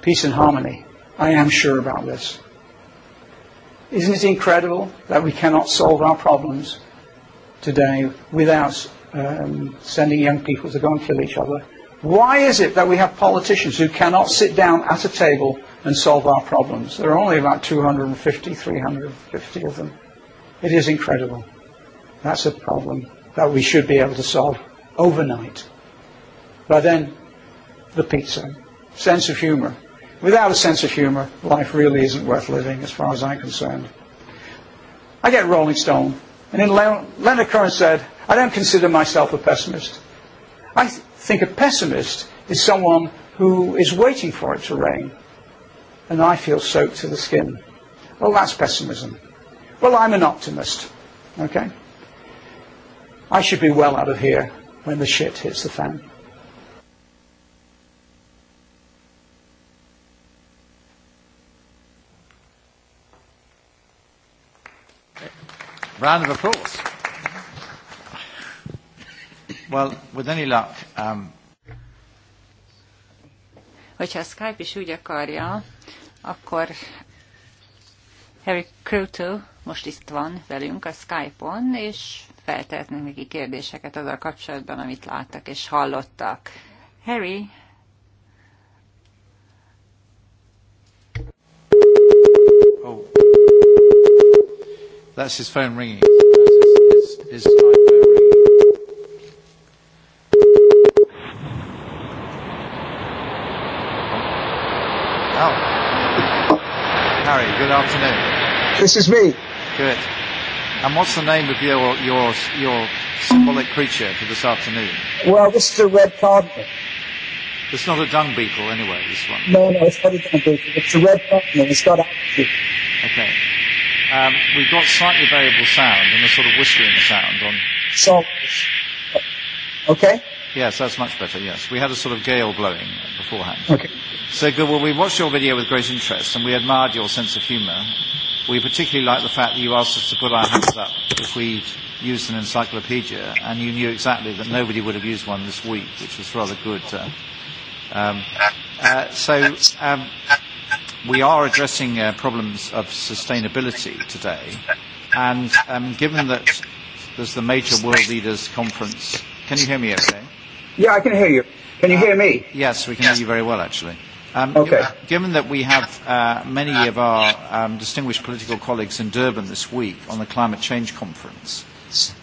Peace and harmony. I am sure about this. Isn't it incredible that we cannot solve our problems today without um, sending young people to go and kill each other? Why is it that we have politicians who cannot sit down at a table and solve our problems? There are only about 250, 350 of them. It is incredible. That's a problem that we should be able to solve overnight. But then, the pizza. Sense of humour. Without a sense of humour, life really isn't worth living, as far as I'm concerned. I get Rolling Stone, and in Leonard Cohen said, I don't consider myself a pessimist. I th- think a pessimist is someone who is waiting for it to rain, and I feel soaked to the skin. Well, that's pessimism. Well, I'm an optimist. Okay? I should be well out of here when the shit hits the fan. Round of applause. Well, with any luck, um... Hogyha a Skype is úgy akarja, akkor Harry Kruto most itt van velünk a Skype-on, és Feltehetnek neki kérdéseket azzal kapcsolatban, amit láttak és hallottak. Harry, Oh. That's his phone ringing. That's his, his, his iPhone ringing. Oh. Harry, good afternoon. This is me. Good. And what's the name of your, your, your symbolic creature for this afternoon? Well, this is a red cardinal. It's not a dung beetle anyway, this one. No, no, it's not a dung beetle. It's a red cardinal. It's got altitude. Okay. Um, we've got slightly variable sound and a sort of whispering sound on... So. Okay? Yes, that's much better, yes. We had a sort of gale blowing beforehand. Okay. So, good. Well, we watched your video with great interest and we admired your sense of humour We particularly like the fact that you asked us to put our hands up if we'd used an encyclopedia, and you knew exactly that nobody would have used one this week, which was rather good. Uh, um, uh, so um, we are addressing uh, problems of sustainability today, and um, given that there's the major world leaders conference, can you hear me okay? Yeah, I can hear you. Can you uh, hear me? Yes, we can hear you very well, actually. Um, okay. Uh, given that we have uh, many of our um, distinguished political colleagues in Durban this week on the climate change conference,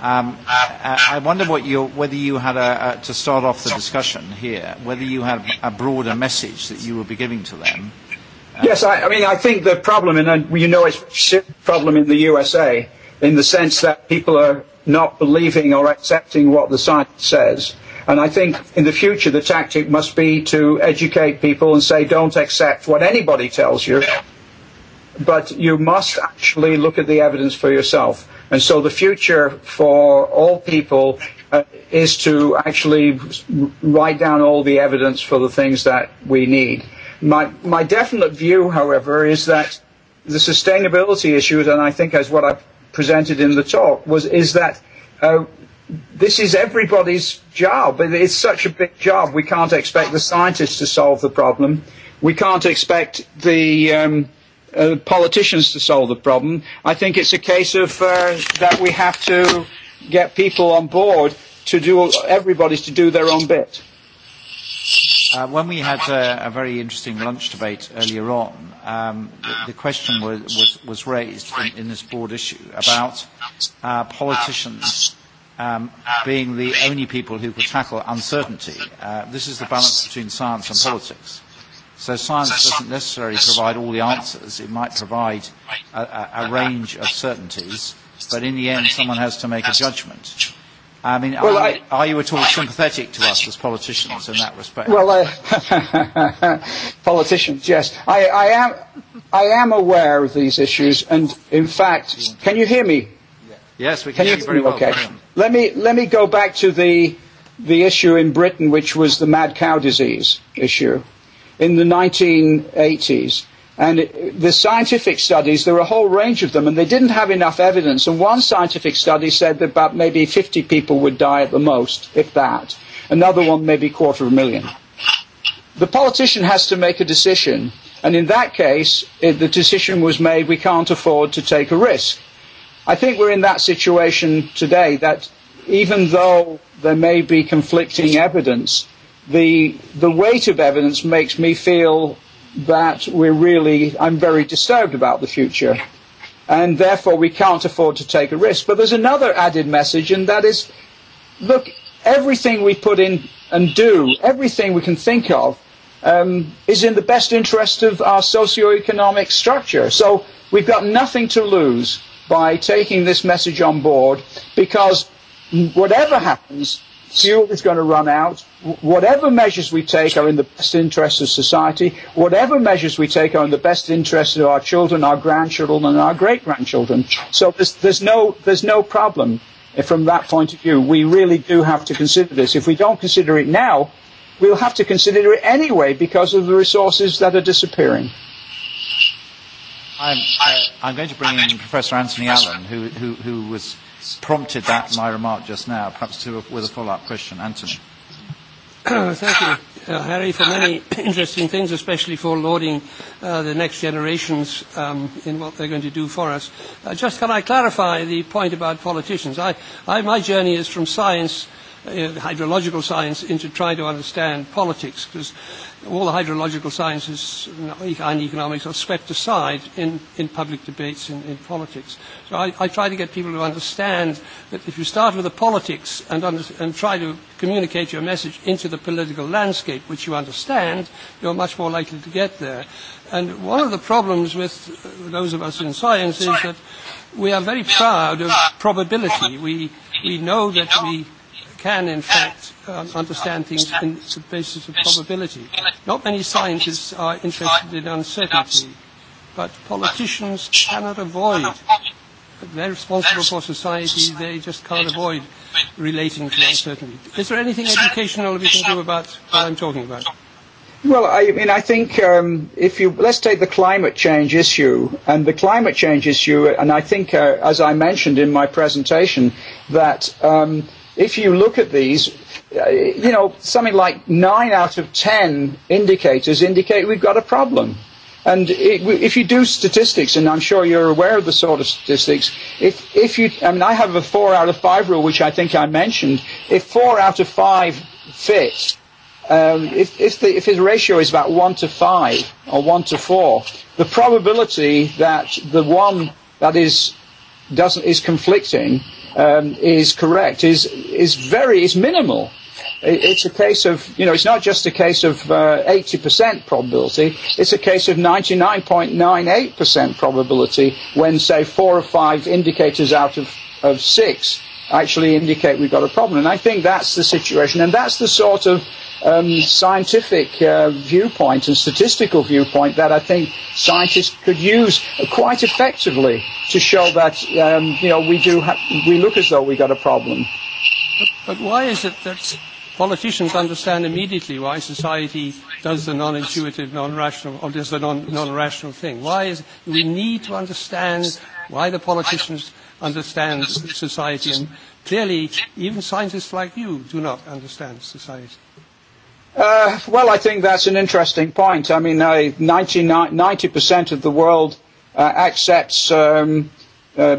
um, uh, I, wonder what you, whether you had, a, a, to start off the discussion here, whether you had a broader message that you would be giving to them. Uh, yes, I, I mean, I think the problem, and uh, you know it's a problem in the USA, in the sense that people are not believing or accepting what the science says And I think in the future the tactic must be to educate people and say don't accept what anybody tells you, but you must actually look at the evidence for yourself. And so the future for all people uh, is to actually write down all the evidence for the things that we need. My, my definite view, however, is that the sustainability issues, and I think as what I presented in the talk, was is that uh, this is everybody's job. It's such a big job. We can't expect the scientists to solve the problem. We can't expect the um, uh, politicians to solve the problem. I think it's a case of uh, that we have to get people on board to do everybody's to do their own bit. Uh, when we had a, uh, a very interesting lunch debate earlier on, um, the, the question was, was, was raised in, in this broad issue about uh, politicians um, being the only people who could tackle uncertainty. Uh, this is the balance between science and politics. So science doesn't necessarily provide all the answers. It might provide a, a, a range of certainties, but in the end, someone has to make a judgment. I mean, well, are, I, are you at all sympathetic to us as politicians in that respect? Well, uh, politicians, yes. I, I, am, I am aware of these issues, and in fact, can you hear me? Yes, we can, can hear you very well. Okay. Let me, let me go back to the, the issue in Britain, which was the mad cow disease issue in the 1980s. And it, the scientific studies, there were a whole range of them, and they didn't have enough evidence. And one scientific study said that about maybe 50 people would die at the most, if that. Another one, maybe quarter of a million. The politician has to make a decision. And in that case, it, the decision was made, we can't afford to take a risk I think we're in that situation today that even though there may be conflicting evidence, the, the weight of evidence makes me feel that we're really, I'm very disturbed about the future. And therefore we can't afford to take a risk. But there's another added message and that is, look, everything we put in and do, everything we can think of, um, is in the best interest of our socioeconomic structure. So we've got nothing to lose by taking this message on board because whatever happens, fuel is going to run out. Whatever measures we take are in the best interest of society. Whatever measures we take are in the best interest of our children, our grandchildren, and our great grandchildren. So there's, there's, no, there's no problem from that point of view. We really do have to consider this. If we don't consider it now, we'll have to consider it anyway because of the resources that are disappearing. I'm, uh, I'm going to bring in Professor Anthony Allen, who, who, who was prompted that my remark just now, perhaps to, with a follow-up question. Anthony. Thank you, uh, Harry, for many interesting things, especially for lauding uh, the next generations um, in what they're going to do for us. Uh, just can I clarify the point about politicians? I, I, my journey is from science, uh, hydrological science, into trying to understand politics, because all the hydrological sciences and economics are swept aside in, in public debates in, in politics. So I, I try to get people to understand that if you start with the politics and, under, and try to communicate your message into the political landscape, which you understand, you're much more likely to get there. And one of the problems with uh, those of us in science is that we are very proud of probability. We, we know that we can, in fact, um, understand things on the basis of probability. Not many scientists are interested in uncertainty, but politicians cannot avoid. They're responsible for society. They just can't avoid relating to uncertainty. Is there anything educational we can do about what I'm talking about? Well, I mean, I think um, if you let's take the climate change issue and the climate change issue, and I think, uh, as I mentioned in my presentation, that um, if you look at these, uh, you know, something like nine out of ten indicators indicate we've got a problem. And it, if you do statistics, and I'm sure you're aware of the sort of statistics, if, if you, I mean, I have a four out of five rule, which I think I mentioned. If four out of five fits, um, if, if, the, if his ratio is about one to five or one to four, the probability that the one that is, doesn't, is conflicting um, is correct is is very is minimal. it's a case of you know it's not just a case of uh, eighty uh, percent probability. It's a case of ninety nine point nine eight percent probability when say four or five indicators out of of six actually indicate we've got a problem. And I think that's the situation, and that's the sort of um, scientific uh, viewpoint and statistical viewpoint that I think scientists could use quite effectively to show that um, you know we do ha- we look as though we got a problem. But, but why is it that politicians understand immediately why society does the non-intuitive, non-rational, or does the non- non-rational thing? Why is we need to understand why the politicians understand society and. Clearly, even scientists like you do not understand society. Uh, well, I think that's an interesting point. I mean, uh, 90 of the world uh, accepts um, uh,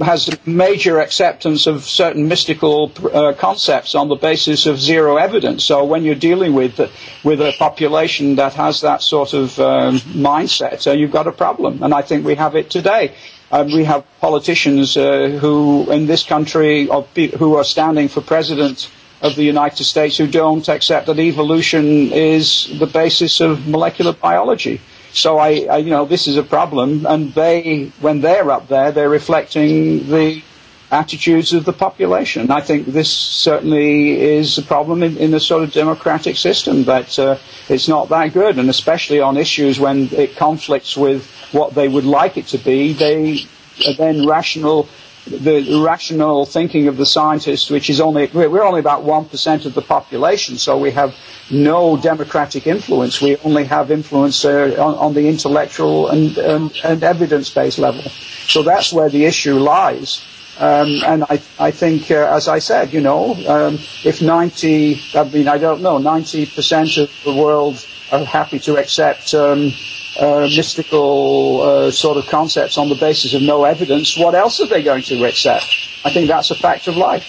has major acceptance of certain mystical uh, concepts on the basis of zero evidence. So when you're dealing with with a population that has that sort of um, mindset, so uh, you've got a problem, and I think we have it today. Um, we have politicians uh, who, in this country, are, who are standing for president of the United States who don't accept that evolution is the basis of molecular biology. So I, I you know, this is a problem, and they, when they're up there, they're reflecting the attitudes of the population. I think this certainly is a problem in, in a sort of democratic system that uh, it's not that good, and especially on issues when it conflicts with what they would like it to be, they are then rational the rational thinking of the scientists, which is only, we're only about 1% of the population, so we have no democratic influence. We only have influence uh, on, on the intellectual and, and, um, and evidence-based level. So that's where the issue lies. Um, and I, I think, uh, as I said, you know, um, if 90, I mean, I don't know, 90% of the world are happy to accept um, uh, mystical uh, sort of concepts on the basis of no evidence, what else are they going to accept? I think that's a fact of life.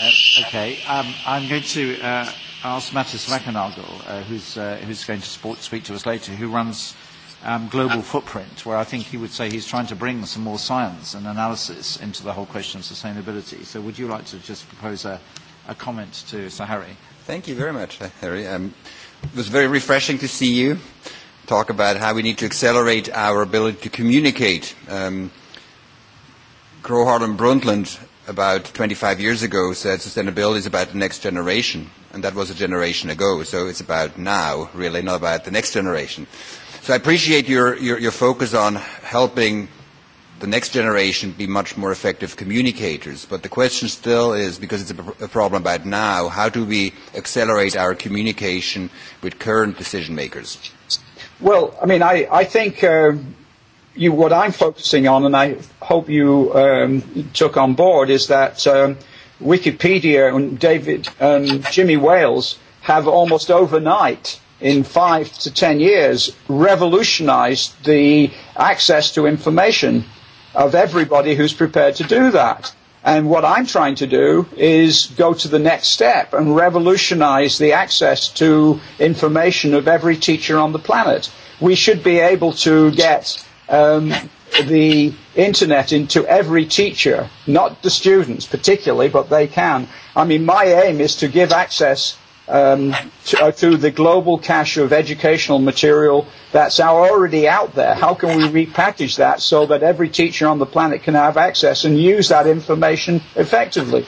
Uh, okay, um, I'm going to uh, ask Mattis Mackenagel, uh, who's, uh, who's going to support, speak to us later, who runs um, Global Footprint, where I think he would say he's trying to bring some more science and analysis into the whole question of sustainability. So would you like to just propose a, a comment to Sahari? Thank you very much, Harry. Um, It was very refreshing to see you talk about how we need to accelerate our ability to communicate. Um, Gro Harlem Brundtland about 25 years ago said sustainability is about the next generation, and that was a generation ago, so it's about now, really, not about the next generation. So I appreciate your, your, your focus on helping the next generation be much more effective communicators. But the question still is, because it's a, pr a problem about now, how do we accelerate our communication with current decision makers? Well, I mean, I, I think uh, you, what I'm focusing on, and I hope you um, took on board, is that um, Wikipedia and David and um, Jimmy Wales have almost overnight in five to ten years revolutionized the access to information of everybody who's prepared to do that. And what I'm trying to do is go to the next step and revolutionize the access to information of every teacher on the planet. We should be able to get um, the internet into every teacher, not the students particularly, but they can. I mean, my aim is to give access um, to, uh, to the global cache of educational material that's already out there. How can we repackage that so that every teacher on the planet can have access and use that information effectively?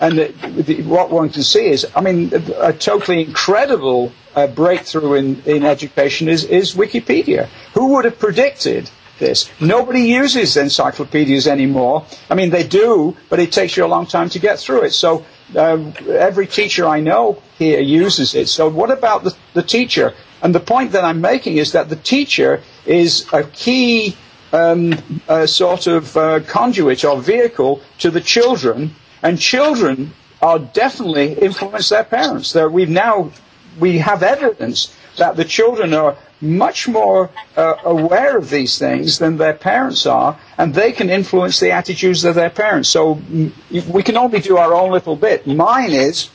And the, the, what one can see is, I mean, a, a totally incredible uh, breakthrough in, in education is, is Wikipedia. Who would have predicted this. Nobody uses encyclopedias anymore. I mean, they do, but it takes you a long time to get through it. So Um, every teacher I know here uses it. So what about the, the teacher? And the point that I'm making is that the teacher is a key um, uh, sort of uh, conduit or vehicle to the children, and children are definitely influence their parents. They're, we've now we have evidence that the children are much more uh, aware of these things than their parents are, and they can influence the attitudes of their parents. So mm, we can only do our own little bit. Mine is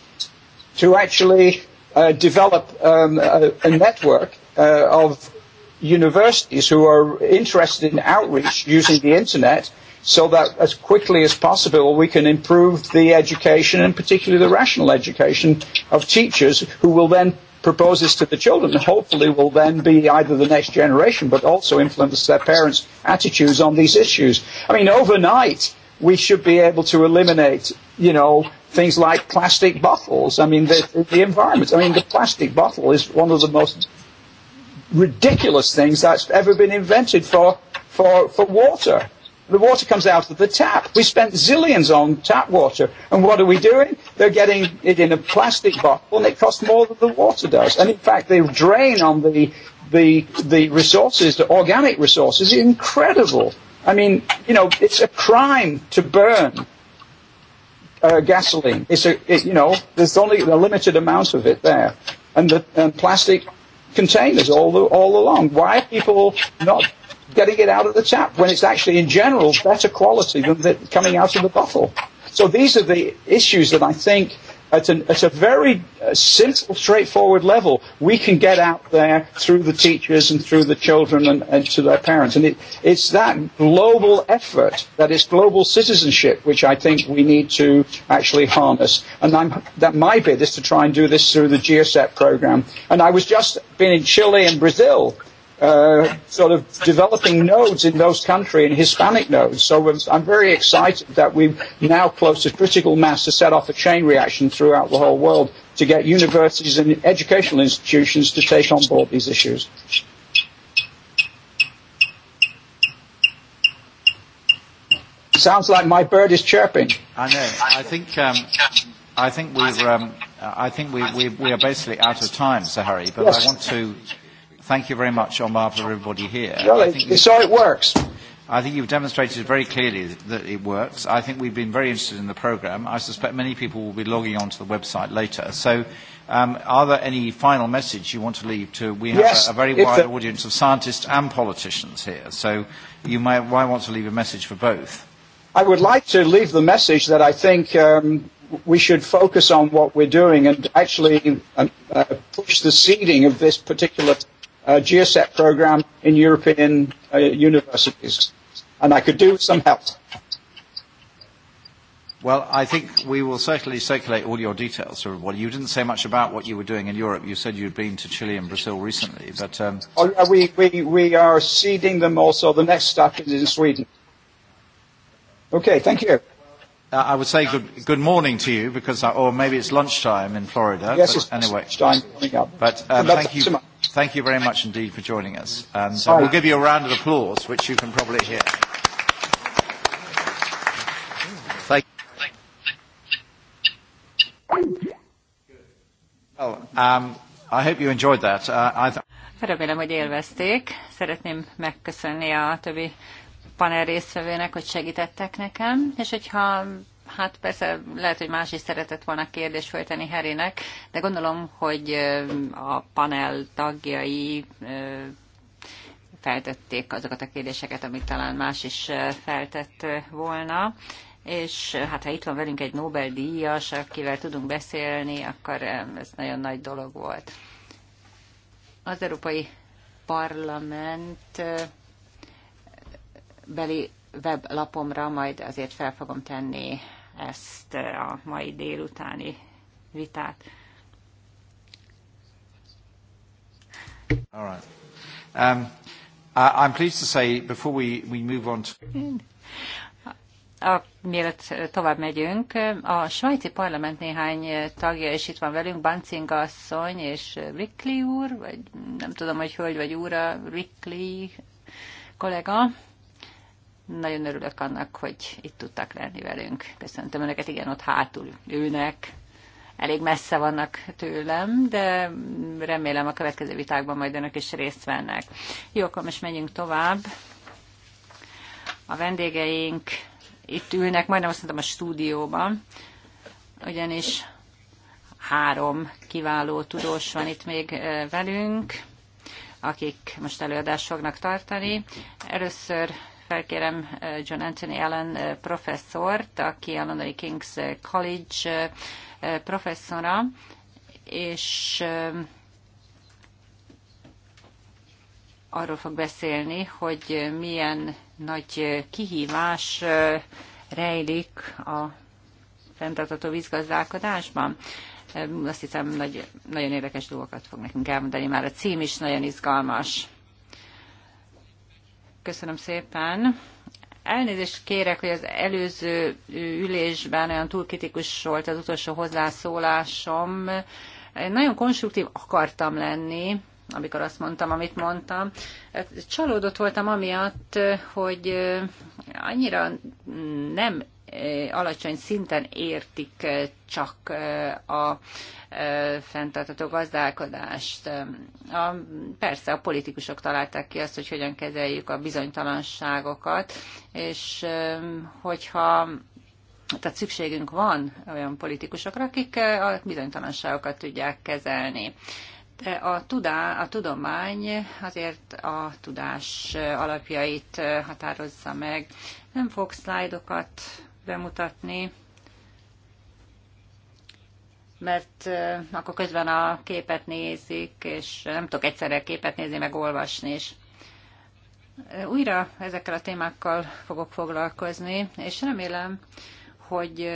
to actually uh, develop um, a, a network uh, of universities who are interested in outreach using the internet so that as quickly as possible we can improve the education and particularly the rational education of teachers who will then proposes to the children, hopefully will then be either the next generation, but also influence their parents' attitudes on these issues. I mean, overnight, we should be able to eliminate, you know, things like plastic bottles. I mean, the, the environment. I mean, the plastic bottle is one of the most ridiculous things that's ever been invented for, for, for water. The water comes out of the tap. We spent zillions on tap water. And what are we doing? They're getting it in a plastic bottle and it costs more than the water does. And in fact, the drain on the, the, the resources, the organic resources, is incredible. I mean, you know, it's a crime to burn uh, gasoline. It's a, it, you know, there's only a limited amount of it there. And the and plastic containers all, the, all along. Why are people not getting it out of the tap when it's actually in general better quality than the, coming out of the bottle. So these are the issues that I think at, an, at a very uh, simple, straightforward level, we can get out there through the teachers and through the children and, and to their parents. And it, it's that global effort, that is global citizenship, which I think we need to actually harness. And I'm, that my bit is to try and do this through the GSEP program. And I was just been in Chile and Brazil uh, sort of developing nodes in those country and Hispanic nodes. So I'm very excited that we've now close to critical mass to set off a chain reaction throughout the whole world to get universities and educational institutions to take on board these issues. Sounds like my bird is chirping. I know. I think um, I think we're um, I think we, we we are basically out of time, Sahari. But yes. I want to thank you very much on behalf of everybody here. No, I think so it works. I think you've demonstrated very clearly that it works. I think we've been very interested in the programme. I suspect many people will be logging onto the website later. So um, are there any final message you want to leave to? We have yes, a, a very wide the... audience of scientists and politicians here. So you might, might want to leave a message for both. I would like to leave the message that I think um, we should focus on what we're doing and actually um, uh, push the seeding of this particular uh, GSET program in European uh, universities. And I could do with some help. Well, I think we will certainly circulate all your details to everybody. You didn't say much about what you were doing in Europe. You said you'd been to Chile and Brazil recently, but um... oh, yeah, we, we, we are seeding them also. The next stop is in Sweden. Okay, thank you. Uh, I would say good, good morning to you, because, uh, or maybe it's lunchtime in Florida. Yes, but it's anyway. lunchtime coming up. But um, thank you. So much thank you very much indeed for joining us. And um, so we'll give you a round of applause, which you can probably hear. Thank you. um, I hope you enjoyed that. Uh, Remélem, hogy élvezték. Szeretném megköszönni a többi panel résztvevőnek, hogy segítettek nekem, és hogyha Hát persze lehet, hogy más is szeretett volna kérdést fölteni Herének, de gondolom, hogy a panel tagjai feltették azokat a kérdéseket, amit talán más is feltett volna és hát ha itt van velünk egy Nobel-díjas, akivel tudunk beszélni, akkor ez nagyon nagy dolog volt. Az Európai Parlament beli weblapomra majd azért fel fogom tenni ezt eh, a mai délutáni vitát. All right. Um, I'm pleased to say before we, we move on to... A, mielőtt tovább megyünk, a svájci parlament néhány tagja is itt van velünk, Bancing asszony és Rickley úr, vagy nem tudom, hogy hölgy vagy úr a Rickley kollega. Nagyon örülök annak, hogy itt tudtak lenni velünk. Köszöntöm Önöket, igen, ott hátul ülnek. Elég messze vannak tőlem, de remélem a következő vitákban majd Önök is részt vennek. Jó, akkor most menjünk tovább. A vendégeink itt ülnek, majdnem azt mondtam a stúdióban, ugyanis három kiváló tudós van itt még velünk, akik most előadást fognak tartani. Először felkérem eh, John Anthony Allen eh, professzort, aki a Londoni King's College eh, professzora, és arról fog beszélni, hogy milyen nagy kihívás rejlik a fenntartató vízgazdálkodásban. Azt hiszem, nagy, nagyon érdekes dolgokat fog nekünk elmondani, már a cím is nagyon izgalmas. Köszönöm szépen. Elnézést kérek, hogy az előző ülésben olyan túl kritikus volt az utolsó hozzászólásom. Én nagyon konstruktív akartam lenni, amikor azt mondtam, amit mondtam. Hát csalódott voltam amiatt, hogy annyira nem Eh, alacsony szinten értik eh, csak eh, a fenntartató gazdálkodást. A, persze a politikusok találták ki azt, hogy hogyan kezeljük a bizonytalanságokat, és hogyha tehát szükségünk van olyan politikusokra, akik a bizonytalanságokat tudják kezelni. De a, tudá, a tudomány azért a tudás alapjait határozza meg. Nem fog szlájdokat bemutatni, mert akkor közben a képet nézik, és nem tudok egyszerre képet nézni, meg olvasni is. Újra ezekkel a témákkal fogok foglalkozni, és remélem, hogy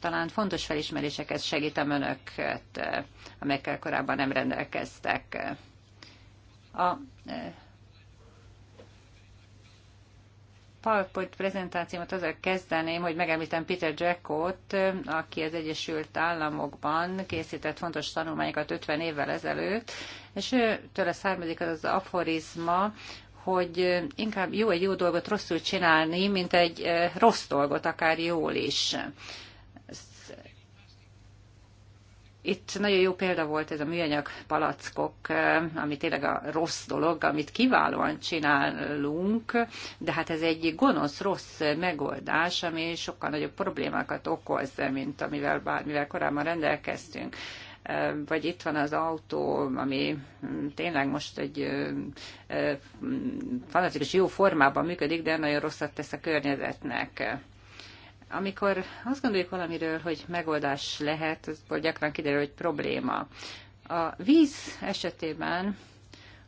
talán fontos felismeréseket segítem önöket, amelyekkel korábban nem rendelkeztek. A PowerPoint prezentációmat azzal kezdeném, hogy megemlítem Peter Jackot, aki az Egyesült Államokban készített fontos tanulmányokat 50 évvel ezelőtt, és ő tőle származik az az aforizma, hogy inkább jó egy jó dolgot rosszul csinálni, mint egy eh, rossz dolgot akár jól is. Itt nagyon jó példa volt ez a műanyag palackok, eh, ami tényleg a rossz dolog, amit kiválóan csinálunk, de hát ez egy gonosz, rossz megoldás, ami sokkal nagyobb problémákat okoz, mint amivel bármivel korábban rendelkeztünk eh, vagy itt van az autó, ami hm, tényleg most egy eh, hm, fantasztikus jó formában működik, de nagyon rosszat tesz a környezetnek amikor azt gondoljuk valamiről, hogy megoldás lehet, akkor gyakran kiderül, hogy probléma. A víz esetében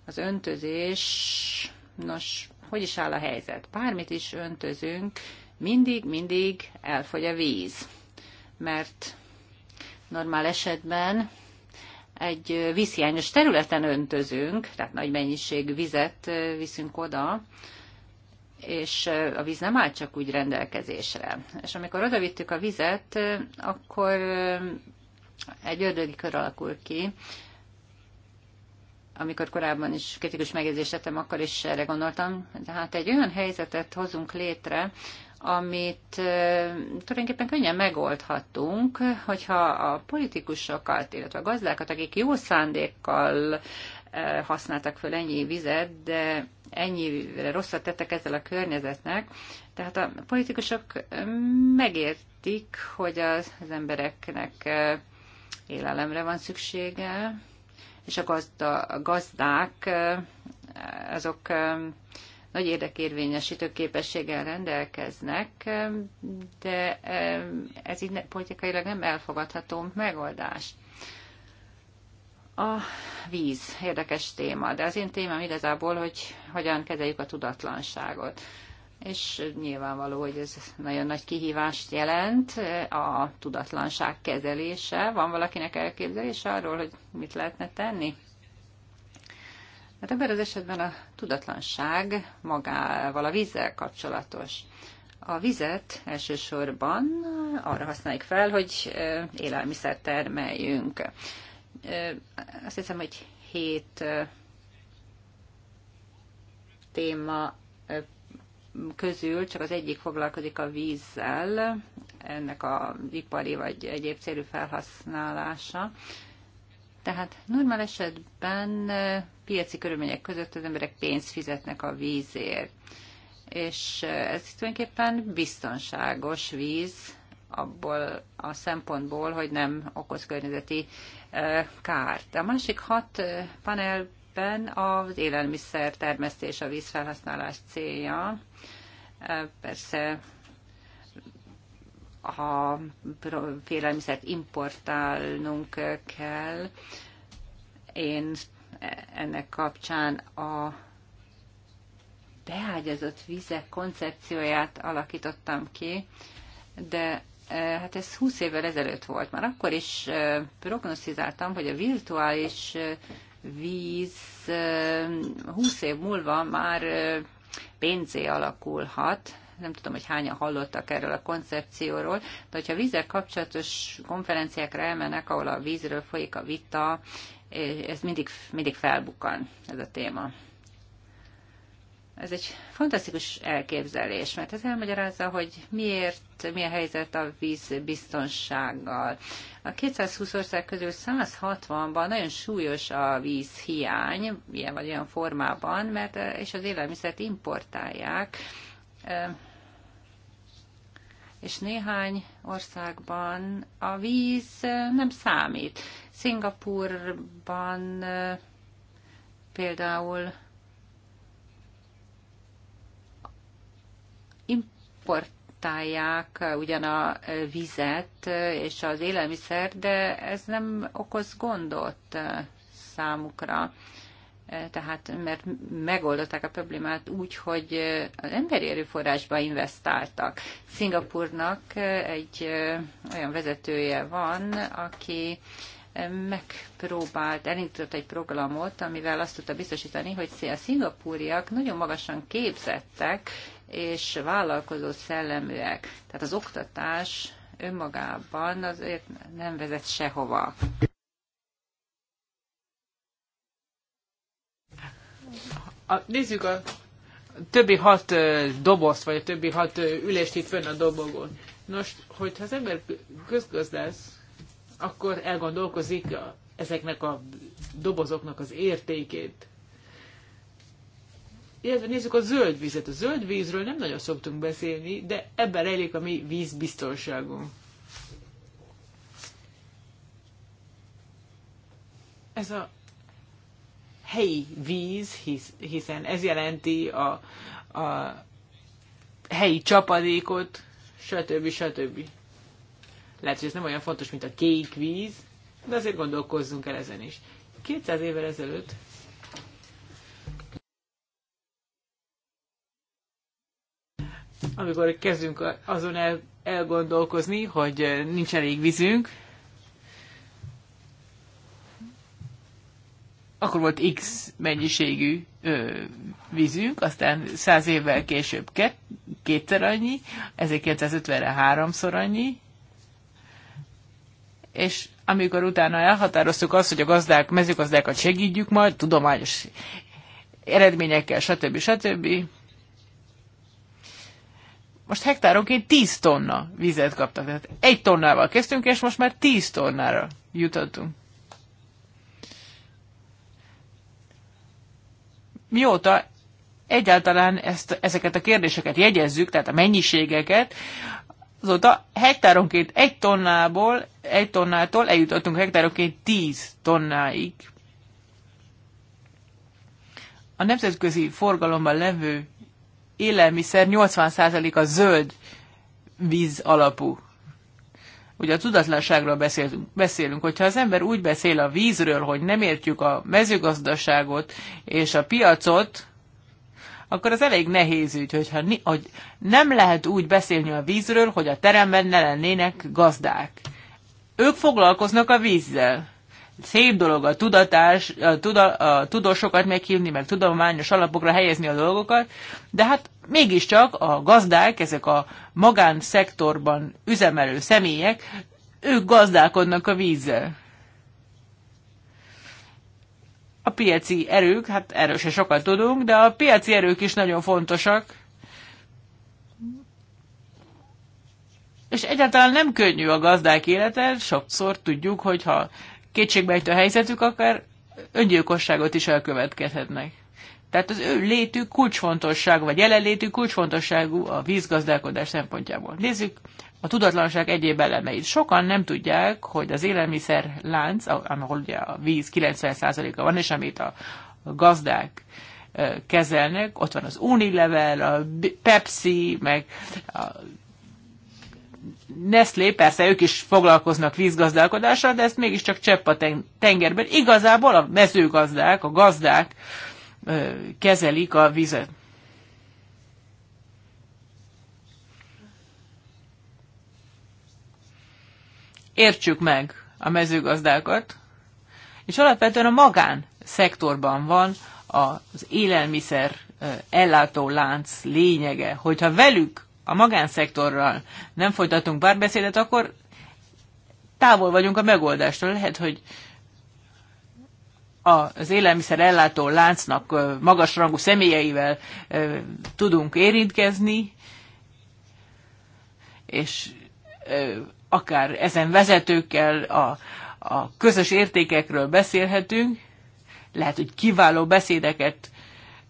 az öntözés, nos, hogy is áll a helyzet? Bármit is öntözünk, mindig, mindig elfogy a víz. Mert normál esetben egy vízhiányos területen öntözünk, tehát nagy mennyiségű vizet viszünk oda, és a víz nem áll csak úgy rendelkezésre. És amikor odavittük a vizet, akkor egy ördögi kör alakul ki, amikor korábban is kritikus megjegyzést tettem, akkor is erre gondoltam. Tehát egy olyan helyzetet hozunk létre, amit tulajdonképpen könnyen megoldhatunk, hogyha a politikusokat, illetve a gazdákat, akik jó szándékkal használtak föl ennyi vizet, de ennyi rosszat tettek ezzel a környezetnek. Tehát a politikusok megértik, hogy az, az embereknek élelemre van szüksége, és a, gazda, a gazdák azok nagy érdekérvényesítő képességgel rendelkeznek, de ez így politikailag nem elfogadható megoldás. A víz érdekes téma, de az én témám igazából, hogy hogyan kezeljük a tudatlanságot. És nyilvánvaló, hogy ez nagyon nagy kihívást jelent a tudatlanság kezelése. Van valakinek elképzelése arról, hogy mit lehetne tenni? Hát ebben az esetben a tudatlanság magával, a vízzel kapcsolatos. A vizet elsősorban arra használjuk fel, hogy élelmiszer termeljünk. Azt hiszem, hogy hét téma közül csak az egyik foglalkozik a vízzel, ennek az ipari vagy egyéb célú felhasználása. Tehát normál esetben piaci körülmények között az emberek pénzt fizetnek a vízért. És ez tulajdonképpen biztonságos víz, abból a szempontból, hogy nem okoz környezeti kárt. A másik hat panelben az élelmiszer termesztés, a vízfelhasználás célja. Persze ha félelmiszert importálnunk kell, én ennek kapcsán a beágyazott vizek koncepcióját alakítottam ki, de Eh, hát ez 20 évvel ezelőtt volt. Már akkor is eh, prognosztizáltam, hogy a virtuális eh, víz 20 év múlva már pénzé alakulhat, nem tudom, hogy hányan hallottak erről a koncepcióról, de hogyha vízek kapcsolatos konferenciákra elmennek, ahol a vízről folyik a vita, ez mindig, mindig felbukkan ez a téma. Ez egy fantasztikus elképzelés, mert ez elmagyarázza, hogy miért, mi a helyzet a víz biztonsággal. A 220 ország közül 160-ban nagyon súlyos a víz hiány, ilyen vagy olyan formában, mert eh, és az élelmiszert importálják, eh, és néhány országban a víz eh, nem számít. Szingapurban például importálják uh, ugyan a uh, vizet uh, és az élelmiszer, de ez nem okoz gondot számukra. Tehát, mert megoldották a problémát úgy, hogy az emberi erőforrásba investáltak. Szingapurnak egy olyan vezetője van, aki megpróbált, elindított egy programot, amivel azt tudta biztosítani, hogy a szingapúriak nagyon magasan képzettek, és vállalkozó szelleműek. Tehát az oktatás önmagában azért nem vezet sehova. A, nézzük a többi hat dobozt, vagy a többi hat ülést itt fönn a dobogon. Nos, hogyha az ember közgazdász, akkor elgondolkozik a, ezeknek a dobozoknak az értékét illetve nézzük a zöld vizet. A zöld vízről nem nagyon szoktunk beszélni, de ebben rejlik a mi vízbiztonságunk. Ez a helyi víz, hiszen ez jelenti a, a helyi csapadékot, stb. stb. Lehet, hogy ez nem olyan fontos, mint a kék víz, de azért gondolkozzunk el ezen is. 200 évvel ezelőtt amikor kezdünk azon el, elgondolkozni, hogy eh, nincs elég vízünk, akkor volt X mennyiségű ö, vízünk, aztán száz évvel később ke, kétszer annyi, 1950-re háromszor annyi, és amikor utána elhatároztuk azt, hogy a gazdák, mezőgazdákat segítjük majd, tudományos eredményekkel, stb. stb most hektáronként 10 tonna vizet kaptak. Tehát egy tonnával kezdtünk, és most már 10 tonnára jutottunk. Mióta egyáltalán ezt, ezeket a kérdéseket jegyezzük, tehát a mennyiségeket, azóta hektáronként egy tonnából, egy tonnától eljutottunk hektáronként 10 tonnáig. A nemzetközi forgalomban levő élelmiszer 80%-a zöld víz alapú. Ugye a tudatlanságról beszélünk, beszélünk, hogyha az ember úgy beszél a vízről, hogy nem értjük a mezőgazdaságot és a piacot, akkor az elég nehéz ügy, hogyha ni, hogy nem lehet úgy beszélni a vízről, hogy a teremben ne lennének gazdák. Ők foglalkoznak a vízzel szép dolog a tudatás, a, tuda, a tudósokat meghívni, meg tudományos alapokra helyezni a dolgokat, de hát mégiscsak a gazdák, ezek a magánszektorban üzemelő személyek, ők gazdálkodnak a vízzel. A piaci erők, hát erről se sokat tudunk, de a piaci erők is nagyon fontosak. És egyáltalán nem könnyű a gazdák élete, sokszor tudjuk, hogyha kétségbejtő helyzetük akár öngyilkosságot is elkövetkezhetnek. Tehát az ő létük kulcsfontosság, vagy jelenlétük kulcsfontosságú a vízgazdálkodás szempontjából. Nézzük a tudatlanság egyéb elemeit. Sokan nem tudják, hogy az élelmiszer lánc, ahol ugye a víz 90%-a van, és amit a gazdák kezelnek, ott van az Unilevel, a Pepsi, meg a Nestlé, persze ők is foglalkoznak vízgazdálkodással, de ezt mégiscsak csepp a tengerben. Igazából a mezőgazdák, a gazdák kezelik a vizet. Értsük meg a mezőgazdákat, és alapvetően a magán szektorban van az élelmiszer ellátó lánc lényege, hogyha velük a magánszektorral nem folytatunk párbeszédet, akkor távol vagyunk a megoldástól. Lehet, hogy az élelmiszer ellátó láncnak magasrangú személyeivel tudunk érintkezni, és akár ezen vezetőkkel a, a közös értékekről beszélhetünk, lehet, hogy kiváló beszédeket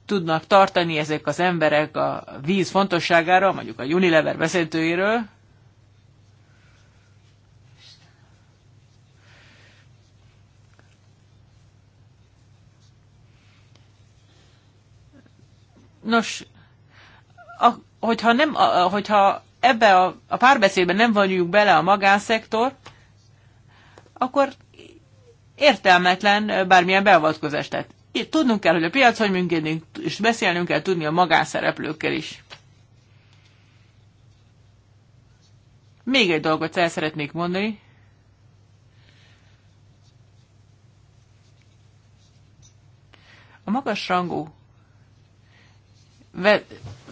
tudnak tartani ezek az emberek a víz fontosságára, mondjuk a Unilever vezetőjéről, Nos, a, hogyha, nem, a, hogyha ebbe a, a párbeszédben nem vonjuk bele a magánszektor, akkor értelmetlen bármilyen beavatkozást. Tehát itt tudnunk kell, hogy a piac hogy működik, és beszélnünk kell tudni a magánszereplőkkel is. Még egy dolgot el szeretnék mondani. A magas rangú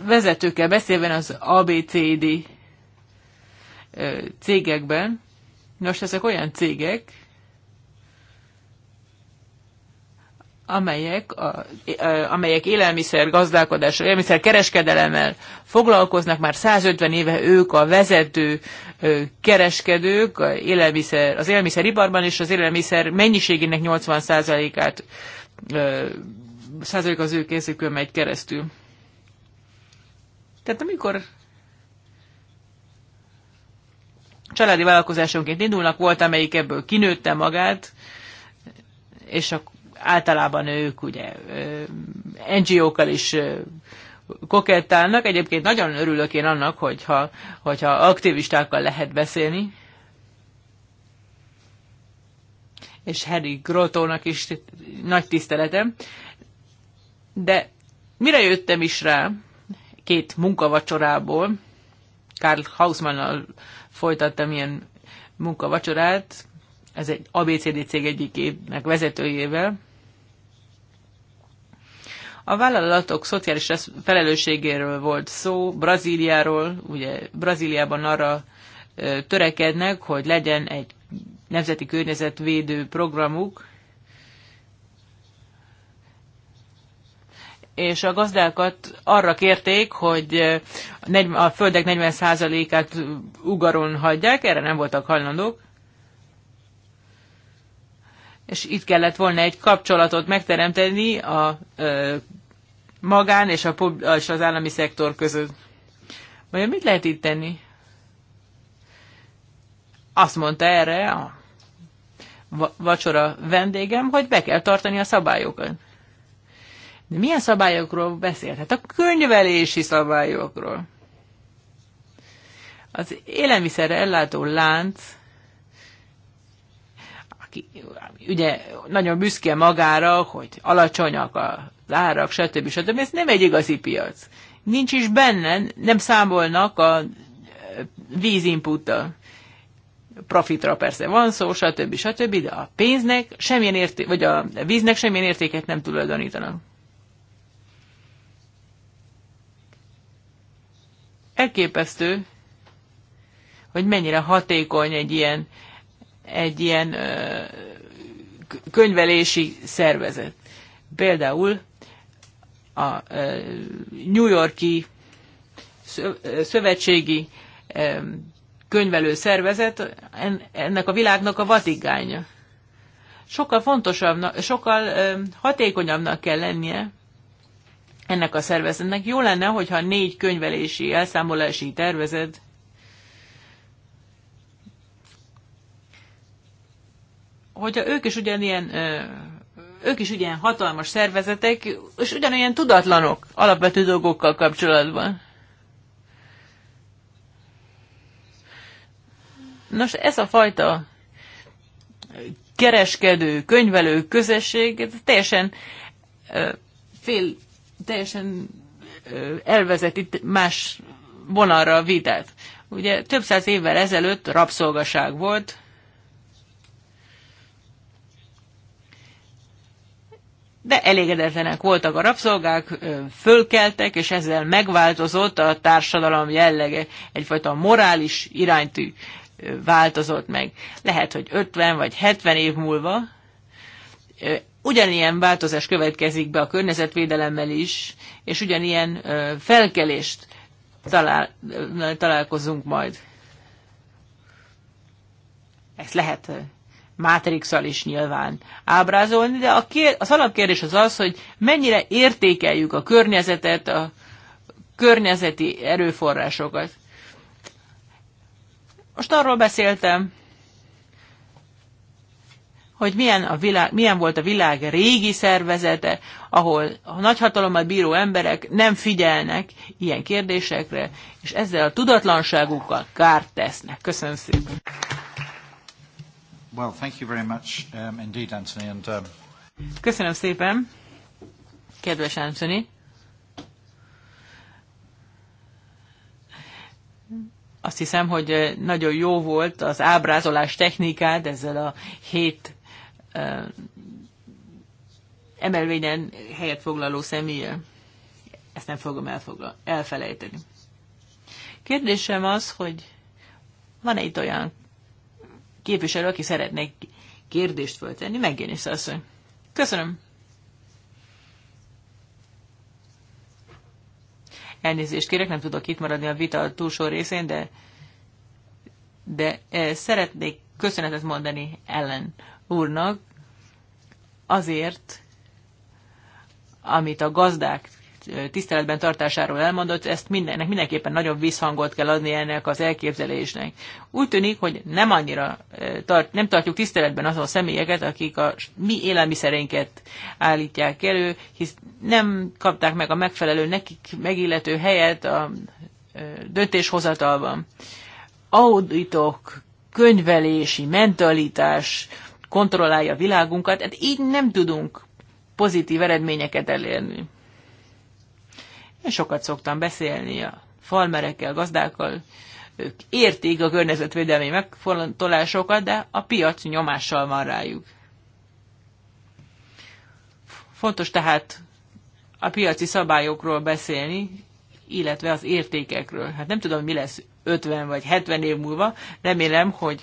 vezetőkkel beszélve az ABCD cégekben, nos, ezek olyan cégek, amelyek, a, amelyek élelmiszer gazdálkodással, élelmiszer kereskedelemmel foglalkoznak, már 150 éve ők a vezető kereskedők a élelmiszer, az élelmiszeriparban, és az élelmiszer mennyiségének 80%-át százalék az ő készükön megy keresztül. Tehát amikor családi vállalkozásonként indulnak, volt, amelyik ebből kinőtte magát, és akkor általában ők ugye NGO-kkal is kokettálnak. Egyébként nagyon örülök én annak, hogyha, hogyha aktivistákkal lehet beszélni. És Harry Grotónak is nagy tiszteletem. De mire jöttem is rá két munkavacsorából, Karl Hausmannal folytattam ilyen munkavacsorát, ez egy ABCD cég egyikének vezetőjével. A vállalatok szociális felelősségéről volt szó, Brazíliáról, ugye Brazíliában arra törekednek, hogy legyen egy nemzeti környezetvédő programuk, és a gazdákat arra kérték, hogy a földek 40%-át ugaron hagyják, erre nem voltak hajlandók és itt kellett volna egy kapcsolatot megteremteni a ö, magán és, a, és az állami szektor között. Vajon mit lehet itt tenni? Azt mondta erre a vacsora vendégem, hogy be kell tartani a szabályokat. De milyen szabályokról beszélt? Hát a könyvelési szabályokról. Az élelmiszer ellátó lánc ki, ugye nagyon büszke magára, hogy alacsonyak az árak, stb. stb. Ez nem egy igazi piac. Nincs is benne, nem számolnak a eh, vízinputtal. Profitra persze van szó, stb. stb. de a pénznek semmilyen érték, vagy a víznek semmilyen értéket nem tulajdonítanak. Elképesztő, hogy mennyire hatékony egy ilyen egy ilyen könyvelési szervezet. Például a New Yorki szövetségi könyvelő szervezet ennek a világnak a vatigánya. Sokkal fontosabb, sokkal hatékonyabbnak kell lennie ennek a szervezetnek. Jó lenne, hogyha négy könyvelési, elszámolási tervezet hogyha ők is ugyanilyen ők is ugyan hatalmas szervezetek, és ugyanolyan tudatlanok alapvető dolgokkal kapcsolatban. Nos, ez a fajta kereskedő, könyvelő közösség teljesen fél, teljesen elvezeti más vonalra a vitát. Ugye több száz évvel ezelőtt rabszolgaság volt, de elégedetlenek voltak a rabszolgák, fölkeltek, és ezzel megváltozott a társadalom jellege, egyfajta morális iránytű változott meg. Lehet, hogy 50 vagy 70 év múlva ugyanilyen változás következik be a környezetvédelemmel is, és ugyanilyen felkelést talál, találkozunk majd. Ezt lehet matrix is nyilván ábrázolni, de a kér, az alapkérdés az az, hogy mennyire értékeljük a környezetet, a környezeti erőforrásokat. Most arról beszéltem, hogy milyen, a világ, milyen volt a világ régi szervezete, ahol a nagyhatalommal bíró emberek nem figyelnek ilyen kérdésekre, és ezzel a tudatlanságukkal kárt tesznek. Köszönöm szépen! Well, thank you very much um, indeed, Anthony. And, um... Köszönöm szépen, kedves Anthony. Azt hiszem, hogy eh, nagyon jó volt az ábrázolás technikád ezzel a hét uh, emelvényen helyet foglaló személye. Ezt nem fogom elfoglal, elfelejteni. Kérdésem az, hogy van-e itt olyan képviselő, aki szeretne kérdést föltenni. az asszony. Köszönöm. Elnézést kérek, nem tudok itt maradni a vita túlsó részén, de, de eh, szeretnék köszönetet mondani Ellen úrnak azért, amit a gazdák tiszteletben tartásáról elmondott, ezt mindennek mindenképpen nagyobb visszhangot kell adni ennek az elképzelésnek. Úgy tűnik, hogy nem annyira eh, tart, nem tartjuk tiszteletben azon személyeket, akik a mi élelmiszerénket állítják elő, hisz nem kapták meg a megfelelő nekik megillető helyet a eh, döntéshozatalban. Auditok, könyvelési mentalitás kontrollálja a világunkat, hát így nem tudunk pozitív eredményeket elérni. Én sokat szoktam beszélni a farmerekkel, gazdákkal, ők értik a környezetvédelmi megfontolásokat, de a piac nyomással van rájuk. Fontos tehát a piaci szabályokról beszélni, illetve az értékekről. Hát nem tudom, mi lesz 50 vagy 70 év múlva. Remélem, hogy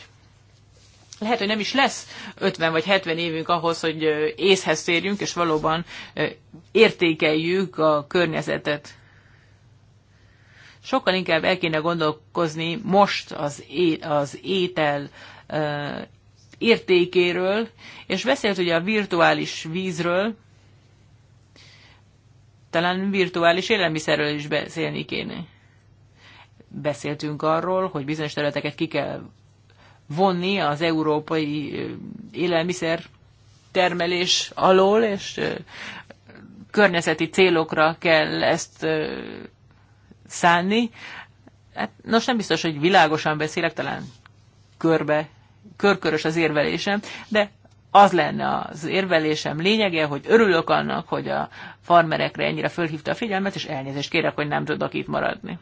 lehet, hogy nem is lesz 50 vagy 70 évünk ahhoz, hogy észhez térjünk, és valóban értékeljük a környezetet. Sokkal inkább el kéne gondolkozni most az, é- az étel értékéről, és beszélt ugye a virtuális vízről, talán virtuális élelmiszerről is beszélni kéne. Beszéltünk arról, hogy bizonyos területeket ki kell vonni az európai élelmiszer termelés alól, és környezeti célokra kell ezt szánni. Hát, nos, nem biztos, hogy világosan beszélek, talán körbe, körkörös az érvelésem, de az lenne az érvelésem lényege, hogy örülök annak, hogy a farmerekre ennyire fölhívta a figyelmet, és elnézést kérek, hogy nem tudok itt maradni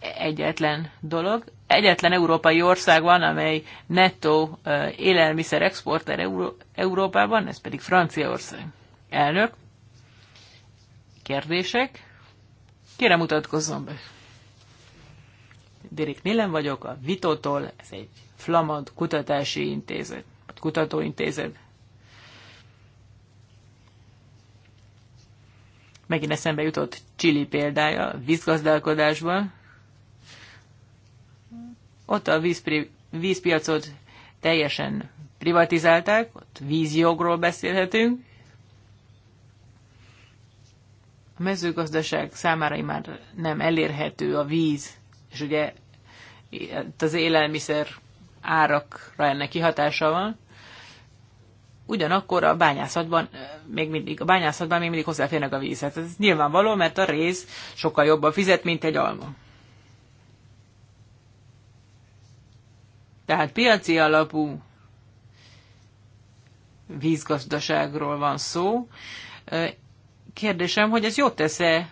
egyetlen dolog. Egyetlen európai ország van, amely nettó élelmiszer exporter Euró- Európában, ez pedig Franciaország. Elnök, kérdések? Kérem mutatkozzon be. Dirik Nillen vagyok, a Vitótól, ez egy flamand kutatási intézet, kutatóintézet. Megint eszembe jutott Chili példája vízgazdálkodásban. Ott a vízpri, vízpiacot teljesen privatizálták, ott vízjogról beszélhetünk. A mezőgazdaság számára már nem elérhető a víz, és ugye az élelmiszer árakra ennek kihatása van. Ugyanakkor a bányászatban eh, még mindig, a bányászatban még mindig hozzáférnek a vízhez. Ez nyilvánvaló, mert a rész sokkal jobban fizet, mint egy alma. Tehát piaci alapú vízgazdaságról van szó. Kérdésem, hogy ez jót tesz-e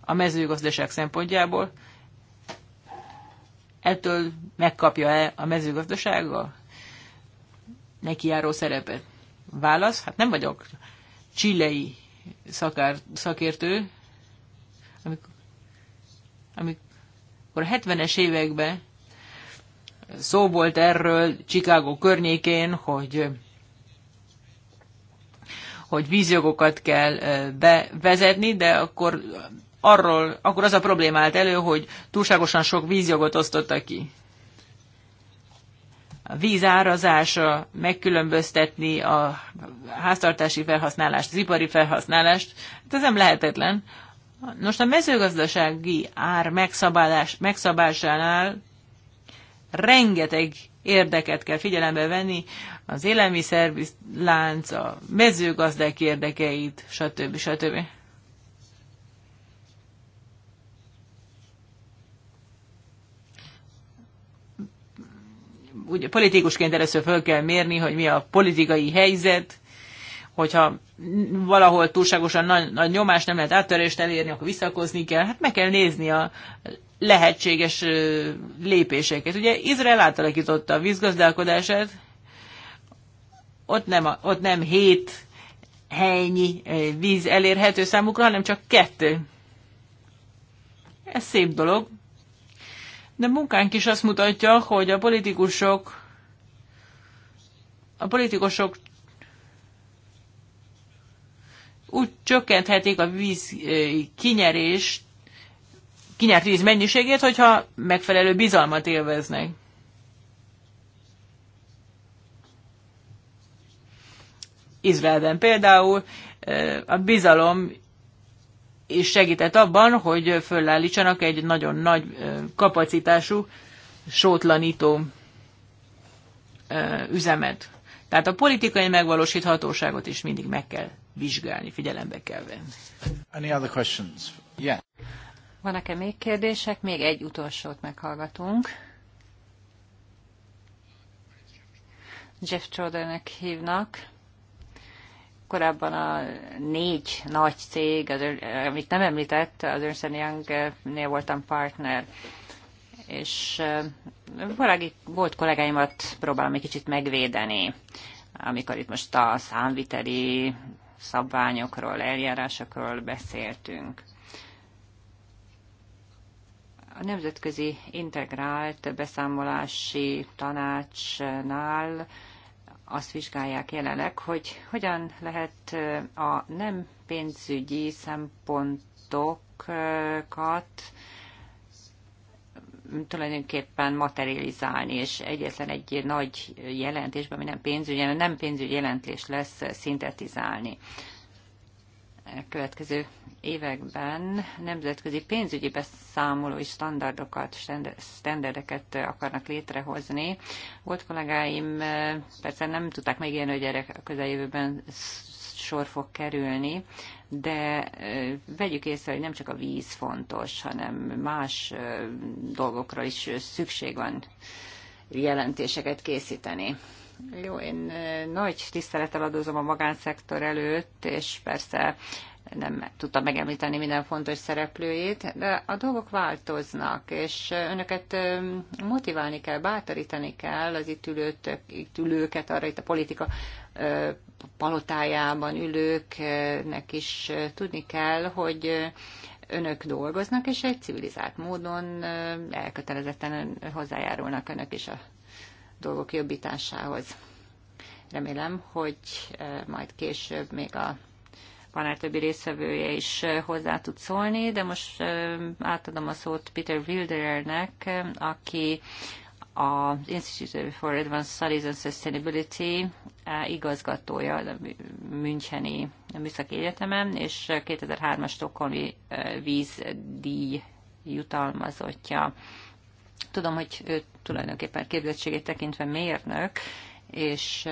a mezőgazdaság szempontjából? Ettől megkapja-e a mezőgazdasággal nekiáró szerepet? Válasz? Hát nem vagyok csilei szakár, szakértő. Amikor, amikor a 70-es években Szó volt erről Chicago környékén, hogy hogy vízjogokat kell bevezetni, de akkor arról, akkor az a probléma állt elő, hogy túlságosan sok vízjogot osztottak ki. A víz árazása, megkülönböztetni a háztartási felhasználást, az ipari felhasználást, hát ez nem lehetetlen. Most a mezőgazdasági ár megszabásánál rengeteg érdeket kell figyelembe venni, az élelmiszerlánc, a mezőgazdák érdekeit, stb. stb. Ugye politikusként először föl kell mérni, hogy mi a politikai helyzet, hogyha valahol túlságosan nagy, nagy nyomás nem lehet áttörést elérni, akkor visszakozni kell. Hát meg kell nézni a lehetséges lépéseket. Ugye Izrael átalakította a vízgazdálkodását, ott nem, ott nem hét helynyi víz elérhető számukra, hanem csak kettő. Ez szép dolog. De munkánk is azt mutatja, hogy a politikusok a politikusok úgy csökkenthetik a víz kinyerés, kinyert víz mennyiségét, hogyha megfelelő bizalmat élveznek. Izraelben például a bizalom és segített abban, hogy fölállítsanak egy nagyon nagy kapacitású sótlanító üzemet. Tehát a politikai megvalósíthatóságot is mindig meg kell vizsgálni, figyelembe kell venni. Any other questions? Yeah. Vannak-e még kérdések? Még egy utolsót meghallgatunk. Jeff Chodernek hívnak. Korábban a négy nagy cég, az, amit nem említett, az Ernst Young-nél voltam partner és valaki volt kollégáimat próbálom egy kicsit megvédeni, amikor itt most a számviteli szabványokról, eljárásokról beszéltünk. A Nemzetközi Integrált Beszámolási Tanácsnál azt vizsgálják jelenleg, hogy hogyan lehet a nem pénzügyi szempontokat tulajdonképpen materializálni, és egyetlen egy nagy jelentésben, ami nem pénzügyi, nem pénzügyi jelentés lesz szintetizálni. A következő években nemzetközi pénzügyi beszámolói standardokat, standardeket akarnak létrehozni. Volt kollégáim, eh, persze nem tudták megélni, hogy erre a közeljövőben sor fog kerülni, de vegyük észre, hogy nem csak a víz fontos, hanem más dolgokra is szükség van jelentéseket készíteni. Jó, én nagy tisztelettel adózom a magánszektor előtt, és persze nem tudtam megemlíteni minden fontos szereplőjét, de a dolgok változnak, és önöket motiválni kell, bátorítani kell az itt, ülőt, itt ülőket, arra itt a politika palotájában ülőknek is tudni kell, hogy önök dolgoznak, és egy civilizált módon elkötelezetten hozzájárulnak önök is a dolgok jobbításához. Remélem, hogy majd később még a panel többi részvevője is hozzá tud szólni, de most átadom a szót Peter Wilderernek, aki az Institute for Advanced Studies and Sustainability igazgatója a Müncheni Műszaki Egyetemen, és 2003-as Stockholmi vízdíj jutalmazottja. Tudom, hogy ő tulajdonképpen képzettségét tekintve mérnök, és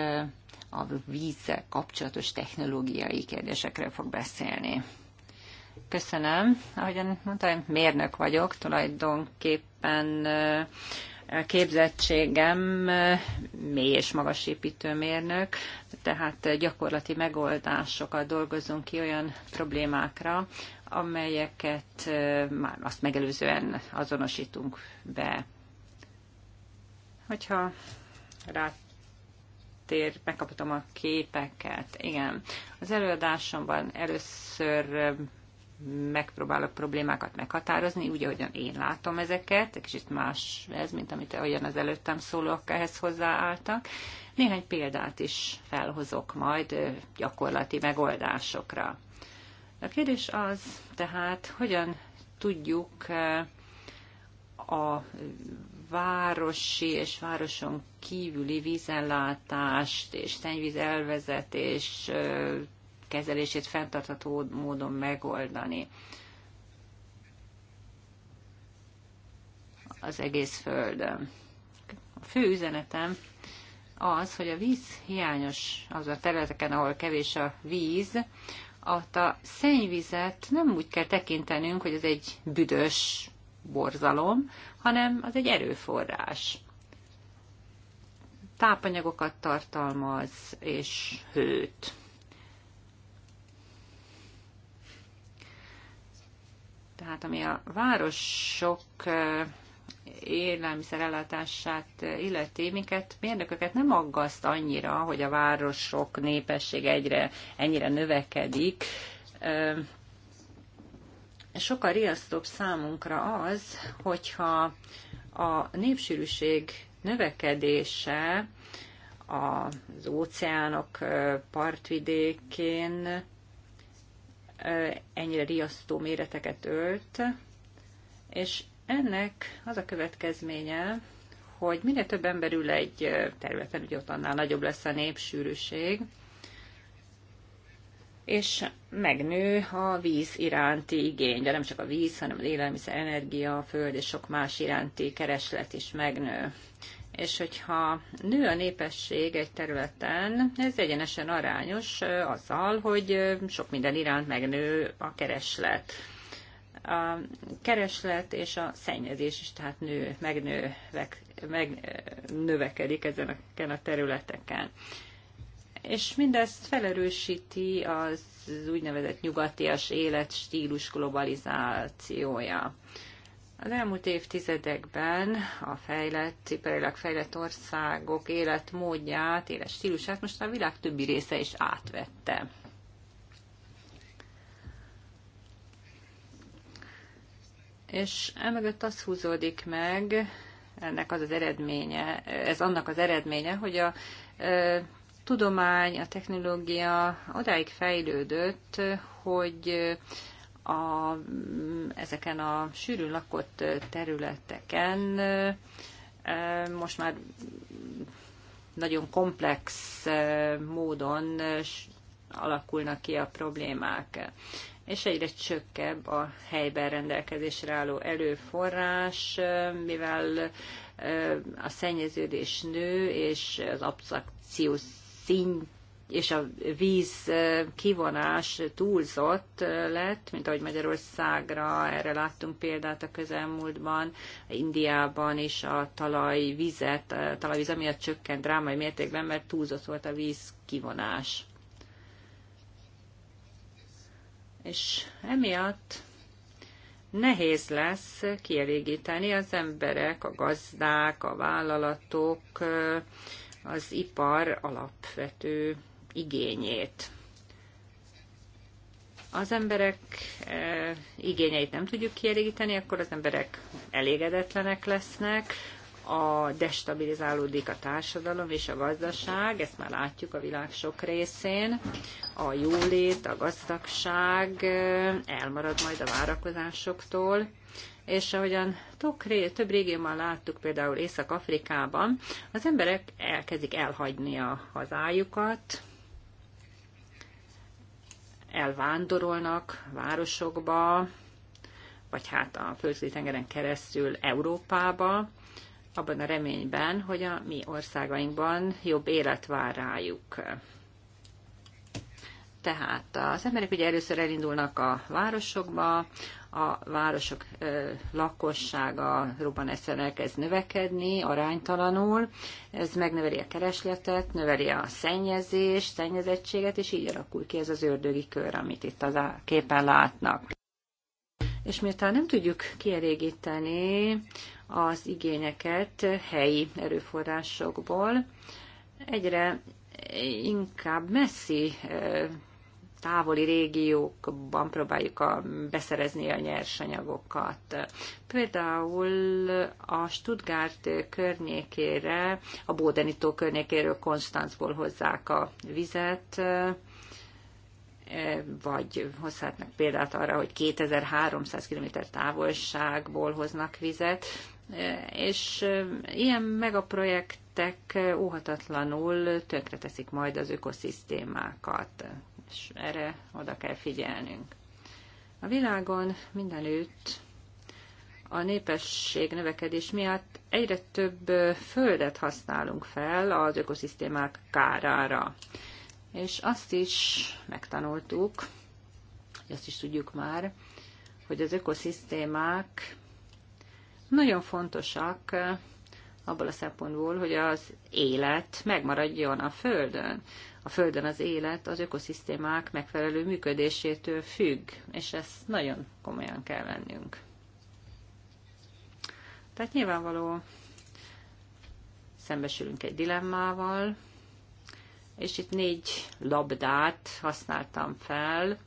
a vízzel kapcsolatos technológiai kérdésekről fog beszélni. Köszönöm. Ahogyan mondtam, mérnök vagyok, tulajdonképpen képzettségem mély és magas építőmérnök, tehát gyakorlati megoldásokat dolgozunk ki olyan problémákra, amelyeket már azt megelőzően azonosítunk be. Hogyha rá megtér, megkaptam a képeket. Igen. Az előadásomban először megpróbálok problémákat meghatározni, úgy, ahogyan én látom ezeket, egy kicsit más ez, mint amit olyan az előttem szólók ehhez hozzáálltak. Néhány példát is felhozok majd gyakorlati megoldásokra. A kérdés az tehát, hogyan tudjuk a városi és városon kívüli vízellátást és szennyvíz elvezetés kezelését fenntartható módon megoldani. Az egész Földön. A fő üzenetem az, hogy a víz hiányos az a területeken, ahol kevés a víz, ott a szennyvizet nem úgy kell tekintenünk, hogy ez egy büdös borzalom, hanem az egy erőforrás. Tápanyagokat tartalmaz, és hőt. Tehát ami a városok eh, élelmiszerellátását illeti, minket mérnököket nem aggaszt annyira, hogy a városok népessége egyre ennyire növekedik, Sokkal riasztóbb számunkra az, hogyha a népsűrűség növekedése az óceánok partvidékén ennyire riasztó méreteket ölt, és ennek az a következménye, hogy minél több ember ül egy területen, ugye ott annál nagyobb lesz a népsűrűség, és megnő a víz iránti igény, de nem csak a víz, hanem az élelmiszer, energia, a föld és sok más iránti kereslet is megnő. És hogyha nő a népesség egy területen, ez egyenesen arányos azzal, hogy sok minden iránt megnő a kereslet. A kereslet és a szennyezés is tehát nő, megnő, meg, megnövekedik ezeken a területeken és mindezt felerősíti az úgynevezett nyugatias életstílus globalizációja. Az elmúlt évtizedekben a fejlett, iparilag fejlett országok életmódját, életstílusát most a világ többi része is átvette. És emögött az húzódik meg, ennek az az eredménye, ez annak az eredménye, hogy a tudomány, a technológia odáig fejlődött, hogy eh, a, ezeken a sűrű lakott területeken eh, most már nagyon komplex eh, módon alakulnak ki a problémák, és egyre csökkebb a helyben rendelkezésre álló előforrás, mivel a szennyeződés nő, és az abszakciós szín és a víz kivonás túlzott lett, mint ahogy Magyarországra, erre láttunk példát a közelmúltban, Indiában is a talajvizet, a talajvíz amiatt csökkent drámai mértékben, mert túlzott volt a víz kivonás. És emiatt nehéz lesz kielégíteni az emberek, a gazdák, a vállalatok, az ipar alapvető igényét. Az emberek e, igényeit nem tudjuk kielégíteni, akkor az emberek elégedetlenek lesznek, a destabilizálódik a társadalom és a gazdaság, ezt már látjuk a világ sok részén, a jólét, a gazdagság e, elmarad majd a várakozásoktól, és ahogyan több régióban láttuk, például Észak-Afrikában, az emberek elkezdik elhagyni a hazájukat, elvándorolnak városokba, vagy hát a földközi tengeren keresztül Európába, abban a reményben, hogy a mi országainkban jobb élet vár rájuk. Tehát az emberek ugye először elindulnak a városokba, a városok lakossága robban egyszerűen elkezd növekedni aránytalanul, ez megnöveli a keresletet, növeli a szennyezést, szennyezettséget, és így alakul ki ez az ördögi kör, amit itt az a képen látnak. És miután nem tudjuk kielégíteni az igényeket helyi erőforrásokból, egyre inkább messzi távoli régiókban próbáljuk a, beszerezni a nyersanyagokat. Például a Stuttgart környékére, a Bódenitó környékéről Konstanzból hozzák a vizet, e, vagy hozhatnak példát arra, hogy 2300 km távolságból hoznak vizet, e, és e, ilyen megaprojektek óhatatlanul tönkreteszik majd az ökoszisztémákat és erre oda kell figyelnünk. A világon mindenütt a népesség növekedés miatt egyre több földet használunk fel az ökoszisztémák kárára. És azt is megtanultuk, azt is tudjuk már, hogy az ökoszisztémák nagyon fontosak eh, abból a szempontból, hogy az élet megmaradjon a Földön a Földön az élet az ökoszisztémák megfelelő működésétől függ, és ezt nagyon komolyan kell vennünk. Tehát nyilvánvaló szembesülünk egy dilemmával, és itt négy labdát használtam fel,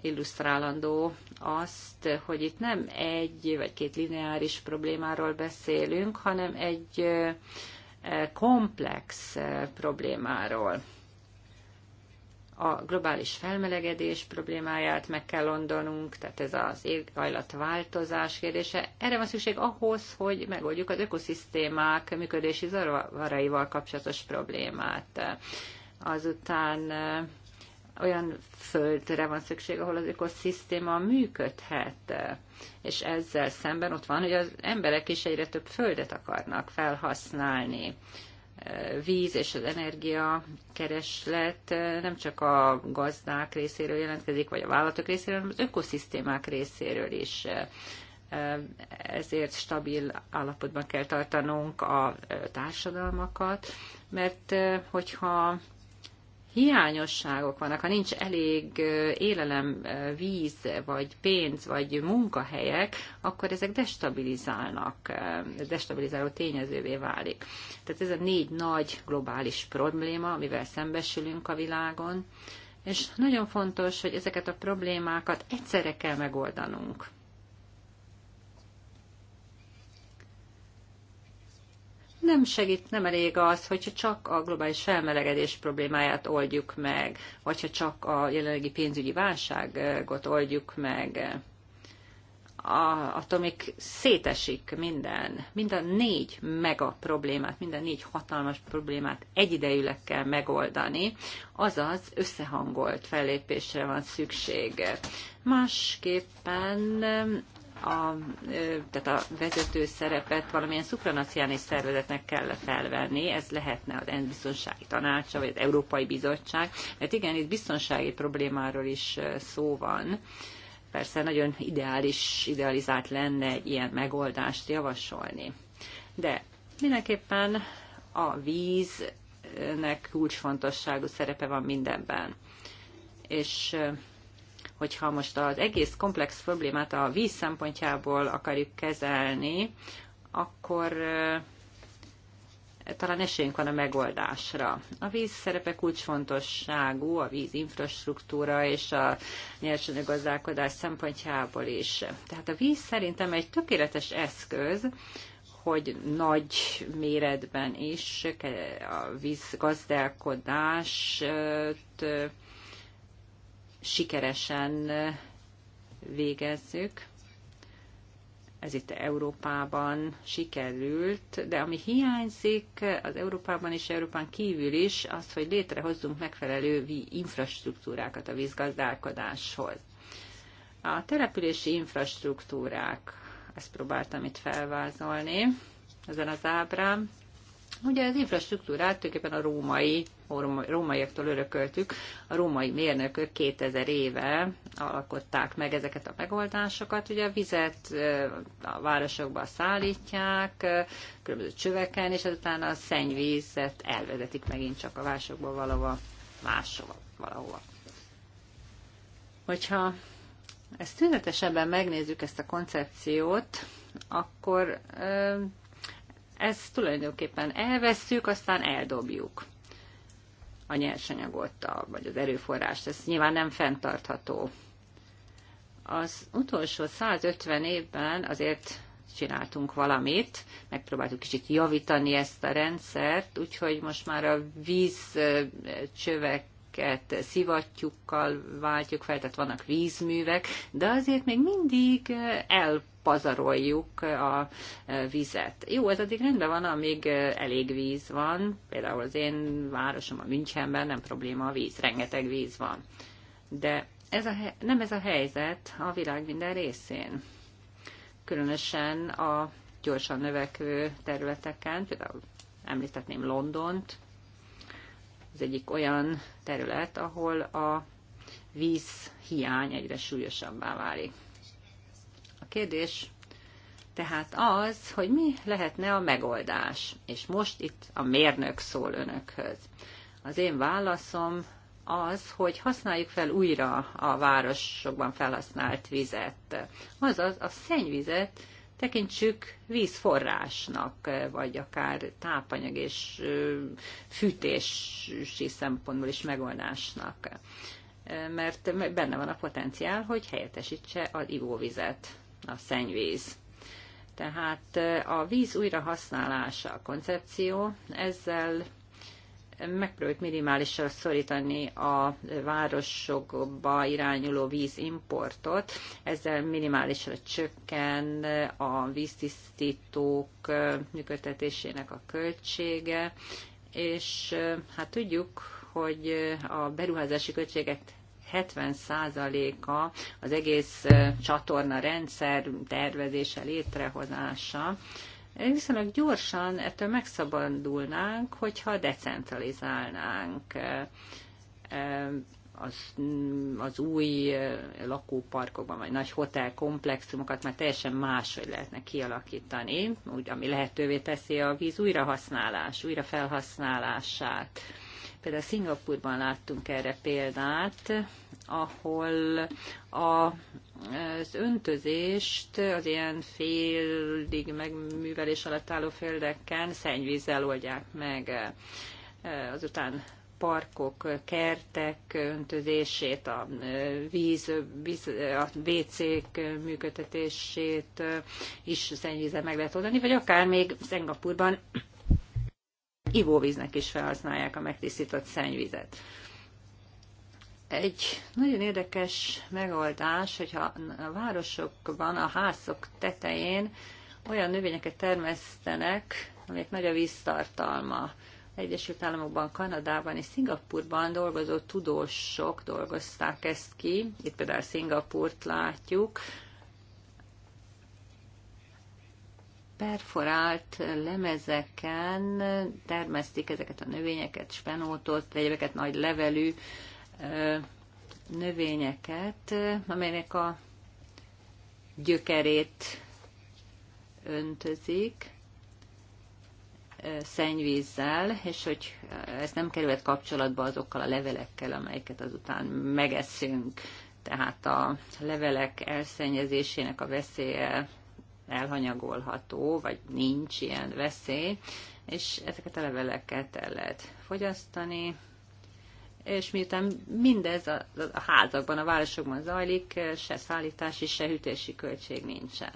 illusztrálandó azt, hogy itt nem egy vagy két lineáris problémáról beszélünk, hanem egy komplex eh, problémáról. A globális felmelegedés problémáját meg kell londonunk, tehát ez az éghajlatváltozás kérdése. Erre van szükség ahhoz, hogy megoldjuk az ökoszisztémák működési zavaraival kapcsolatos problémát. Azután eh, olyan földre van szükség, ahol az ökoszisztéma működhet. És ezzel szemben ott van, hogy az emberek is egyre több földet akarnak felhasználni. Víz és az energia kereslet nem csak a gazdák részéről jelentkezik, vagy a vállalatok részéről, hanem az ökoszisztémák részéről is ezért stabil állapotban kell tartanunk a társadalmakat, mert hogyha hiányosságok vannak, ha nincs elég élelem, víz, vagy pénz, vagy munkahelyek, akkor ezek destabilizálnak, destabilizáló tényezővé válik. Tehát ez a négy nagy globális probléma, amivel szembesülünk a világon, és nagyon fontos, hogy ezeket a problémákat egyszerre kell megoldanunk. nem segít, nem elég az, hogyha csak a globális felmelegedés problémáját oldjuk meg, vagy ha csak a jelenlegi pénzügyi válságot oldjuk meg. A, attól még szétesik minden, mind a négy mega problémát, mind a négy hatalmas problémát egyidejűleg kell megoldani, azaz összehangolt fellépésre van szükség. Másképpen a, tehát a vezető szerepet valamilyen szupranacionális szervezetnek kell felvenni, ez lehetne az ENSZ biztonsági tanácsa, vagy az Európai Bizottság, mert igen, itt biztonsági problémáról is szó van. Persze nagyon ideális, idealizált lenne egy ilyen megoldást javasolni. De mindenképpen a víznek kulcsfontosságú szerepe van mindenben. És hogyha most az egész komplex problémát a víz szempontjából akarjuk kezelni, akkor eh, talán esélyünk van a megoldásra. A víz szerepe kulcsfontosságú, a víz infrastruktúra és a nyersanyaggazdálkodás szempontjából is. Tehát a víz szerintem egy tökéletes eszköz, hogy nagy méretben is a vízgazdálkodást eh, sikeresen végezzük. Ez itt Európában sikerült, de ami hiányzik az Európában és Európán kívül is, az, hogy létrehozzunk megfelelő infrastruktúrákat a vízgazdálkodáshoz. A települési infrastruktúrák, ezt próbáltam itt felvázolni ezen az ábrán. Ugye az infrastruktúrát tulajdonképpen a római rómaiaktól örököltük. A római mérnökök 2000 éve alkották meg ezeket a megoldásokat. Ugye a vizet a városokba szállítják, különböző csöveken, és azután a szennyvízet elvezetik megint csak a városokba valahova máshova, valahova. Hogyha ezt tüzetesebben megnézzük ezt a koncepciót, akkor ezt tulajdonképpen elveszük, aztán eldobjuk a nyersanyagot, a, vagy az erőforrást. Ez nyilván nem fenntartható. Az utolsó 150 évben azért csináltunk valamit, megpróbáltuk kicsit javítani ezt a rendszert, úgyhogy most már a vízcsövek amiket szivattyúkkal váltjuk fel, tehát vannak vízművek, de azért még mindig el pazaroljuk a vizet. Jó, ez addig rendben van, amíg elég víz van. Például az én városom a Münchenben nem probléma a víz, rengeteg víz van. De ez a, nem ez a helyzet a világ minden részén. Különösen a gyorsan növekvő területeken, például említetném Londont, az egyik olyan terület, ahol a víz hiány egyre súlyosabbá válik. A kérdés tehát az, hogy mi lehetne a megoldás, és most itt a mérnök szól önökhöz. Az én válaszom az, hogy használjuk fel újra a városokban felhasznált vizet. Azaz a szennyvizet tekintsük vízforrásnak, vagy akár tápanyag és fűtési szempontból is megoldásnak. Mert benne van a potenciál, hogy helyettesítse az ivóvizet, a szennyvíz. Tehát a víz újrahasználása a koncepció, ezzel megpróbáljuk minimálisra szorítani a városokba irányuló vízimportot, ezzel minimálisra csökken a víztisztítók működtetésének a költsége, és hát tudjuk, hogy a beruházási költségek 70%-a az egész csatorna rendszer tervezése, létrehozása, viszonylag gyorsan ettől megszabadulnánk, hogyha decentralizálnánk e, e, az, az új e, lakóparkokban, vagy nagy hotelkomplexumokat már teljesen máshogy lehetne kialakítani, úgy, ami lehetővé teszi a víz újrahasználás, újrafelhasználását. Például Szingapurban láttunk erre példát, ahol a az öntözést az ilyen féldig megművelés alatt álló földeken szennyvízzel oldják meg. Azután parkok, kertek öntözését, a víz, víz a WC-k működtetését is szennyvízzel meg lehet oldani, vagy akár még Szengapurban ivóvíznek is felhasználják a megtisztított szennyvizet. Egy nagyon érdekes megoldás, hogyha a városokban, a házok tetején olyan növényeket termesztenek, amelyek nagy a víztartalma. Egyesült Államokban, Kanadában és Szingapurban dolgozó tudósok dolgozták ezt ki. Itt például Szingapurt látjuk. Perforált lemezeken termesztik ezeket a növényeket, spenótot, egyébként nagy levelű növényeket, amelynek a gyökerét öntözik szennyvízzel, és hogy ez nem kerülhet kapcsolatba azokkal a levelekkel, amelyeket azután megeszünk. Tehát a levelek elszennyezésének a veszélye elhanyagolható, vagy nincs ilyen veszély, és ezeket a leveleket el lehet fogyasztani, és miután mindez a, a házakban, a városokban zajlik, se szállítási, se hűtési költség nincsen.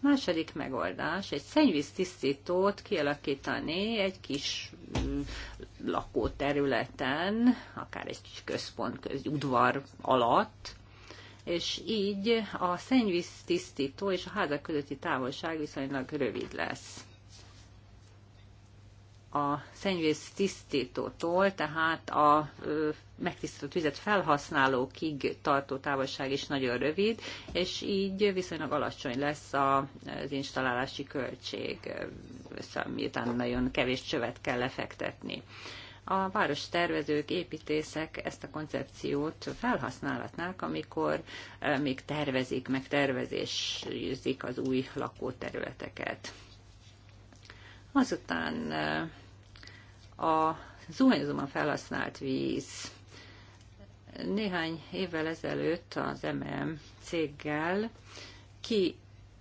Második megoldás, egy szennyvíz tisztítót kialakítani egy kis mm, lakóterületen, akár egy kis központ, udvar alatt, és így a szennyvíz tisztító és a házak közötti távolság viszonylag rövid lesz a szennyvíz tisztítótól, tehát a megtisztított vizet felhasználókig tartó távolság is nagyon rövid, és így viszonylag alacsony lesz az installálási költség, miután nagyon kevés csövet kell lefektetni. A város tervezők, építészek ezt a koncepciót felhasználhatnák, amikor még tervezik, meg tervezésűzik az új lakóterületeket. Azután eh, a zuhanyozóban felhasznált víz. Néhány évvel ezelőtt az MM céggel ki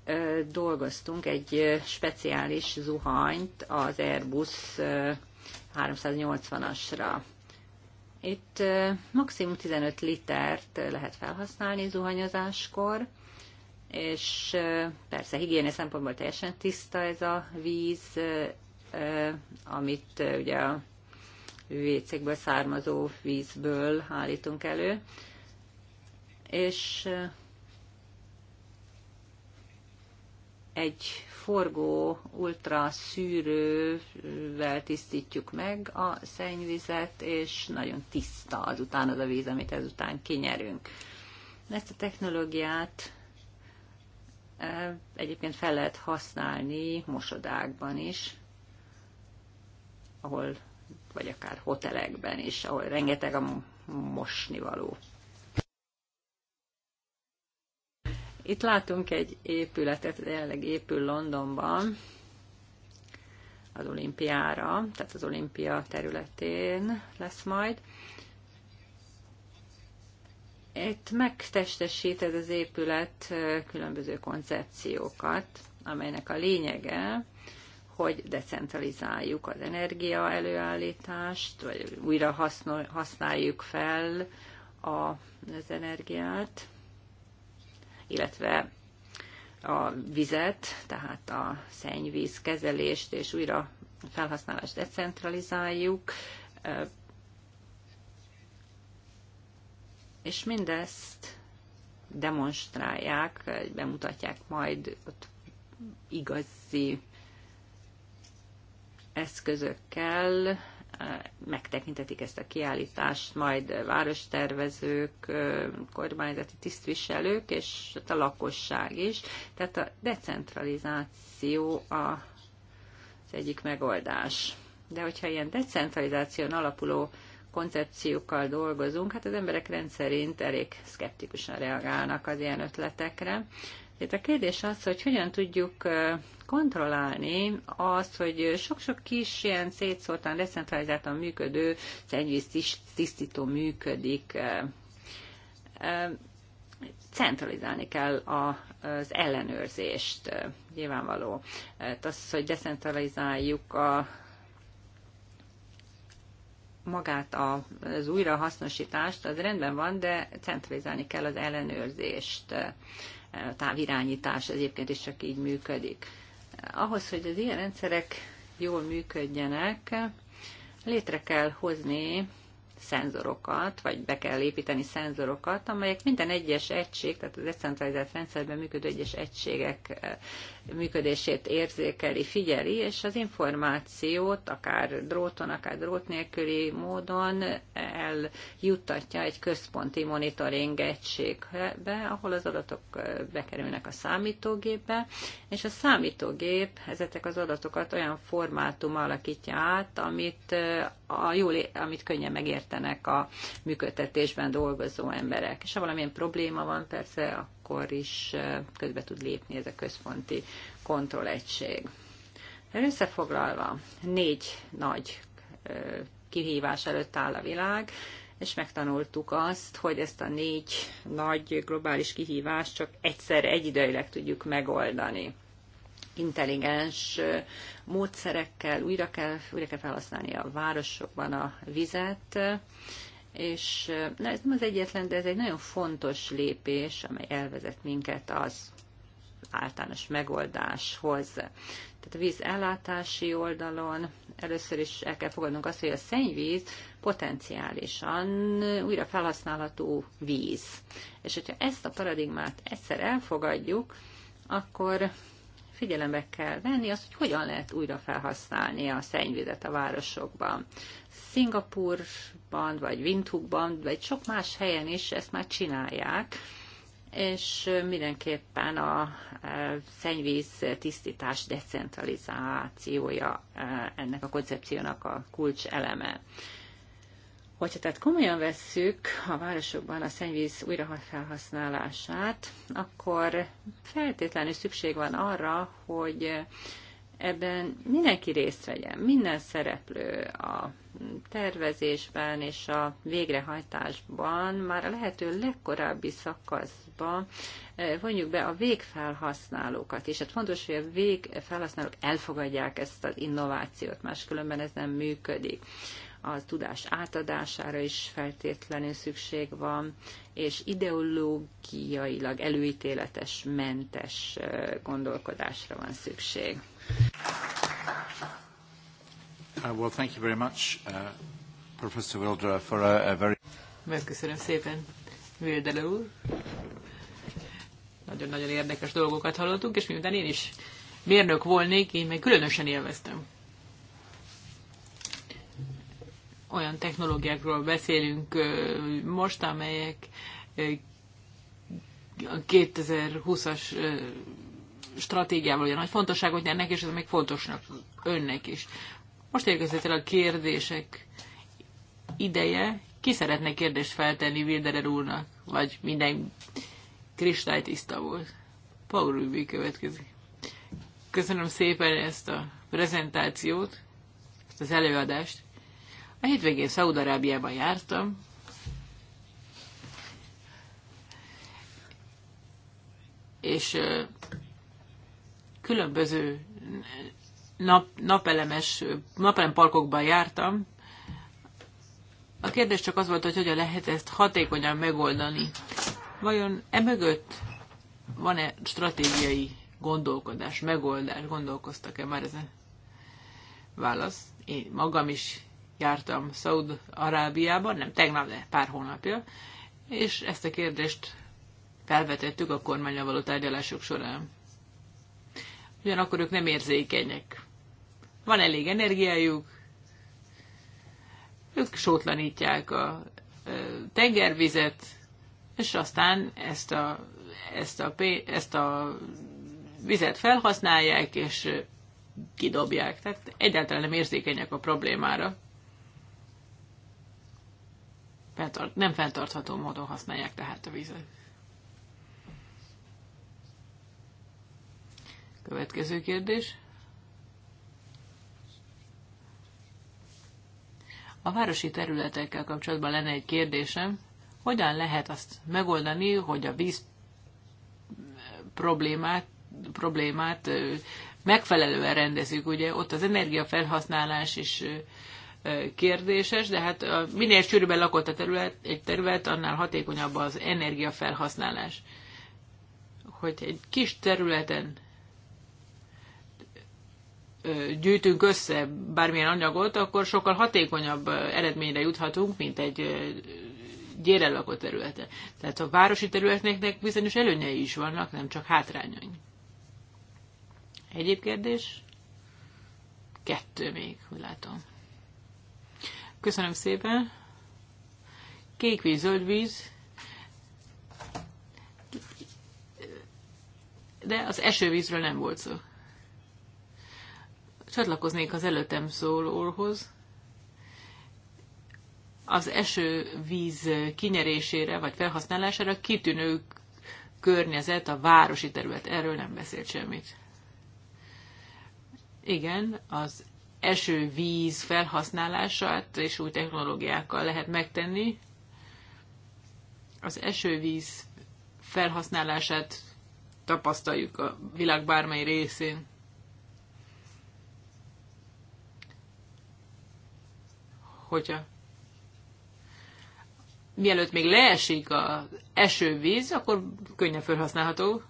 eh, dolgoztunk egy eh, speciális zuhanyt az Airbus 380-asra. Itt maximum 15 litert lehet felhasználni zuhanyozáskor, és persze higiéni szempontból teljesen tiszta ez a víz, amit ugye a vécékből származó vízből állítunk elő, és egy forgó ultraszűrővel tisztítjuk meg a szennyvizet, és nagyon tiszta azután az a víz, amit ezután kinyerünk. Ezt a technológiát Eh, egyébként fel lehet használni mosodákban is, ahol, vagy akár hotelekben is, ahol rengeteg a mosnivaló. Itt látunk egy épületet, jelenleg épül Londonban, az olimpiára, tehát az olimpia területén lesz majd. Itt megtestesíted az épület különböző koncepciókat, amelynek a lényege, hogy decentralizáljuk az energia előállítást, vagy újra használjuk fel a, az energiát, illetve a vizet, tehát a szennyvíz kezelést és újra felhasználást decentralizáljuk, és mindezt demonstrálják, bemutatják majd ott igazi eszközökkel, megtekintetik ezt a kiállítást, majd várostervezők, kormányzati tisztviselők, és a lakosság is. Tehát a decentralizáció a, az egyik megoldás. De hogyha ilyen decentralizáción alapuló koncepciókkal dolgozunk, hát az emberek rendszerint elég szkeptikusan reagálnak az ilyen ötletekre. Itt a kérdés az, hogy hogyan tudjuk kontrollálni azt, hogy sok-sok kis ilyen szétszórtan, decentralizáltan működő szennyvíz tisztító működik. Centralizálni kell az ellenőrzést, nyilvánvaló. Hát az, hogy decentralizáljuk a magát az újrahasznosítást, az rendben van, de centralizálni kell az ellenőrzést. A távirányítás egyébként is csak így működik. Ahhoz, hogy az ilyen rendszerek jól működjenek, létre kell hozni szenzorokat, vagy be kell építeni szenzorokat, amelyek minden egyes egység, tehát az decentralizált rendszerben működő egyes egységek működését érzékeli, figyeli, és az információt akár dróton, akár drót nélküli módon eljuttatja egy központi monitoring egységbe, ahol az adatok bekerülnek a számítógépbe, és a számítógép ezek az adatokat olyan formátum alakítja át, amit, a jól, amit könnyen megértenek a működtetésben dolgozó emberek. És ha valamilyen probléma van, persze a akkor is közbe tud lépni ez a központi kontrollegység. Összefoglalva, négy nagy kihívás előtt áll a világ, és megtanultuk azt, hogy ezt a négy nagy globális kihívást csak egyszer egyidejűleg tudjuk megoldani. Intelligens módszerekkel újra kell, újra kell felhasználni a városokban a vizet, és na, ez nem az egyetlen, de ez egy nagyon fontos lépés, amely elvezet minket az általános megoldáshoz. Tehát a víz ellátási oldalon először is el kell fogadnunk azt, hogy a szennyvíz potenciálisan újra felhasználható víz. És hogyha ezt a paradigmát egyszer elfogadjuk, akkor figyelembe kell venni azt, hogy hogyan lehet újra felhasználni a szennyvizet a városokban. Szingapurban, vagy Windhoekban, vagy sok más helyen is ezt már csinálják, és mindenképpen a szennyvíz tisztítás decentralizációja e, ennek a koncepciónak a kulcs eleme. Hogyha tehát komolyan vesszük a városokban a szennyvíz újrafelhasználását, akkor feltétlenül szükség van arra, hogy ebben mindenki részt vegyen, minden szereplő a tervezésben és a végrehajtásban már a lehető legkorábbi szakaszban eh, vonjuk be a végfelhasználókat, és hát fontos, hogy a végfelhasználók elfogadják ezt az innovációt, máskülönben ez nem működik a tudás átadására is feltétlenül szükség van, és ideológiailag előítéletes, mentes eh, gondolkodásra van szükség. Uh, well, thank you very much, uh, Professor Wilder, for a, a very... Megköszönöm szépen, Wilder úr. Nagyon-nagyon érdekes dolgokat hallottunk, és miután én is mérnök volnék, én meg különösen élveztem. Olyan technológiákról beszélünk uh, most, amelyek uh, a 2020-as stratégiával olyan nagy fontosságot nyernek, és ez még fontosnak önnek is. Most érkezett el a kérdések ideje. Ki szeretne kérdést feltenni Wilderer úrnak? Vagy minden kristálytiszta volt? Paul Rubi következik. Köszönöm szépen ezt a prezentációt, ezt az előadást. A hétvégén Szaudarábiában jártam, és különböző nap, napelemes, napelem parkokban jártam. A kérdés csak az volt, hogy hogyan lehet ezt hatékonyan megoldani. Vajon e mögött van-e stratégiai gondolkodás, megoldás? Gondolkoztak-e már ezen? Válasz. Én magam is jártam Szaud-Arábiában, nem tegnap, de pár hónapja, és ezt a kérdést felvetettük a kormányra való tárgyalások során ugyanakkor ők nem érzékenyek. Van elég energiájuk, ők sótlanítják a tengervizet, és aztán ezt a, ezt a, ezt a vizet felhasználják, és kidobják. Tehát egyáltalán nem érzékenyek a problémára. Nem fenntartható módon használják tehát a vizet. Következő kérdés. A városi területekkel kapcsolatban lenne egy kérdésem. Hogyan lehet azt megoldani, hogy a víz problémát, problémát megfelelően rendezzük? Ugye ott az energiafelhasználás is kérdéses, de hát minél sűrűbben lakott a terület, egy terület, annál hatékonyabb az energiafelhasználás. Hogy egy kis területen gyűjtünk össze bármilyen anyagot, akkor sokkal hatékonyabb eredményre juthatunk, mint egy gyéren lakott területe. Tehát a városi területeknek bizonyos előnyei is vannak, nem csak hátrányai. Egyéb kérdés? Kettő még, úgy látom. Köszönöm szépen. Kékvíz, zöldvíz. De az esővízről nem volt szó. Csatlakoznék az előttem szólóhoz. Az esővíz kinyerésére vagy felhasználására kitűnő környezet, a városi terület. Erről nem beszélt semmit. Igen, az esővíz felhasználását és új technológiákkal lehet megtenni. Az esővíz felhasználását tapasztaljuk a világ bármely részén. hogyha mielőtt még leesik az esővíz, akkor könnyen felhasználható.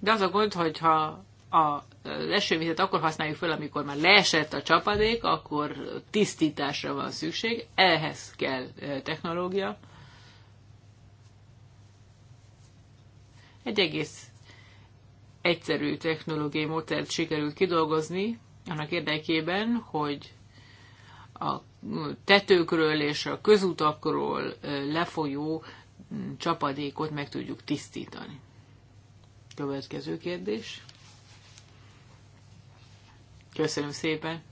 De az a gond, hogyha az esővizet akkor használjuk fel, amikor már leesett a csapadék, akkor tisztításra van szükség, ehhez kell technológia. Egy egész egyszerű technológiai módszert sikerült kidolgozni annak érdekében, hogy a tetőkről és a közutakról lefolyó mm, csapadékot meg tudjuk tisztítani. Következő kérdés. Köszönöm szépen.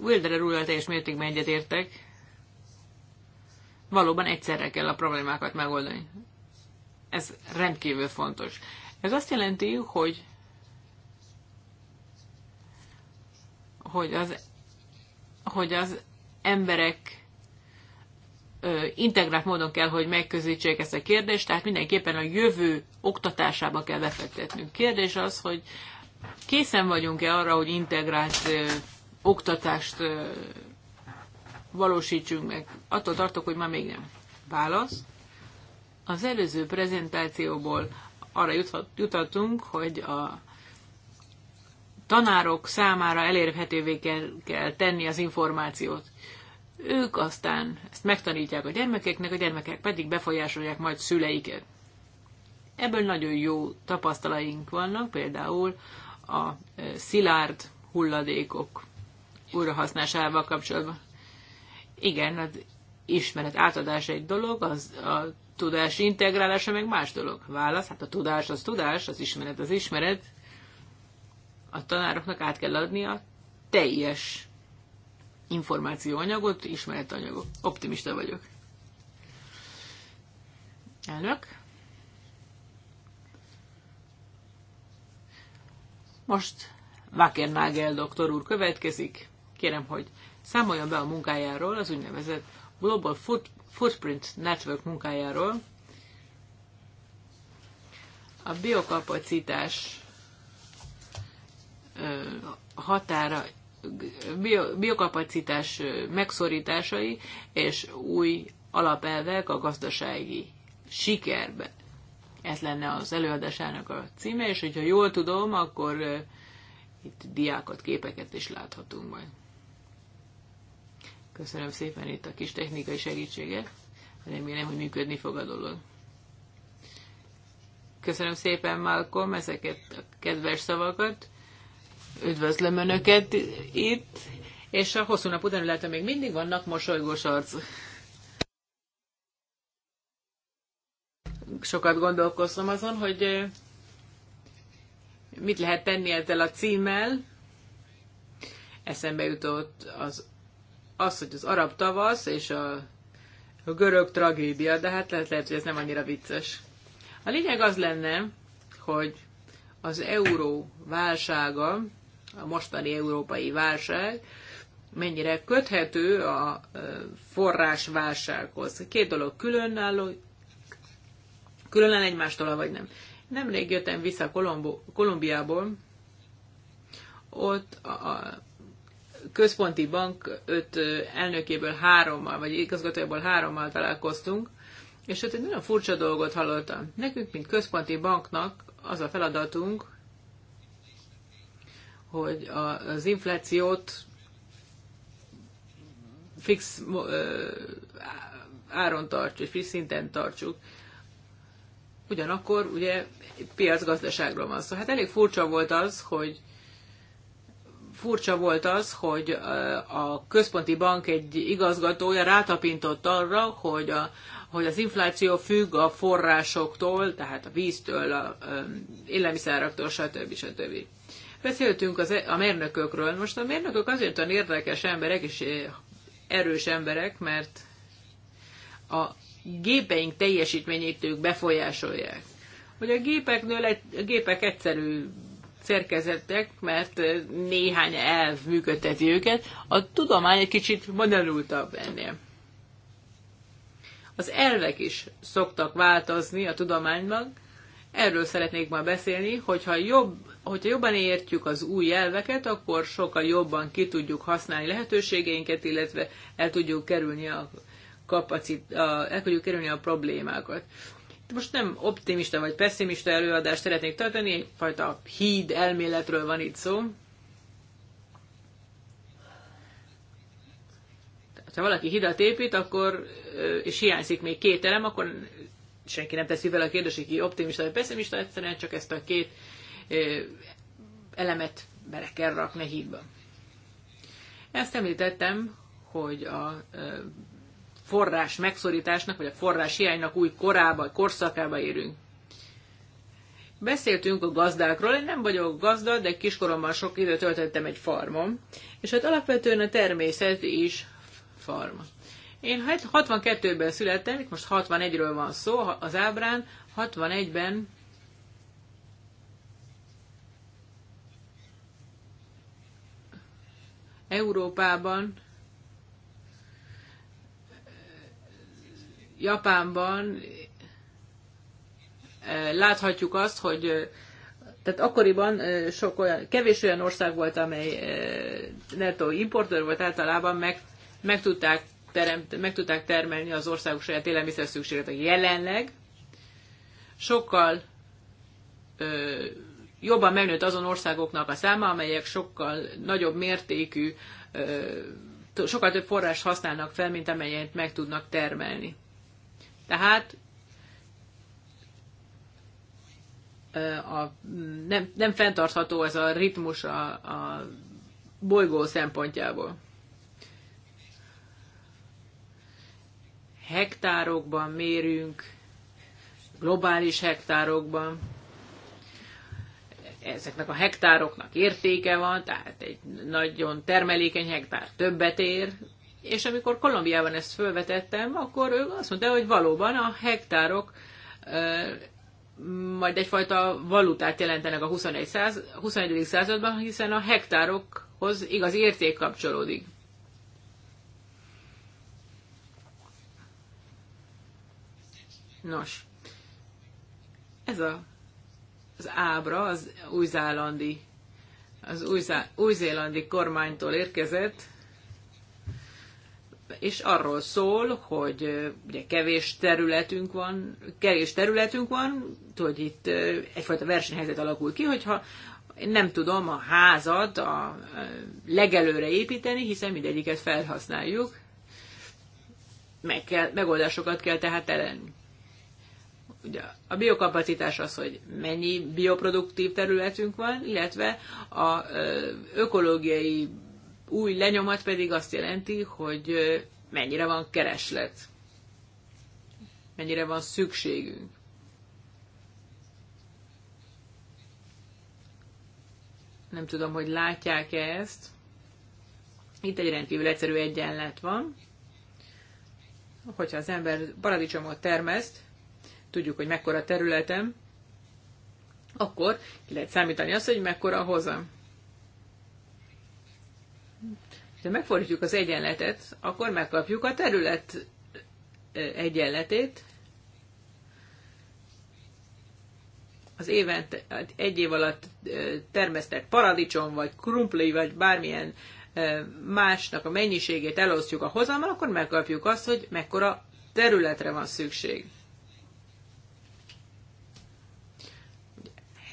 Wilderer úrral teljes mértékben egyetértek. Valóban egyszerre kell a problémákat megoldani. Ez rendkívül fontos. Ez azt jelenti, hogy hogy az, hogy az emberek integrált módon kell, hogy megközelítsék ezt a kérdést, tehát mindenképpen a jövő oktatásába kell befektetnünk. Kérdés az, hogy készen vagyunk-e arra, hogy integrált ö, oktatást ö, valósítsunk meg? Attól tartok, hogy már még nem. Válasz. Az előző prezentációból arra juthatunk, hogy a tanárok számára elérhetővé kell, kell tenni az információt. Ők aztán ezt megtanítják a gyermekeknek, a gyermekek pedig befolyásolják majd szüleiket. Ebből nagyon jó tapasztalaink vannak, például a e, szilárd hulladékok újrahasznásával kapcsolatban. Igen, az ismeret átadása egy dolog, az a tudás integrálása meg más dolog. Válasz, hát a tudás az tudás, az ismeret az ismeret, a tanároknak át kell adni a teljes információanyagot, ismeretanyagot. anyagot. Optimista vagyok. Elnök. Most Nagel doktor úr következik. Kérem, hogy számoljon be a munkájáról, az úgynevezett Global Foot Footprint Network munkájáról. A biokapacitás határa biokapacitás megszorításai és új alapelvek a gazdasági sikerben. Ez lenne az előadásának a címe, és hogyha jól tudom, akkor itt diákat, képeket is láthatunk majd. Köszönöm szépen itt a kis technikai segítséget. Remélem, hogy működni fog a dolog. Köszönöm szépen, Malcolm, ezeket a kedves szavakat. Üdvözlöm Önöket itt, és a hosszú nap után lehet, még mindig vannak mosolygós arc. Sokat gondolkoztam azon, hogy mit lehet tenni ezzel a címmel. Eszembe jutott az, az hogy az arab tavasz és a, a görög tragédia, de hát lehet, lehet, hogy ez nem annyira vicces. A lényeg az lenne, hogy az euró válsága a mostani európai válság mennyire köthető a forrásválsághoz. Két dolog különálló, különáll egymástól, vagy nem. Nemrég jöttem vissza Kolombo, Kolumbiából, ott a, a központi bank öt elnökéből hárommal, vagy igazgatójából hárommal találkoztunk, és ott egy nagyon furcsa dolgot hallottam. Nekünk, mint központi banknak az a feladatunk, hogy az inflációt fix áron tartsuk, fix szinten tartsuk. Ugyanakkor ugye piacgazdaságról van szó. Szóval, hát elég furcsa volt az, hogy furcsa volt az, hogy a központi bank egy igazgatója rátapintott arra, hogy, a, hogy az infláció függ a forrásoktól, tehát a víztől, a, a élelmiszerektől, stb. stb. stb. Beszéltünk az, e- a mérnökökről. Most a mérnökök azért olyan érdekes emberek és eh, erős emberek, mert a gépeink teljesítményét ők befolyásolják. Hogy a, gépeknől egy, a gépek egyszerű szerkezettek, mert eh, néhány elv működteti őket, a tudomány egy kicsit modernultabb ennél. Az elvek is szoktak változni a tudományban, erről szeretnék ma beszélni, hogyha jobb hogyha jobban értjük az új elveket, akkor sokkal jobban ki tudjuk használni lehetőségeinket, illetve el tudjuk kerülni a, kapacit- a, el tudjuk kerülni a problémákat. Most nem optimista vagy pessimista előadást szeretnék tartani, egyfajta híd elméletről van itt szó. Tehát, ha valaki hidat épít, akkor, és hiányzik még két elem, akkor senki nem teszi fel a kérdést, hogy ki optimista vagy pessimista, egyszerűen csak ezt a két elemet bele kell rakni a hídba. Ezt említettem, hogy a forrás megszorításnak, vagy a forrás hiánynak új korába, korszakába érünk. Beszéltünk a gazdákról, én nem vagyok gazda, de kiskoromban sok időt töltöttem egy farmon, és hát alapvetően a természet is farm. Én 62-ben hát születtem, most 61-ről van szó az ábrán, 61-ben Európában, Japánban eh, láthatjuk azt, hogy eh, tehát akkoriban eh, sok olyan, kevés olyan ország volt, amely netto importőr volt általában, meg, meg, tudták, teremt, meg tudták termelni az országok saját élelmiszer szükségletek. Jelenleg sokkal jobban megnőtt azon országoknak a száma, amelyek sokkal nagyobb mértékű, sokkal több forrás használnak fel, mint amelyet meg tudnak termelni. Tehát a, nem, nem fenntartható ez a ritmus a, a bolygó szempontjából. Hektárokban mérünk, globális hektárokban ezeknek a hektároknak értéke van, tehát egy nagyon termelékeny hektár többet ér, és amikor Kolumbiában ezt felvetettem, akkor ő azt mondta, hogy valóban a hektárok majd egyfajta valutát jelentenek a 21. Száz, 21. században, hiszen a hektárokhoz igaz érték kapcsolódik. Nos, ez a az ábra az új-zélandi az új-zélandi kormánytól érkezett, és arról szól, hogy ugye kevés területünk van, kevés területünk van, hogy itt egyfajta versenyhelyzet alakul ki, hogyha én nem tudom a házat a legelőre építeni, hiszen mindegyiket felhasználjuk, meg kell, megoldásokat kell tehát elenni. Ugye a biokapacitás az, hogy mennyi bioproduktív területünk van, illetve a ökológiai új lenyomat pedig azt jelenti, hogy mennyire van kereslet, mennyire van szükségünk. Nem tudom, hogy látják-e ezt. Itt egy rendkívül egyszerű egyenlet van. Hogyha az ember paradicsomot termeszt, tudjuk, hogy mekkora területem, akkor ki lehet számítani azt, hogy mekkora a hozam. Ha megfordítjuk az egyenletet, akkor megkapjuk a terület egyenletét. Az évente, egy év alatt termesztett paradicsom, vagy krumpli, vagy bármilyen másnak a mennyiségét elosztjuk a hozammal, akkor megkapjuk azt, hogy mekkora területre van szükség.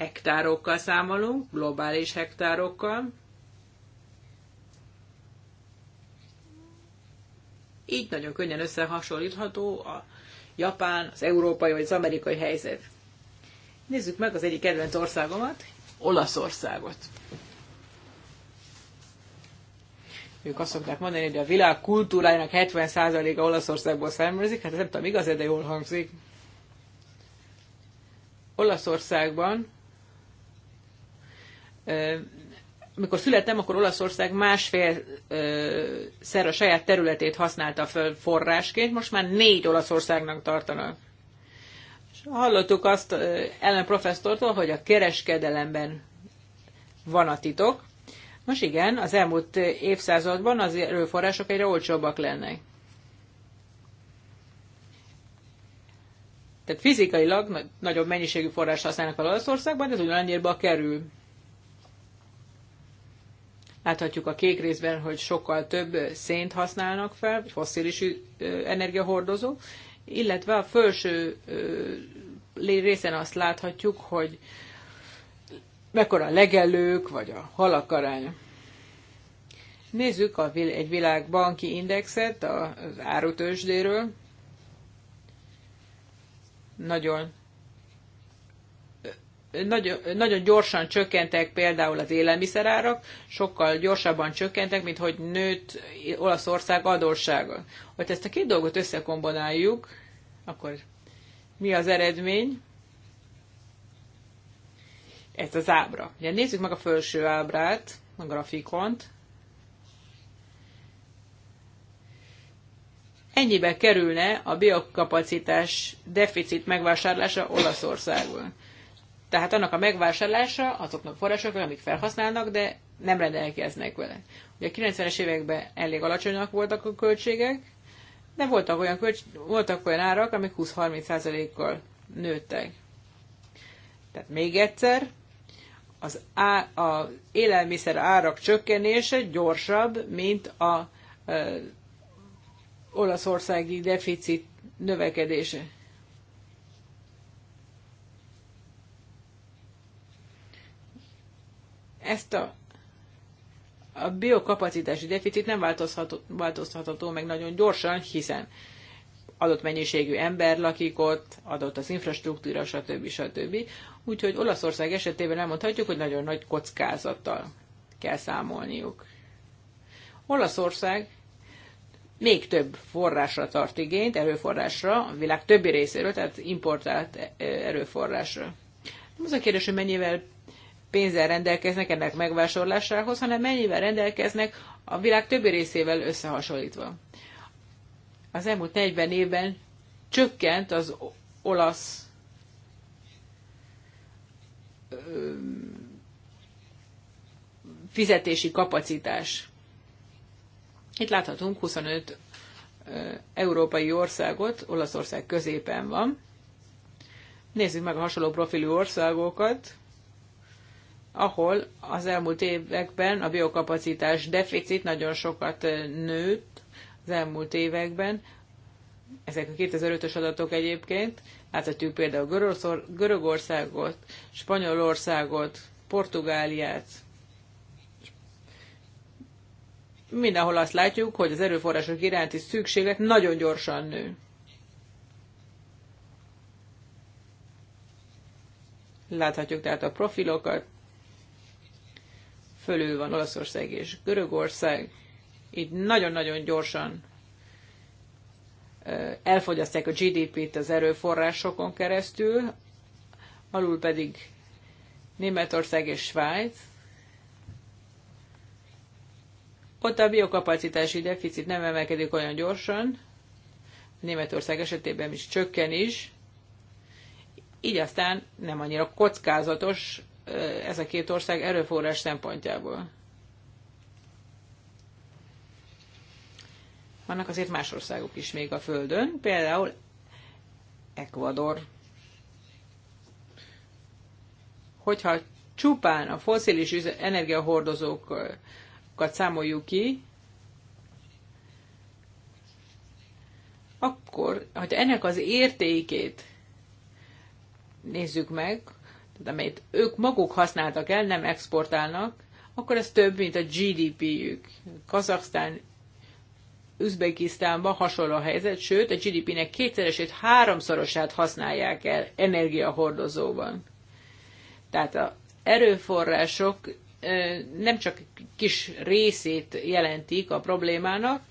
hektárokkal számolunk, globális hektárokkal. Így nagyon könnyen összehasonlítható a japán, az európai vagy az amerikai helyzet. Nézzük meg az egyik kedvenc országomat, Olaszországot. Ők azt szokták mondani, hogy a világ kultúrájának 70%-a Olaszországból származik, hát ez nem tudom igaz, de jól hangzik. Olaszországban amikor születtem, akkor Olaszország másfél szer a saját területét használta föl forrásként, most már négy Olaszországnak tartanak. És hallottuk azt Ellen professzortól, hogy a kereskedelemben van a titok. Most igen, az elmúlt évszázadban az erőforrások egyre olcsóbbak lennek. Tehát fizikailag nagyobb mennyiségű forrás használnak az Olaszországban, de ez ugyanannyira kerül. Láthatjuk a kék részben, hogy sokkal több szént használnak fel, fosszilis energiahordozó, illetve a felső részen azt láthatjuk, hogy mekkora a legelők, vagy a halak aránya. Nézzük a, egy világbanki indexet az árutősdéről. Nagyon nagyon, nagyon gyorsan csökkentek például az élelmiszerárak, sokkal gyorsabban csökkentek, mint hogy nőtt Olaszország adóssága. Hogy ezt a két dolgot összekombináljuk, akkor mi az eredmény? Ez az ábra. Ugye nézzük meg a felső ábrát, a grafikont. Ennyibe kerülne a biokapacitás deficit megvásárlása Olaszországban tehát annak a megvásárlása azoknak források, amik felhasználnak, de nem rendelkeznek vele. Ugye a 90-es években elég alacsonyak voltak a költségek, de voltak olyan, költs- voltak olyan árak, amik 20-30%-kal nőttek. Tehát még egyszer, az, á- az élelmiszer árak csökkenése gyorsabb, mint a ö, olaszországi deficit növekedése. ezt a, a biokapacitási deficit nem változható, változható meg nagyon gyorsan, hiszen adott mennyiségű ember lakik ott, adott az infrastruktúra, stb. stb. Úgyhogy Olaszország esetében elmondhatjuk, hogy nagyon nagy kockázattal kell számolniuk. Olaszország még több forrásra tart igényt, erőforrásra, a világ többi részéről, tehát importált e, erőforrásra. Nem az a kérdés, hogy mennyivel pénzzel rendelkeznek ennek megvásárlásához, hanem mennyivel rendelkeznek a világ többi részével összehasonlítva. Az elmúlt 40 évben csökkent az olasz fizetési kapacitás. Itt láthatunk 25 európai országot, Olaszország középen van. Nézzük meg a hasonló profilú országokat ahol az elmúlt években a biokapacitás deficit nagyon sokat nőtt az elmúlt években. Ezek a 2005-ös adatok egyébként. Láthatjuk például Görögországot, Spanyolországot, Portugáliát. Mindenhol azt látjuk, hogy az erőforrások iránti szükséglet nagyon gyorsan nő. Láthatjuk tehát a profilokat, fölül van Olaszország és Görögország, így nagyon-nagyon gyorsan elfogyasztják a GDP-t az erőforrásokon keresztül, alul pedig Németország és Svájc. Ott a biokapacitási deficit nem emelkedik olyan gyorsan, Németország esetében is csökken is, így aztán nem annyira kockázatos ez a két ország erőforrás szempontjából. Vannak azért más országok is még a Földön, például Ecuador. Hogyha csupán a foszilis energiahordozókat számoljuk ki, akkor, hogyha ennek az értékét nézzük meg, amit ők maguk használtak el, nem exportálnak, akkor ez több, mint a GDP-jük. Kazaksztán, Üzbegisztánban hasonló a helyzet, sőt a GDP-nek kétszeresét, háromszorosát használják el energiahordozóban. Tehát az erőforrások nem csak kis részét jelentik a problémának,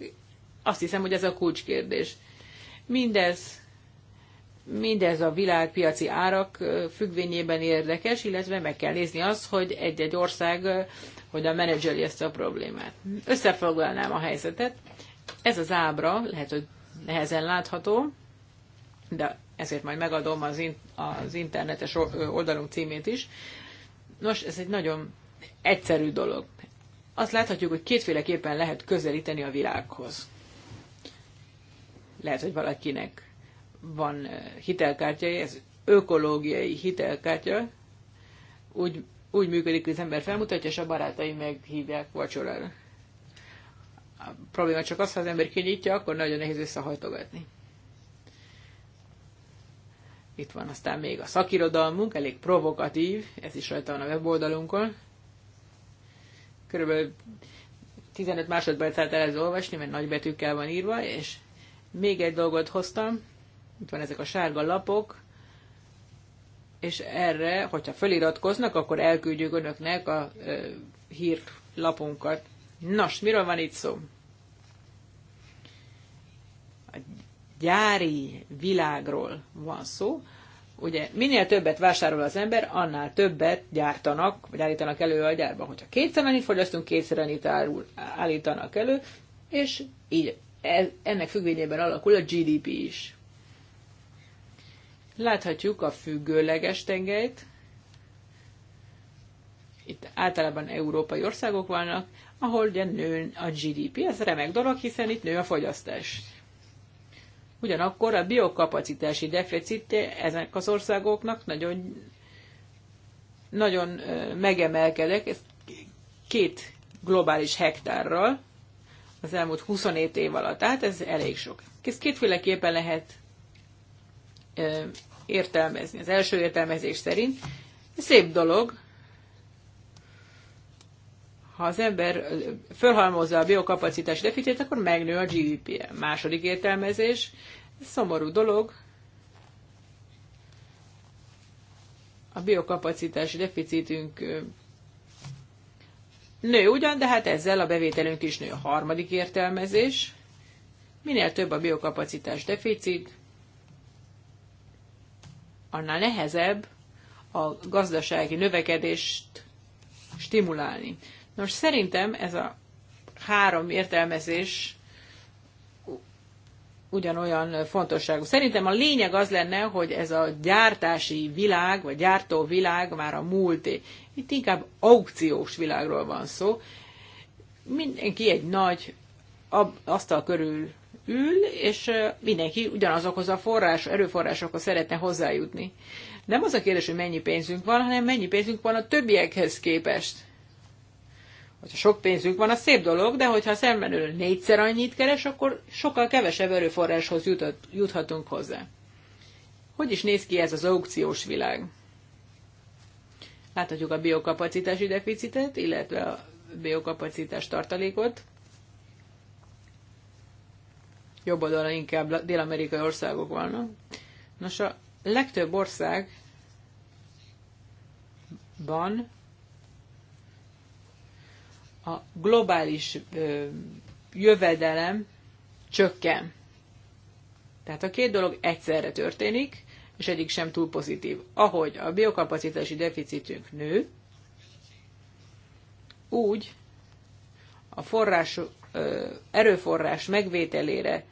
azt hiszem, hogy ez a kulcskérdés. Mindez Mindez a világpiaci árak függvényében érdekes, illetve meg kell nézni azt, hogy egy-egy ország hogyan menedzseli ezt a problémát. Összefoglalnám a helyzetet. Ez az ábra lehet, hogy nehezen látható, de ezért majd megadom az, in- az internetes oldalunk címét is. Nos, ez egy nagyon egyszerű dolog. Azt láthatjuk, hogy kétféleképpen lehet közelíteni a világhoz. Lehet, hogy valakinek van hitelkártya, ez ökológiai hitelkártya, úgy, úgy működik, hogy az ember felmutatja, és a barátai meghívják vacsorára. A probléma csak az, ha az ember kinyitja, akkor nagyon nehéz összehajtogatni. Itt van aztán még a szakirodalmunk, elég provokatív, ez is rajta van a weboldalunkon. Körülbelül 15 másodpercet el ez olvasni, mert nagy betűkkel van írva, és még egy dolgot hoztam, itt van ezek a sárga lapok, és erre, hogyha feliratkoznak, akkor elküldjük önöknek a ö, hírlapunkat. Nos, miről van itt szó? A gyári világról van szó. Ugye minél többet vásárol az ember, annál többet gyártanak, vagy állítanak elő a gyárban. Hogyha kétszer annyit fogyasztunk, kétszer annyit árul, állítanak elő, és így e, ennek függvényében alakul a GDP is. Láthatjuk a függőleges tengelyt. Itt általában európai országok vannak, ahol ugye nő a GDP. Ez remek dolog, hiszen itt nő a fogyasztás. Ugyanakkor a biokapacitási deficitje ezek az országoknak nagyon, nagyon megemelkedek, ez két globális hektárral az elmúlt 27 év alatt. Tehát ez elég sok. Ezt kétféleképpen lehet értelmezni. Az első értelmezés szerint szép dolog, ha az ember fölhalmozza a biokapacitás deficit, akkor megnő a GDP. -e. Második értelmezés, szomorú dolog, a biokapacitás deficitünk nő ugyan, de hát ezzel a bevételünk is nő. A harmadik értelmezés, minél több a biokapacitás deficit, annál nehezebb a gazdasági növekedést stimulálni. Nos, szerintem ez a három értelmezés ugyanolyan fontosságú. Szerintem a lényeg az lenne, hogy ez a gyártási világ, vagy gyártó világ már a múlté. Itt inkább aukciós világról van szó. Mindenki egy nagy asztal körül ül, és mindenki ugyanazokhoz a forrás, erőforrásokhoz szeretne hozzájutni. Nem az a kérdés, hogy mennyi pénzünk van, hanem mennyi pénzünk van a többiekhez képest. Hogyha sok pénzünk van, az szép dolog, de hogyha szemben ül négyszer annyit keres, akkor sokkal kevesebb erőforráshoz jutott, juthatunk hozzá. Hogy is néz ki ez az aukciós világ? Láthatjuk a biokapacitási deficitet, illetve a biokapacitás tartalékot jobb oldalra inkább dél-amerikai országok vannak. Nos, a legtöbb országban a globális ö, jövedelem csökken. Tehát a két dolog egyszerre történik, és egyik sem túl pozitív. Ahogy a biokapacitási deficitünk nő, úgy a forrás, erőforrás megvételére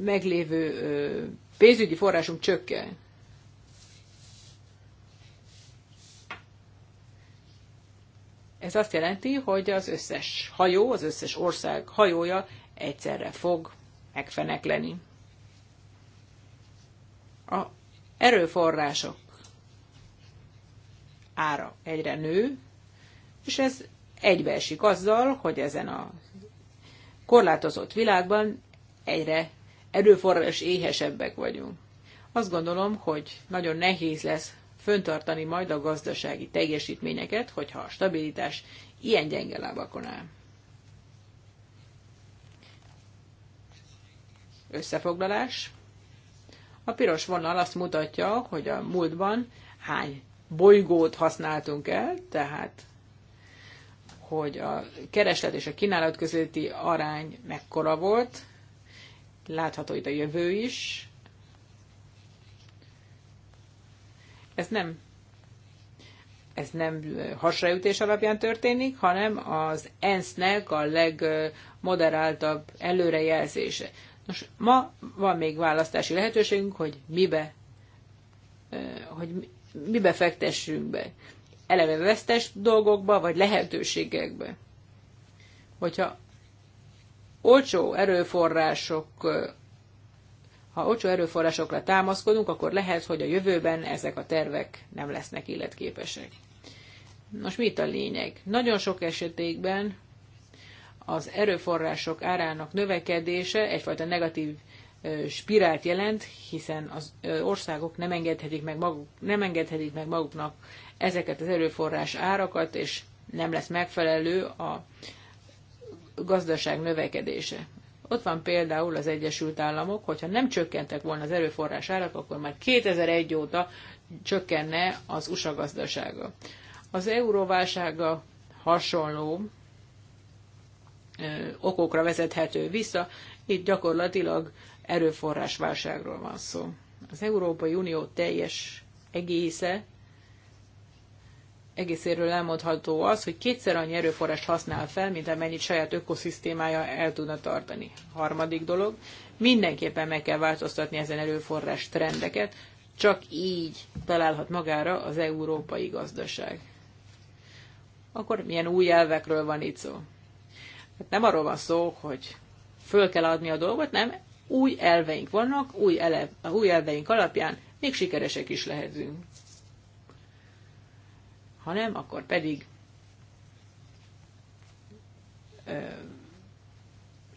meglévő pénzügyi forrásunk csökken. Ez azt jelenti, hogy az összes hajó, az összes ország hajója egyszerre fog megfenekleni. A erőforrások ára egyre nő, és ez egybeesik azzal, hogy ezen a korlátozott világban egyre erőforrás éhesebbek vagyunk. Azt gondolom, hogy nagyon nehéz lesz föntartani majd a gazdasági teljesítményeket, hogyha a stabilitás ilyen gyenge lábakon áll. Összefoglalás. A piros vonal azt mutatja, hogy a múltban hány bolygót használtunk el, tehát hogy a kereslet és a kínálat közötti arány mekkora volt, látható itt a jövő is. Ez nem, ez nem hasraütés alapján történik, hanem az ENSZ-nek a legmoderáltabb előrejelzése. Nos, ma van még választási lehetőségünk, hogy mibe, hogy mibe fektessünk be. Eleve vesztes dolgokba, vagy lehetőségekbe. Hogyha olcsó erőforrások ha olcsó erőforrásokra támaszkodunk, akkor lehet, hogy a jövőben ezek a tervek nem lesznek életképesek. Nos, mit a lényeg? Nagyon sok esetékben az erőforrások árának növekedése egyfajta negatív spirált jelent, hiszen az országok nem engedhetik meg, maguk, nem engedhetik meg maguknak ezeket az erőforrás árakat, és nem lesz megfelelő a gazdaság növekedése. Ott van például az Egyesült Államok, hogyha nem csökkentek volna az erőforrás árak, akkor már 2001 óta csökkenne az USA gazdasága. Az euróválsága hasonló ö, okokra vezethető vissza, itt gyakorlatilag erőforrásválságról van szó. Az Európai Unió teljes egésze egészéről elmondható az, hogy kétszer annyi erőforrást használ fel, mint amennyit saját ökoszisztémája el tudna tartani. Harmadik dolog, mindenképpen meg kell változtatni ezen erőforrás trendeket, csak így találhat magára az európai gazdaság. Akkor milyen új elvekről van itt szó? Hát nem arról van szó, hogy föl kell adni a dolgot, nem, új elveink vannak, új, elev, új elveink alapján még sikeresek is lehetünk ha nem, akkor pedig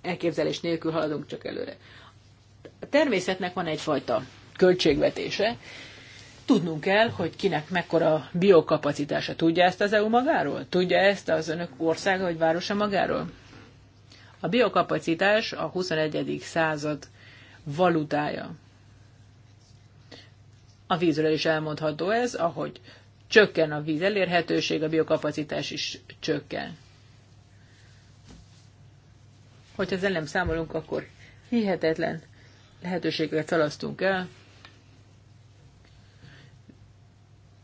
elképzelés nélkül haladunk csak előre. A természetnek van egyfajta költségvetése, tudnunk kell, hogy kinek mekkora biokapacitása. Tudja ezt az EU magáról? Tudja ezt az önök országa vagy városa magáról? A biokapacitás a 21. század valutája. A vízről is elmondható ez, ahogy csökken a víz elérhetőség, a biokapacitás is csökken. Hogyha ezzel nem számolunk, akkor hihetetlen lehetőségeket szalasztunk el.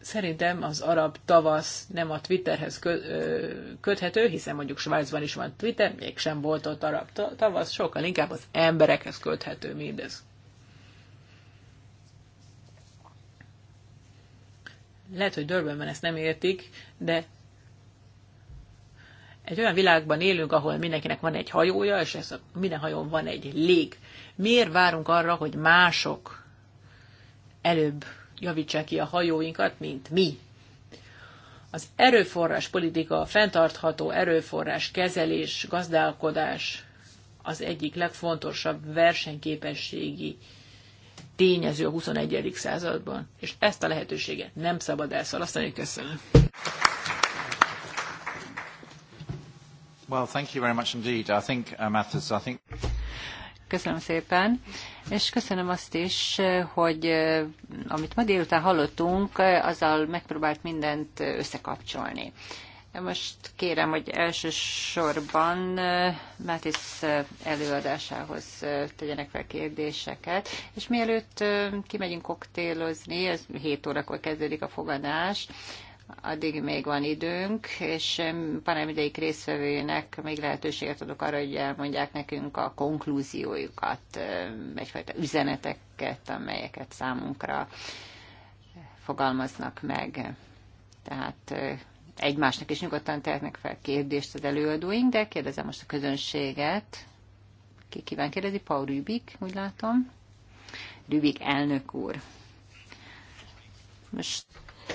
Szerintem az arab tavasz nem a Twitterhez kö, köthető, hiszen mondjuk Svájcban is van Twitter, mégsem volt ott arab tavasz, sokkal inkább az emberekhez köthető mindez. lehet, hogy Dörbönben ezt nem értik, de egy olyan világban élünk, ahol mindenkinek van egy hajója, és ez a, minden hajón van egy lég. Miért várunk arra, hogy mások előbb javítsák ki a hajóinkat, mint mi? Az erőforrás politika, a fenntartható erőforrás kezelés, gazdálkodás az egyik legfontosabb versenyképességi tényező a 21. században, és ezt a lehetőséget nem szabad elszalasztani. Köszönöm. Well, thank you very much indeed. I think, uh, Mathis, I think... Köszönöm szépen, és köszönöm azt is, hogy amit ma délután hallottunk, azzal megpróbált mindent összekapcsolni. Hát most kérem, hogy elsősorban Matisz előadásához tegyenek fel kérdéseket, és mielőtt kimegyünk koktélozni, ez 7 órakor kezdődik a fogadás, addig még van időnk, és panel ideig részvevőjének még lehetőséget adok arra, hogy elmondják nekünk a konklúziójukat, egyfajta üzeneteket, amelyeket számunkra fogalmaznak meg. Tehát egymásnak is nyugodtan tehetnek fel kérdést az előadóink, de kérdezem most a közönséget. Ki kíván kérdezi? Paul Rübik, úgy látom. Rübik elnök úr. Most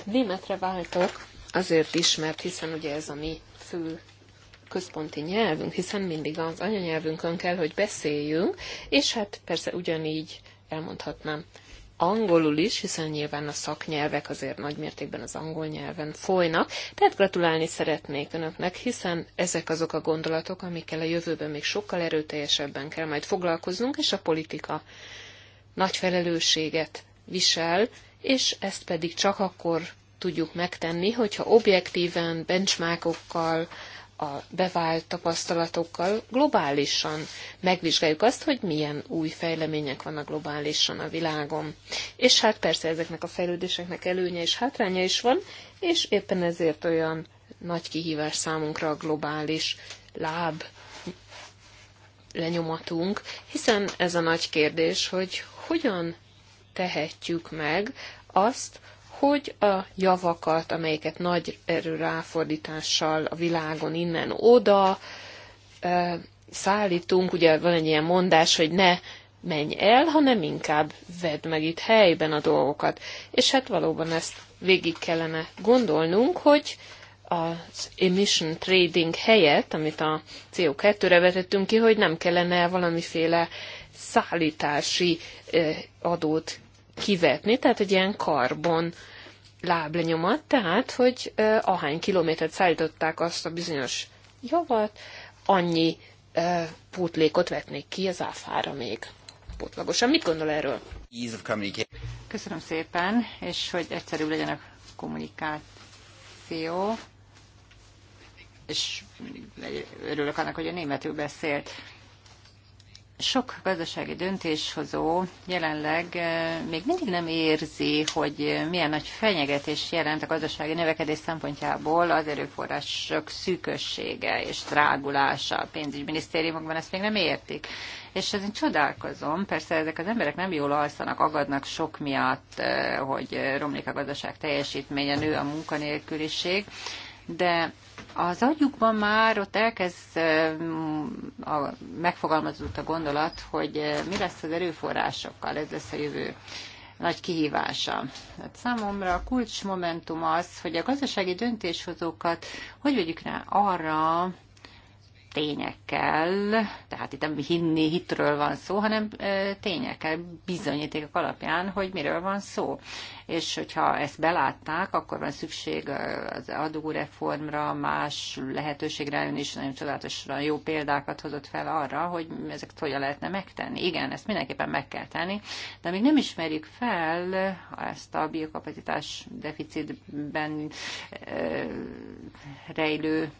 németre váltok azért is, mert hiszen ugye ez a mi fő központi nyelvünk, hiszen mindig az anyanyelvünkön kell, hogy beszéljünk, és hát persze ugyanígy elmondhatnám angolul is, hiszen nyilván a szaknyelvek azért nagy mértékben az angol nyelven folynak. Tehát gratulálni szeretnék önöknek, hiszen ezek azok a gondolatok, amikkel a jövőben még sokkal erőteljesebben kell majd foglalkoznunk, és a politika nagy felelősséget visel, és ezt pedig csak akkor tudjuk megtenni, hogyha objektíven, benchmarkokkal, a bevált tapasztalatokkal globálisan megvizsgáljuk azt, hogy milyen új fejlemények vannak globálisan a világon. És hát persze ezeknek a fejlődéseknek előnye és hátránya is van, és éppen ezért olyan nagy kihívás számunkra a globális láb lenyomatunk, hiszen ez a nagy kérdés, hogy hogyan tehetjük meg azt, hogy a javakat, amelyeket nagy erő ráfordítással a világon innen oda szállítunk, ugye van egy ilyen mondás, hogy ne menj el, hanem inkább vedd meg itt helyben a dolgokat. És hát valóban ezt végig kellene gondolnunk, hogy az emission trading helyett, amit a CO2-re vetettünk ki, hogy nem kellene valamiféle szállítási adót kivetni, tehát egy ilyen karbon láblenyomat, tehát, hogy ahány kilométert szállították azt a bizonyos javat, annyi pótlékot vetnék ki az áfára még pótlagosan. Mit gondol erről? Köszönöm szépen, és hogy egyszerű legyen a kommunikáció, és örülök annak, hogy a németül beszélt sok gazdasági döntéshozó jelenleg eh, még mindig nem érzi, hogy milyen nagy fenyegetés jelent a gazdasági növekedés szempontjából az erőforrások szűkössége és drágulása. A pénzügyminisztériumokban ezt még nem értik. És én csodálkozom, persze ezek az emberek nem jól alszanak, agadnak sok miatt, eh, hogy romlik a gazdaság teljesítménye, nő a munkanélküliség, de az agyukban már ott elkezd a, megfogalmazódott a gondolat, hogy mi lesz az erőforrásokkal, ez lesz a jövő nagy kihívása. Hát számomra a kulcsmomentum az, hogy a gazdasági döntéshozókat hogy vegyük rá arra, tényekkel, tehát itt nem hinni, hitről van szó, hanem tényekkel, bizonyítékok alapján, hogy miről van szó. És hogyha ezt belátták, akkor van szükség az adóreformra, más lehetőségre, ön is nagyon csodálatosan jó példákat hozott fel arra, hogy ezeket hogyan lehetne megtenni. Igen, ezt mindenképpen meg kell tenni, de még nem ismerjük fel ezt a biokapacitás deficitben rejlő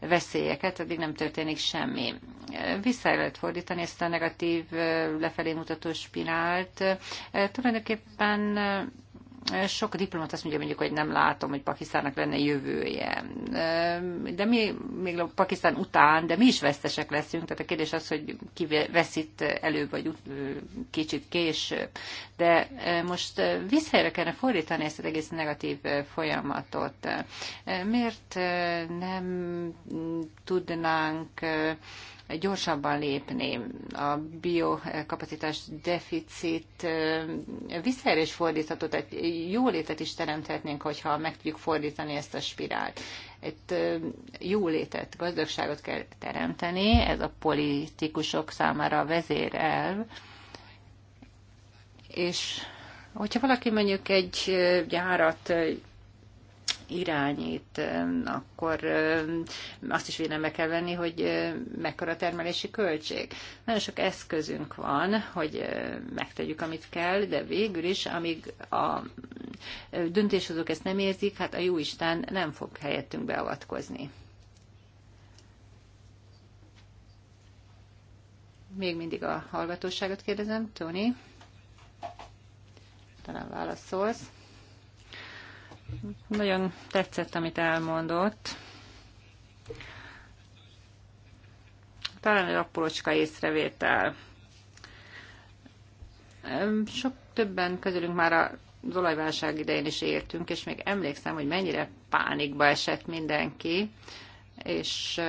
veszélyeket, addig nem történik semmi. Vissza lehet fordítani ezt a negatív lefelé mutató spinált. Tulajdonképpen sok diplomat azt mondja mondjuk, hogy nem látom, hogy Pakisztánnak lenne jövője. De mi, még a Pakisztán után, de mi is vesztesek leszünk, tehát a kérdés az, hogy ki veszít előbb, vagy kicsit később. De most visszaére kellene fordítani ezt az egész negatív folyamatot. Miért nem tudnánk gyorsabban lépni. A biokapacitás deficit visszaerő is fordítható, tehát jólétet is teremthetnénk, hogyha meg tudjuk fordítani ezt a spirált. jó jólétet, gazdagságot kell teremteni, ez a politikusok számára a vezérelv, és hogyha valaki mondjuk egy gyárat irányít, akkor azt is vélembe kell venni, hogy mekkora termelési költség. Nagyon sok eszközünk van, hogy megtegyük, amit kell, de végül is, amíg a döntéshozók ezt nem érzik, hát a jó Isten nem fog helyettünk beavatkozni. Még mindig a hallgatóságot kérdezem, Tony. Talán válaszolsz. Nagyon tetszett, amit elmondott. Talán egy apulocska észrevétel. Sok többen közülünk már az olajválság idején is értünk, és még emlékszem, hogy mennyire pánikba esett mindenki, és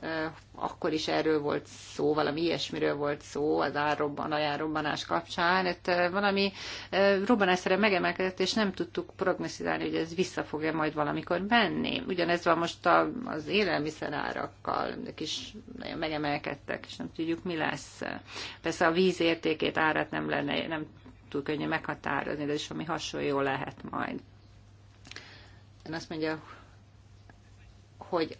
Eh, akkor is erről volt szó, valami ilyesmiről volt szó az árrobban, ajánrobbanás kapcsán. Itt eh, valami eh, robbanásszerre megemelkedett, és nem tudtuk prognosztizálni, hogy ez vissza fog-e majd valamikor menni. Ugyanez van most a, az élelmiszer árakkal, ők is nagyon megemelkedtek, és nem tudjuk, mi lesz. Persze a víz értékét, árat nem lenne, nem túl könnyű meghatározni, de is ami hasonló lehet majd. Én azt mondja, hogy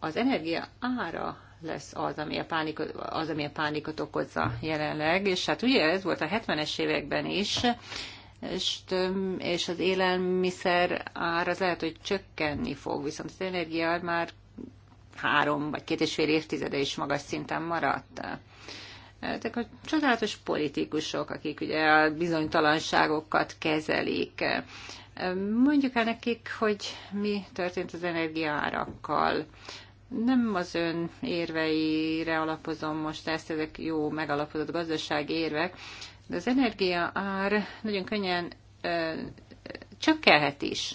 az energia ára lesz az, ami a, pánikot, az, ami a pánikot okozza jelenleg, és hát ugye ez volt a 70-es években is, és, és az élelmiszer ára az lehet, hogy csökkenni fog, viszont az energia már három vagy két és fél évtizede is magas szinten maradt. Ezek a csodálatos politikusok, akik ugye a bizonytalanságokat kezelik. Mondjuk el nekik, hogy mi történt az energiárakkal. Nem az ön érveire alapozom most ezt, ezek jó megalapozott gazdasági érvek, de az energia ár nagyon könnyen ö, csökkelhet is.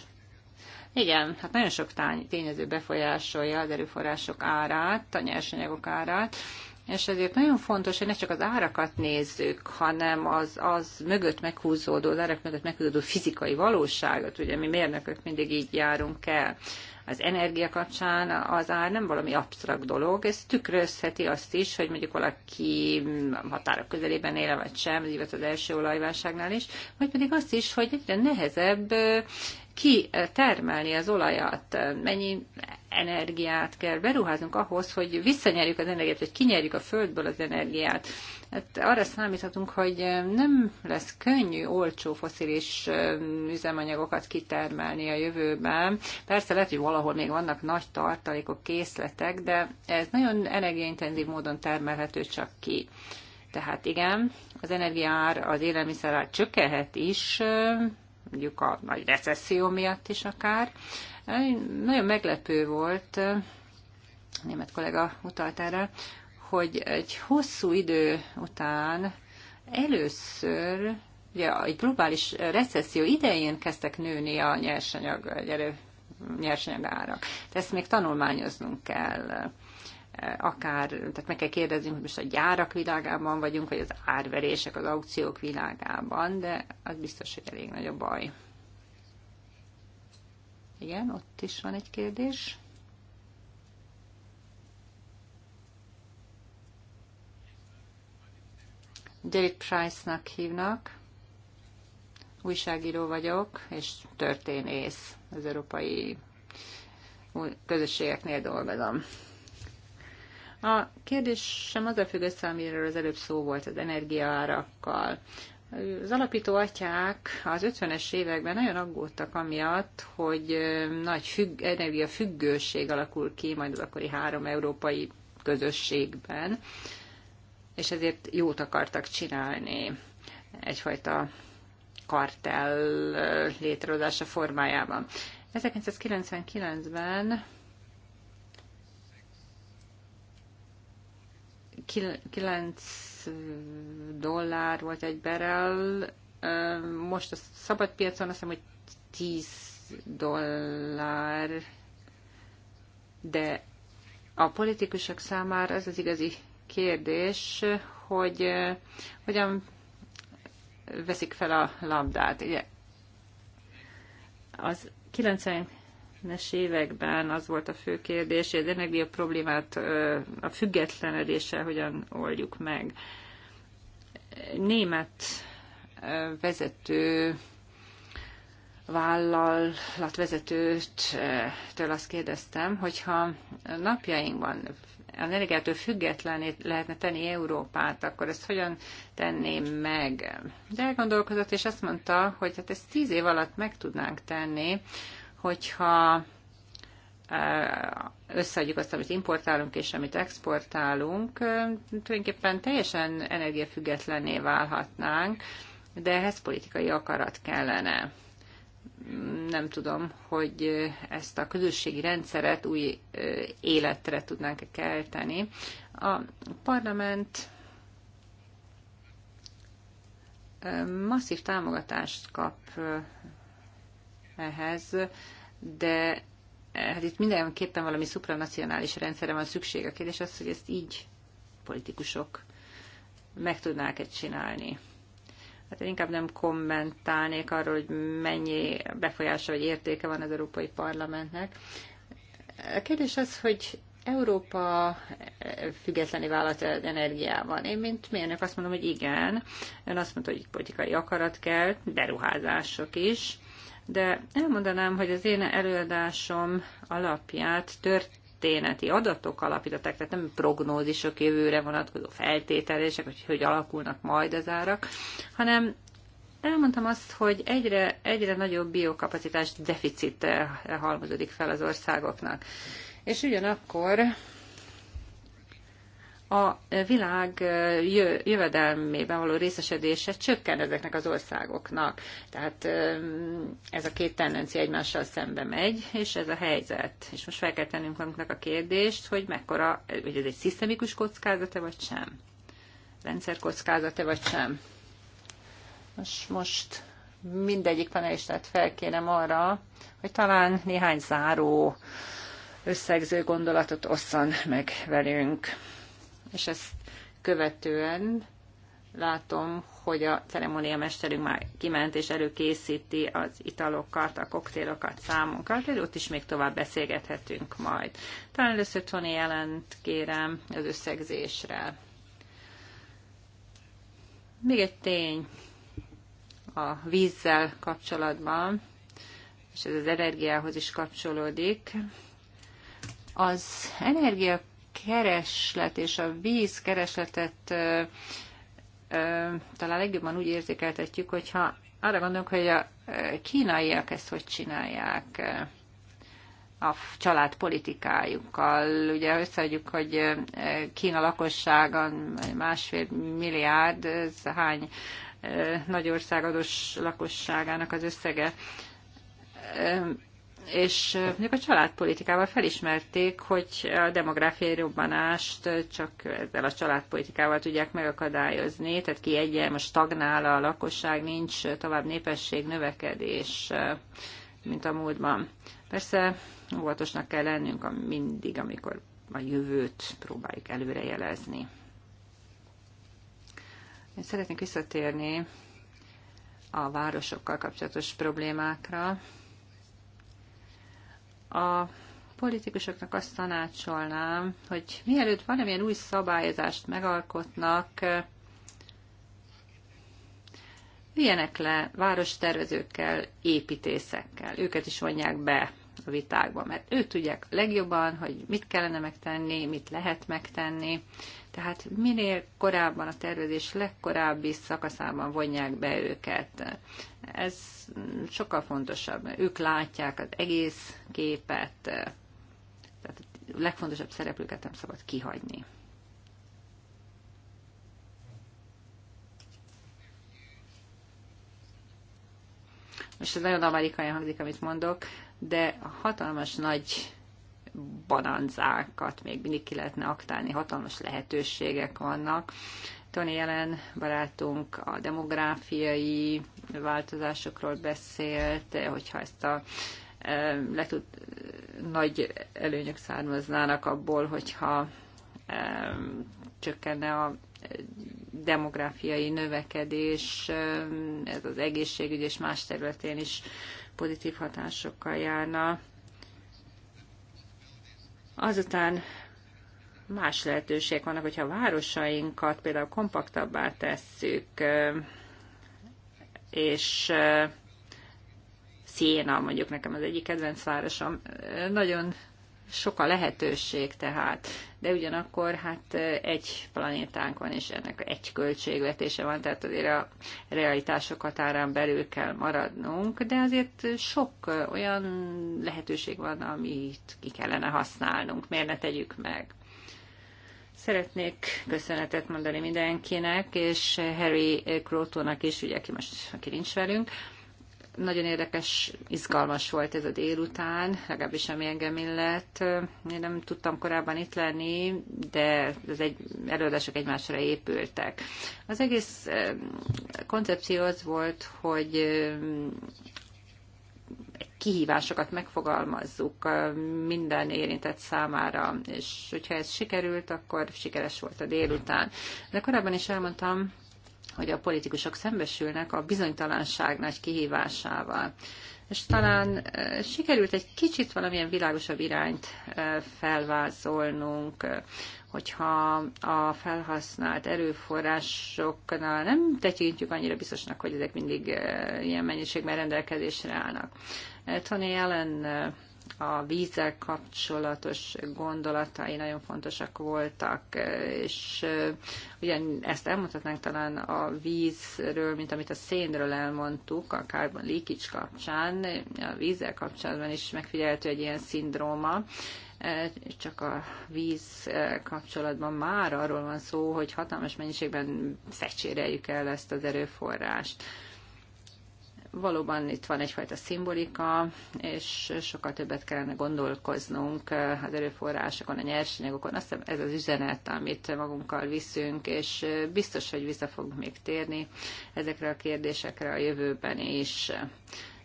Igen, hát nagyon sok tényező befolyásolja az erőforrások árát, a nyersanyagok árát, és ezért nagyon fontos, hogy ne csak az árakat nézzük, hanem az, az mögött meghúzódó, az árak mögött meghúzódó fizikai valóságot, ugye mi mérnökök mindig így járunk el az energia kapcsán az ár nem valami absztrakt dolog, ez tükrözheti azt is, hogy mondjuk valaki határok közelében él, vagy sem, az az első olajválságnál is, vagy pedig azt is, hogy egyre nehezebb ki termelni az olajat, mennyi energiát kell beruházunk ahhoz, hogy visszanyerjük az energiát, vagy kinyerjük a földből az energiát. Hát arra számíthatunk, hogy nem lesz könnyű olcsó foszilis üzemanyagokat kitermelni a jövőben. Persze lehet, hogy valahol még vannak nagy tartalékok, készletek, de ez nagyon energiaintenzív módon termelhető csak ki. Tehát igen, az energiaár, az élelmiszerár csökkenhet is, mondjuk a nagy recesszió miatt is akár. Nagyon meglepő volt, német kollega utalt erre, hogy egy hosszú idő után először ugye egy globális recesszió idején kezdtek nőni a nyersanyag, gyere, nyersanyag árak. De ezt még tanulmányoznunk kell akár, tehát meg kell kérdezni, hogy most a gyárak világában vagyunk, vagy az árverések, az aukciók világában, de az biztos, hogy elég nagy a baj. Igen, ott is van egy kérdés. David Price-nak hívnak, újságíró vagyok, és történész az európai közösségeknél dolgozom. A kérdésem a függ össze, amiről az előbb szó volt, az energiaárakkal. Az alapító atyák az 50-es években nagyon aggódtak amiatt, hogy nagy függ, energiafüggőség alakul ki majd az akkori három európai közösségben, és ezért jót akartak csinálni egyfajta kartel létrehozása formájában. 1999-ben 9 dollár volt egy barrel, most a szabad piacon azt hiszem, hogy 10 dollár, de a politikusok számára ez az igazi kérdés, hogy hogyan veszik fel a labdát. Ugye, az 90-es években az volt a fő kérdés, hogy az energia problémát a függetlenedéssel hogyan oldjuk meg. Német vezető vállalatvezetőt től azt kérdeztem, hogyha napjainkban energiától függetlenné lehetne tenni Európát, akkor ezt hogyan tenném meg? De elgondolkozott, és azt mondta, hogy hát ezt tíz év alatt meg tudnánk tenni, hogyha e, összeadjuk azt, amit importálunk és amit exportálunk, e, tulajdonképpen teljesen energiafüggetlenné válhatnánk, de ehhez politikai akarat kellene nem tudom, hogy ezt a közösségi rendszeret új életre tudnánk -e kelteni. A parlament masszív támogatást kap ehhez, de hát itt mindenképpen valami szupranacionális rendszerre van szükség. A kérdés az, hogy ezt így politikusok meg tudnák-e csinálni hát én inkább nem kommentálnék arról, hogy mennyi befolyása vagy értéke van az Európai Parlamentnek. A kérdés az, hogy Európa függetleni vállalat energiában. Én, mint mérnök, azt mondom, hogy igen. Ön azt mondta, hogy politikai akarat kell, beruházások is. De elmondanám, hogy az én előadásom alapját tört történeti adatok alapították, tehát nem prognózisok jövőre vonatkozó feltételések, hogy hogy alakulnak majd az árak, hanem elmondtam azt, hogy egyre, egyre nagyobb biokapacitás deficit eh, halmozódik fel az országoknak. És ugyanakkor a világ jövedelmében való részesedése csökken ezeknek az országoknak. Tehát ez a két tendencia egymással szembe megy, és ez a helyzet. És most fel kell tennünk magunknak a kérdést, hogy mekkora, hogy ez egy szisztemikus kockázata, vagy sem? Rendszer kockázata, vagy sem? Most, most mindegyik panelistát felkérem arra, hogy talán néhány záró összegző gondolatot osszan meg velünk és ezt követően látom, hogy a ceremónia mesterünk már kiment és előkészíti az italokat, a koktélokat, számunkat, és ott is még tovább beszélgethetünk majd. Talán először Tony jelent kérem az összegzésre. Még egy tény a vízzel kapcsolatban, és ez az energiához is kapcsolódik. Az energia kereslet és a víz keresletet talán legjobban úgy érzékeltetjük, hogyha arra gondolunk, hogy a kínaiak ezt hogy csinálják a család politikájukkal. Ugye összeadjuk, hogy Kína lakossága másfél milliárd, ez hány nagy országados lakosságának az összege és mondjuk a családpolitikával felismerték, hogy a demográfiai robbanást csak ezzel a családpolitikával tudják megakadályozni, tehát ki egyen, most stagnál a lakosság, nincs tovább népesség, növekedés, mint a múltban. Persze óvatosnak kell lennünk mindig, amikor a jövőt próbáljuk előrejelezni. Én szeretnék visszatérni a városokkal kapcsolatos problémákra a politikusoknak azt tanácsolnám, hogy mielőtt valamilyen új szabályozást megalkotnak, üljenek le várostervezőkkel, építészekkel. Őket is vonják be a vitákba, mert ők tudják legjobban, hogy mit kellene megtenni, mit lehet megtenni, tehát minél korábban a tervezés legkorábbi szakaszában vonják be őket. Ez sokkal fontosabb, mert ők látják az egész képet, tehát a legfontosabb szereplőket nem szabad kihagyni. Most ez nagyon amerikai hangzik, amit mondok, de hatalmas nagy bananzákat még mindig ki lehetne aktálni, hatalmas lehetőségek vannak. Tony Jelen barátunk a demográfiai változásokról beszélt, hogyha ezt a e, le tud, nagy előnyök származnának abból, hogyha e, csökkenne a demográfiai növekedés, e, ez az egészségügy és más területén is pozitív hatásokkal járna. Azután más lehetőség vannak, hogyha a városainkat például kompaktabbá tesszük, és Széna, mondjuk nekem az egyik kedvenc városom, nagyon sok a lehetőség tehát, de ugyanakkor hát egy planétánk van, és ennek egy költségvetése van, tehát azért a realitások határán belül kell maradnunk, de azért sok olyan lehetőség van, amit ki kellene használnunk, miért ne tegyük meg. Szeretnék köszönetet mondani mindenkinek, és Harry Crotonnak is, ugye, aki most aki nincs velünk, nagyon érdekes, izgalmas volt ez a délután, legalábbis ami engem illet. Én nem tudtam korábban itt lenni, de az egy, előadások egymásra épültek. Az egész koncepció az volt, hogy kihívásokat megfogalmazzuk minden érintett számára, és hogyha ez sikerült, akkor sikeres volt a délután. De korábban is elmondtam, hogy a politikusok szembesülnek a bizonytalanság nagy kihívásával. És talán eh, sikerült egy kicsit valamilyen világosabb irányt eh, felvázolnunk, eh, hogyha a felhasznált erőforrásoknál nem tekintjük annyira biztosnak, hogy ezek mindig ilyen mennyiségben rendelkezésre állnak. Tony Allen a vízzel kapcsolatos gondolatai nagyon fontosak voltak, és ugyan ezt elmondhatnánk talán a vízről, mint amit a szénről elmondtuk, a carbon leakage kapcsán, a vízzel kapcsolatban is megfigyelhető egy ilyen szindróma, e, csak a víz e, kapcsolatban már arról van szó, hogy hatalmas mennyiségben fecséreljük el ezt az erőforrást valóban itt van egyfajta szimbolika, és sokkal többet kellene gondolkoznunk eh, az erőforrásokon, a nyersanyagokon. Azt hiszem ez az üzenet, amit magunkkal viszünk, és eh, biztos, hogy vissza fogunk még térni ezekre a kérdésekre a jövőben is.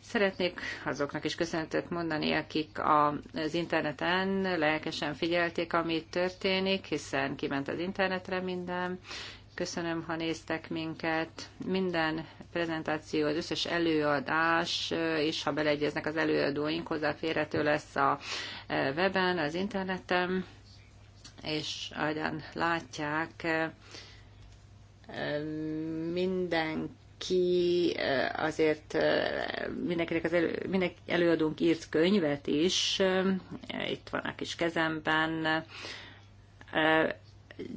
Szeretnék azoknak is köszönetet mondani, akik az interneten lelkesen figyelték, amit történik, hiszen kiment az internetre minden, Köszönöm, ha néztek minket. Minden prezentáció, az összes előadás, és ha beleegyeznek az előadóink, hozzáférhető lesz a e, weben, az interneten, és ahogyan látják, e, mindenki ki e, azért mindenkinek az elő, mindenki előadónk írt könyvet is, itt van a kis kezemben,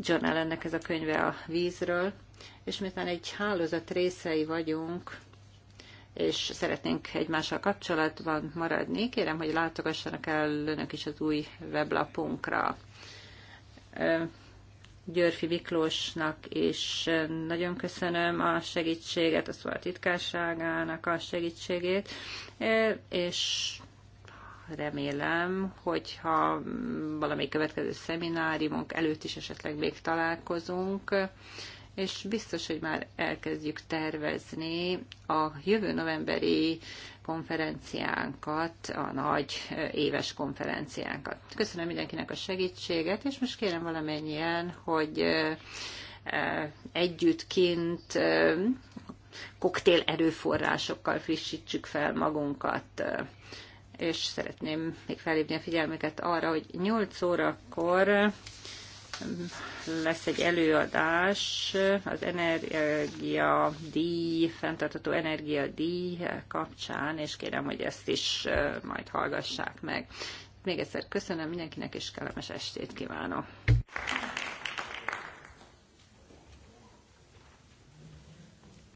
John Allennek ez a könyve a vízről, és miután egy hálózat részei vagyunk, és szeretnénk egymással kapcsolatban maradni, kérem, hogy látogassanak el önök is az új weblapunkra. Györfi Miklósnak és nagyon köszönöm a segítséget, a szóval titkárságának a segítségét, és remélem, hogyha valamelyik következő szemináriumunk előtt is esetleg még találkozunk, és biztos, hogy már elkezdjük tervezni a jövő novemberi konferenciánkat, a nagy éves konferenciánkat. Köszönöm mindenkinek a segítséget, és most kérem valamennyien, hogy együttként koktél erőforrásokkal frissítsük fel magunkat és szeretném még felhívni a figyelmüket arra, hogy 8 órakor lesz egy előadás az energia díj, fenntartató energia díj kapcsán, és kérem, hogy ezt is majd hallgassák meg. Még egyszer köszönöm mindenkinek, és kellemes estét kívánok!